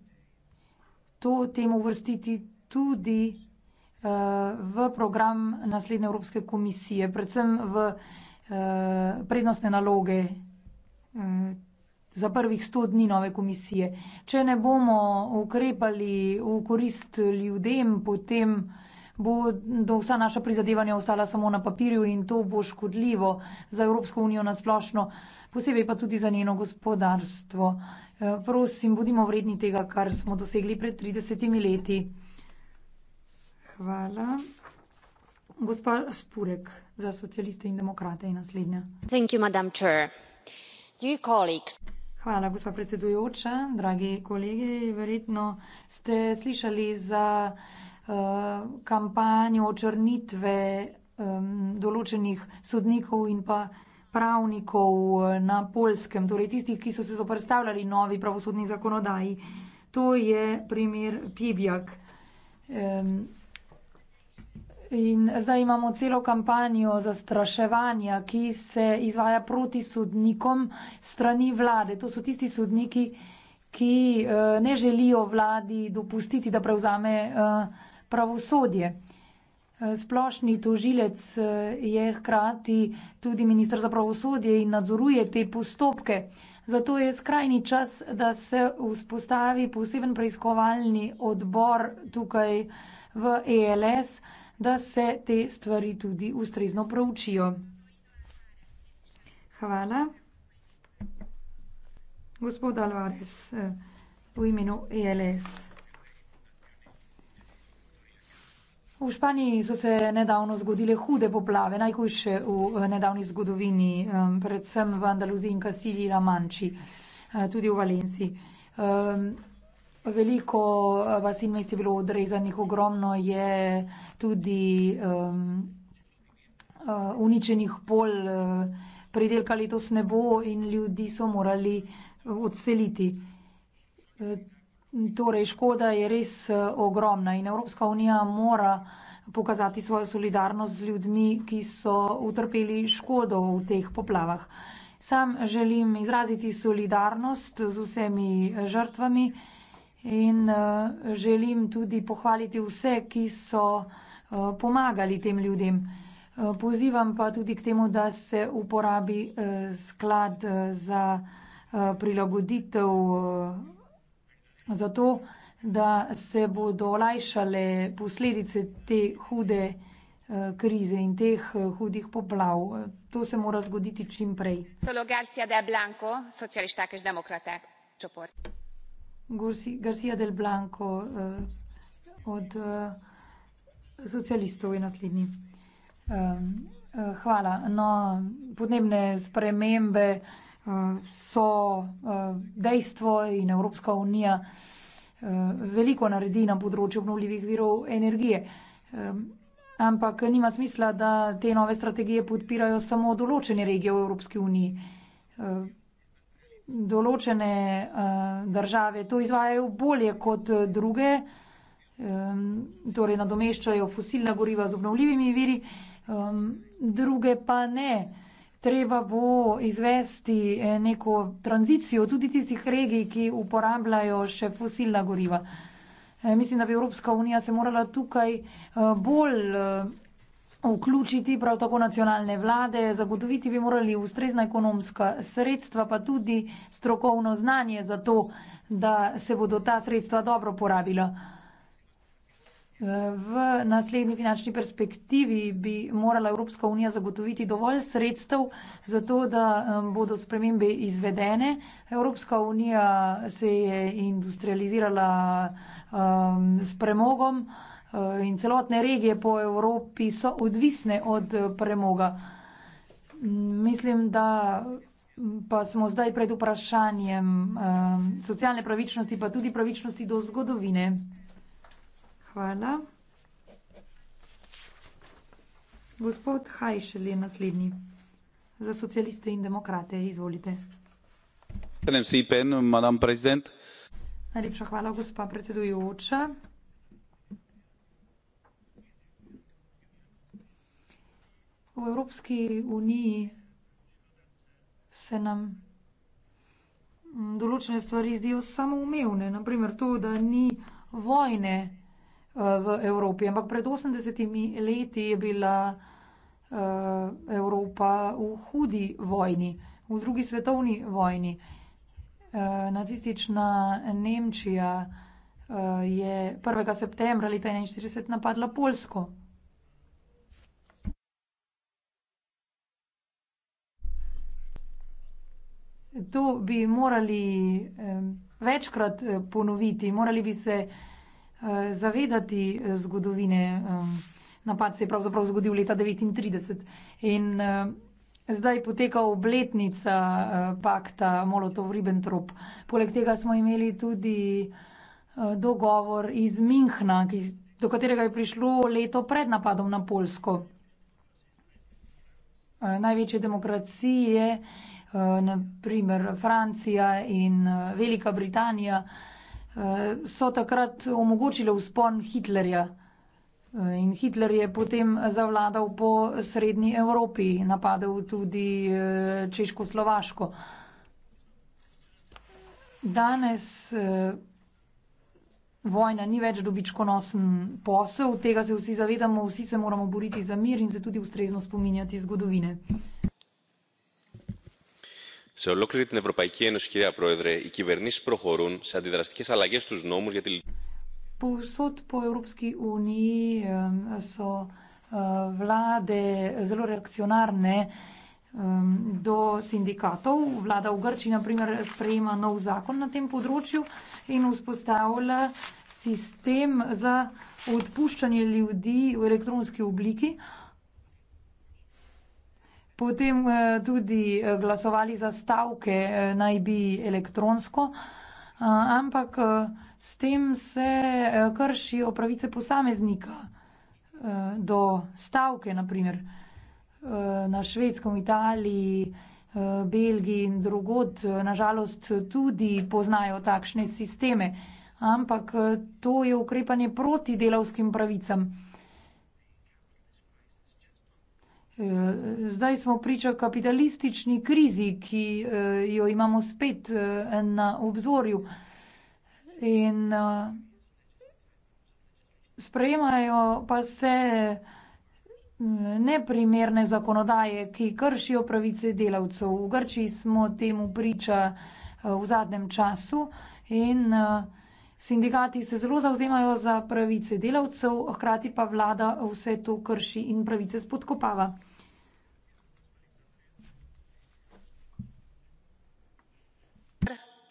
to temo uvrstiti tudi, v program naslednje Evropske komisije, predvsem v, prednostne naloge, za prvih sto dni nove komisije. Če ne bomo ukrepali v korist ljudem, potem bodo vsa naša prizadevanja ostala samo na papirju in to bo škodljivo za Evropsko unijo nasplošno, posebej pa tudi za njeno gospodarstvo. Eh, prosim, bodimo vredni tega, kar smo dosegli pred 30 leti. Hvala. Gospa Spurek za socialiste in demokrate je naslednja. Thank you, madam chair. Dear colleagues, Hvala, gospa predsedujoča. Dragi kolegi, verjetno ste slišali za uh, kampanjo očrnitve um, določenih sodnikov in pa pravnikov eh, na polskem, torej tistih, ki so se zoprstavljali novi pravosodni zakonodaji. To je primer Pibjak. Um, In zdaj imamo celo kampanjo zastraševanja, ki se izvaja proti sodnikom strani vlade. To so tisti sodniki, ki eh, ne želijo vladi dopustiti, da prevzame eh, pravosodje. Eh, splošni tožilec je hkrati tudi ministr za pravosodje in nadzoruje te postopke. Zato je skrajni čas, da se vzpostavi poseben preiskovalni odbor tukaj v ELS da se te stvari tudi ustrezno proučijo. Hvala. Gospod Alvarez, eh, v imenu ELS. V Španiji so se nedavno zgodile hude poplave, najhujše v eh, nedavni zgodovini, eh, predvsem v Andaluziji in Kastiliji La Manči, tudi v Valenciji. Veliko eh, vas in mest je bilo odrezanih, ogromno je tudi um, uh, uničenih pol, uh, eh, predelka letos ne bo in ljudi so morali odseliti. Torej, škoda je res ogromna in Evropska unija mora pokazati svojo solidarnost z ljudmi, ki so utrpeli škodo v teh poplavah. Sam želim izraziti solidarnost z vsemi žrtvami. In eh, želim tudi pohvaliti vse, ki so eh, pomagali tem ljudem. Eh, pozivam pa tudi k temu, da se uporabi sklad za prilagoditev za to, da se bodo olajšale posledice te hude krize in teh hudih poplav. To se mora zgoditi čim prej. Garcia del Blanco uh, od uh, socialistov in naslednji. Um, uh, hvala. No, podnebne spremembe uh, so uh, dejstvo in Evropska unija uh, veliko naredi na področju obnovljivih virov energije. Um, ampak nima smisla, da te nove strategije podpirajo samo določene regije v Evropski uniji. Uh, določene uh, države to izvajajo bolje kot eh, druge, um, torej nadomeščajo fosilna goriva z obnovljivimi viri, um, druge pa ne. Treba bo izvesti eh, neko tranzicijo tudi tistih regij, ki uporabljajo še fosilna goriva. Mislim, da bi Evropska unija se morala tukaj bolj vključiti prav tako nacionalne vlade, zagotoviti bi morali ustrezna ekonomska sredstva, pa tudi strokovno znanje za to, da se bodo ta sredstva dobro porabila. V naslednji finančni perspektivi bi morala Evropska unija zagotoviti dovolj sredstev za to, da bodo spremembe izvedene. Evropska unija se je industrializirala um, s premogom, Eh, in celotne regije po Evropi so odvisne od eh, premoga. Mislim, da pa smo zdaj pred vprašanjem eh, socialne pravičnosti, pa tudi pravičnosti do zgodovine. Hvala. Gospod Hajšel je naslednji. Za socialiste in demokrate, izvolite. Najlepša hvala, gospa predsedujoča. v Evropski uniji se nam mm, določene stvari zdijo samoumevne, naprimer to, da ni vojne eh, v Evropi, ampak pred 80 leti je bila eh, Evropa v hudi vojni, v drugi svetovni vojni. Eh, nacistična Nemčija je 1. septembra leta 1941 napadla Polsko. To bi morali eh, večkrat eh, ponoviti, morali bi se eh, zavedati eh, zgodovine. Eh, napad se je pravzaprav zgodil leta 1939 in eh, zdaj poteka obletnica eh, pakta Molotov-Ribbentrop. Poleg tega smo imeli tudi eh, dogovor iz Minhna, ki, do katerega je prišlo leto pred napadom na Polsko. Eh, največje demokracije je. Eh, na primer Francija in eh, Velika Britanija, eh, so takrat omogočile vzpon Hitlerja. In Hitler je potem zavladal po srednji Evropi, napadel tudi Češko-Slovaško. Danes vojna ni več dobičkonosen posel, tega se vsi zavedamo, vsi se moramo boriti za mir in se tudi ustrezno spominjati zgodovine σε ολόκληρη την Ευρωπαϊκή Ένωση, κυρία Πρόεδρε, οι κυβερνήσει προχωρούν σε αντιδραστικέ αλλαγέ στου νόμου για τη Που σοτ που Ευρωπαϊκή Ουνή, σο βλάδε ζελο ρεακτιονάρνε, до синдикатов. Влада в Гърчи, например, сприема нов закон на тем подручю и успоставила систем за отпущане люди в електронски облики potem eh, tudi eh, glasovali za stavke, eh, naj bi elektronsko, ampak s tem se kršijo pravice posameznika do stavke, naprimer na Švedskem, Italiji, Belgiji in drugod, nažalost tudi poznajo takšne sisteme. Ampak to je ukrepanje proti delavskim pravicam. Eh, zdaj smo priča kapitalistični krizi, ki eh, jo imamo spet eh, na obzorju. In sprejemajo pa se neprimerne zakonodaje, ki kršijo pravice delavcev. V Grčiji smo temu priča v zadnjem času in Sindikati se zelo zauzemajo za pravice delavcev, hkrati pa vlada vse to krši in pravice spodkopava.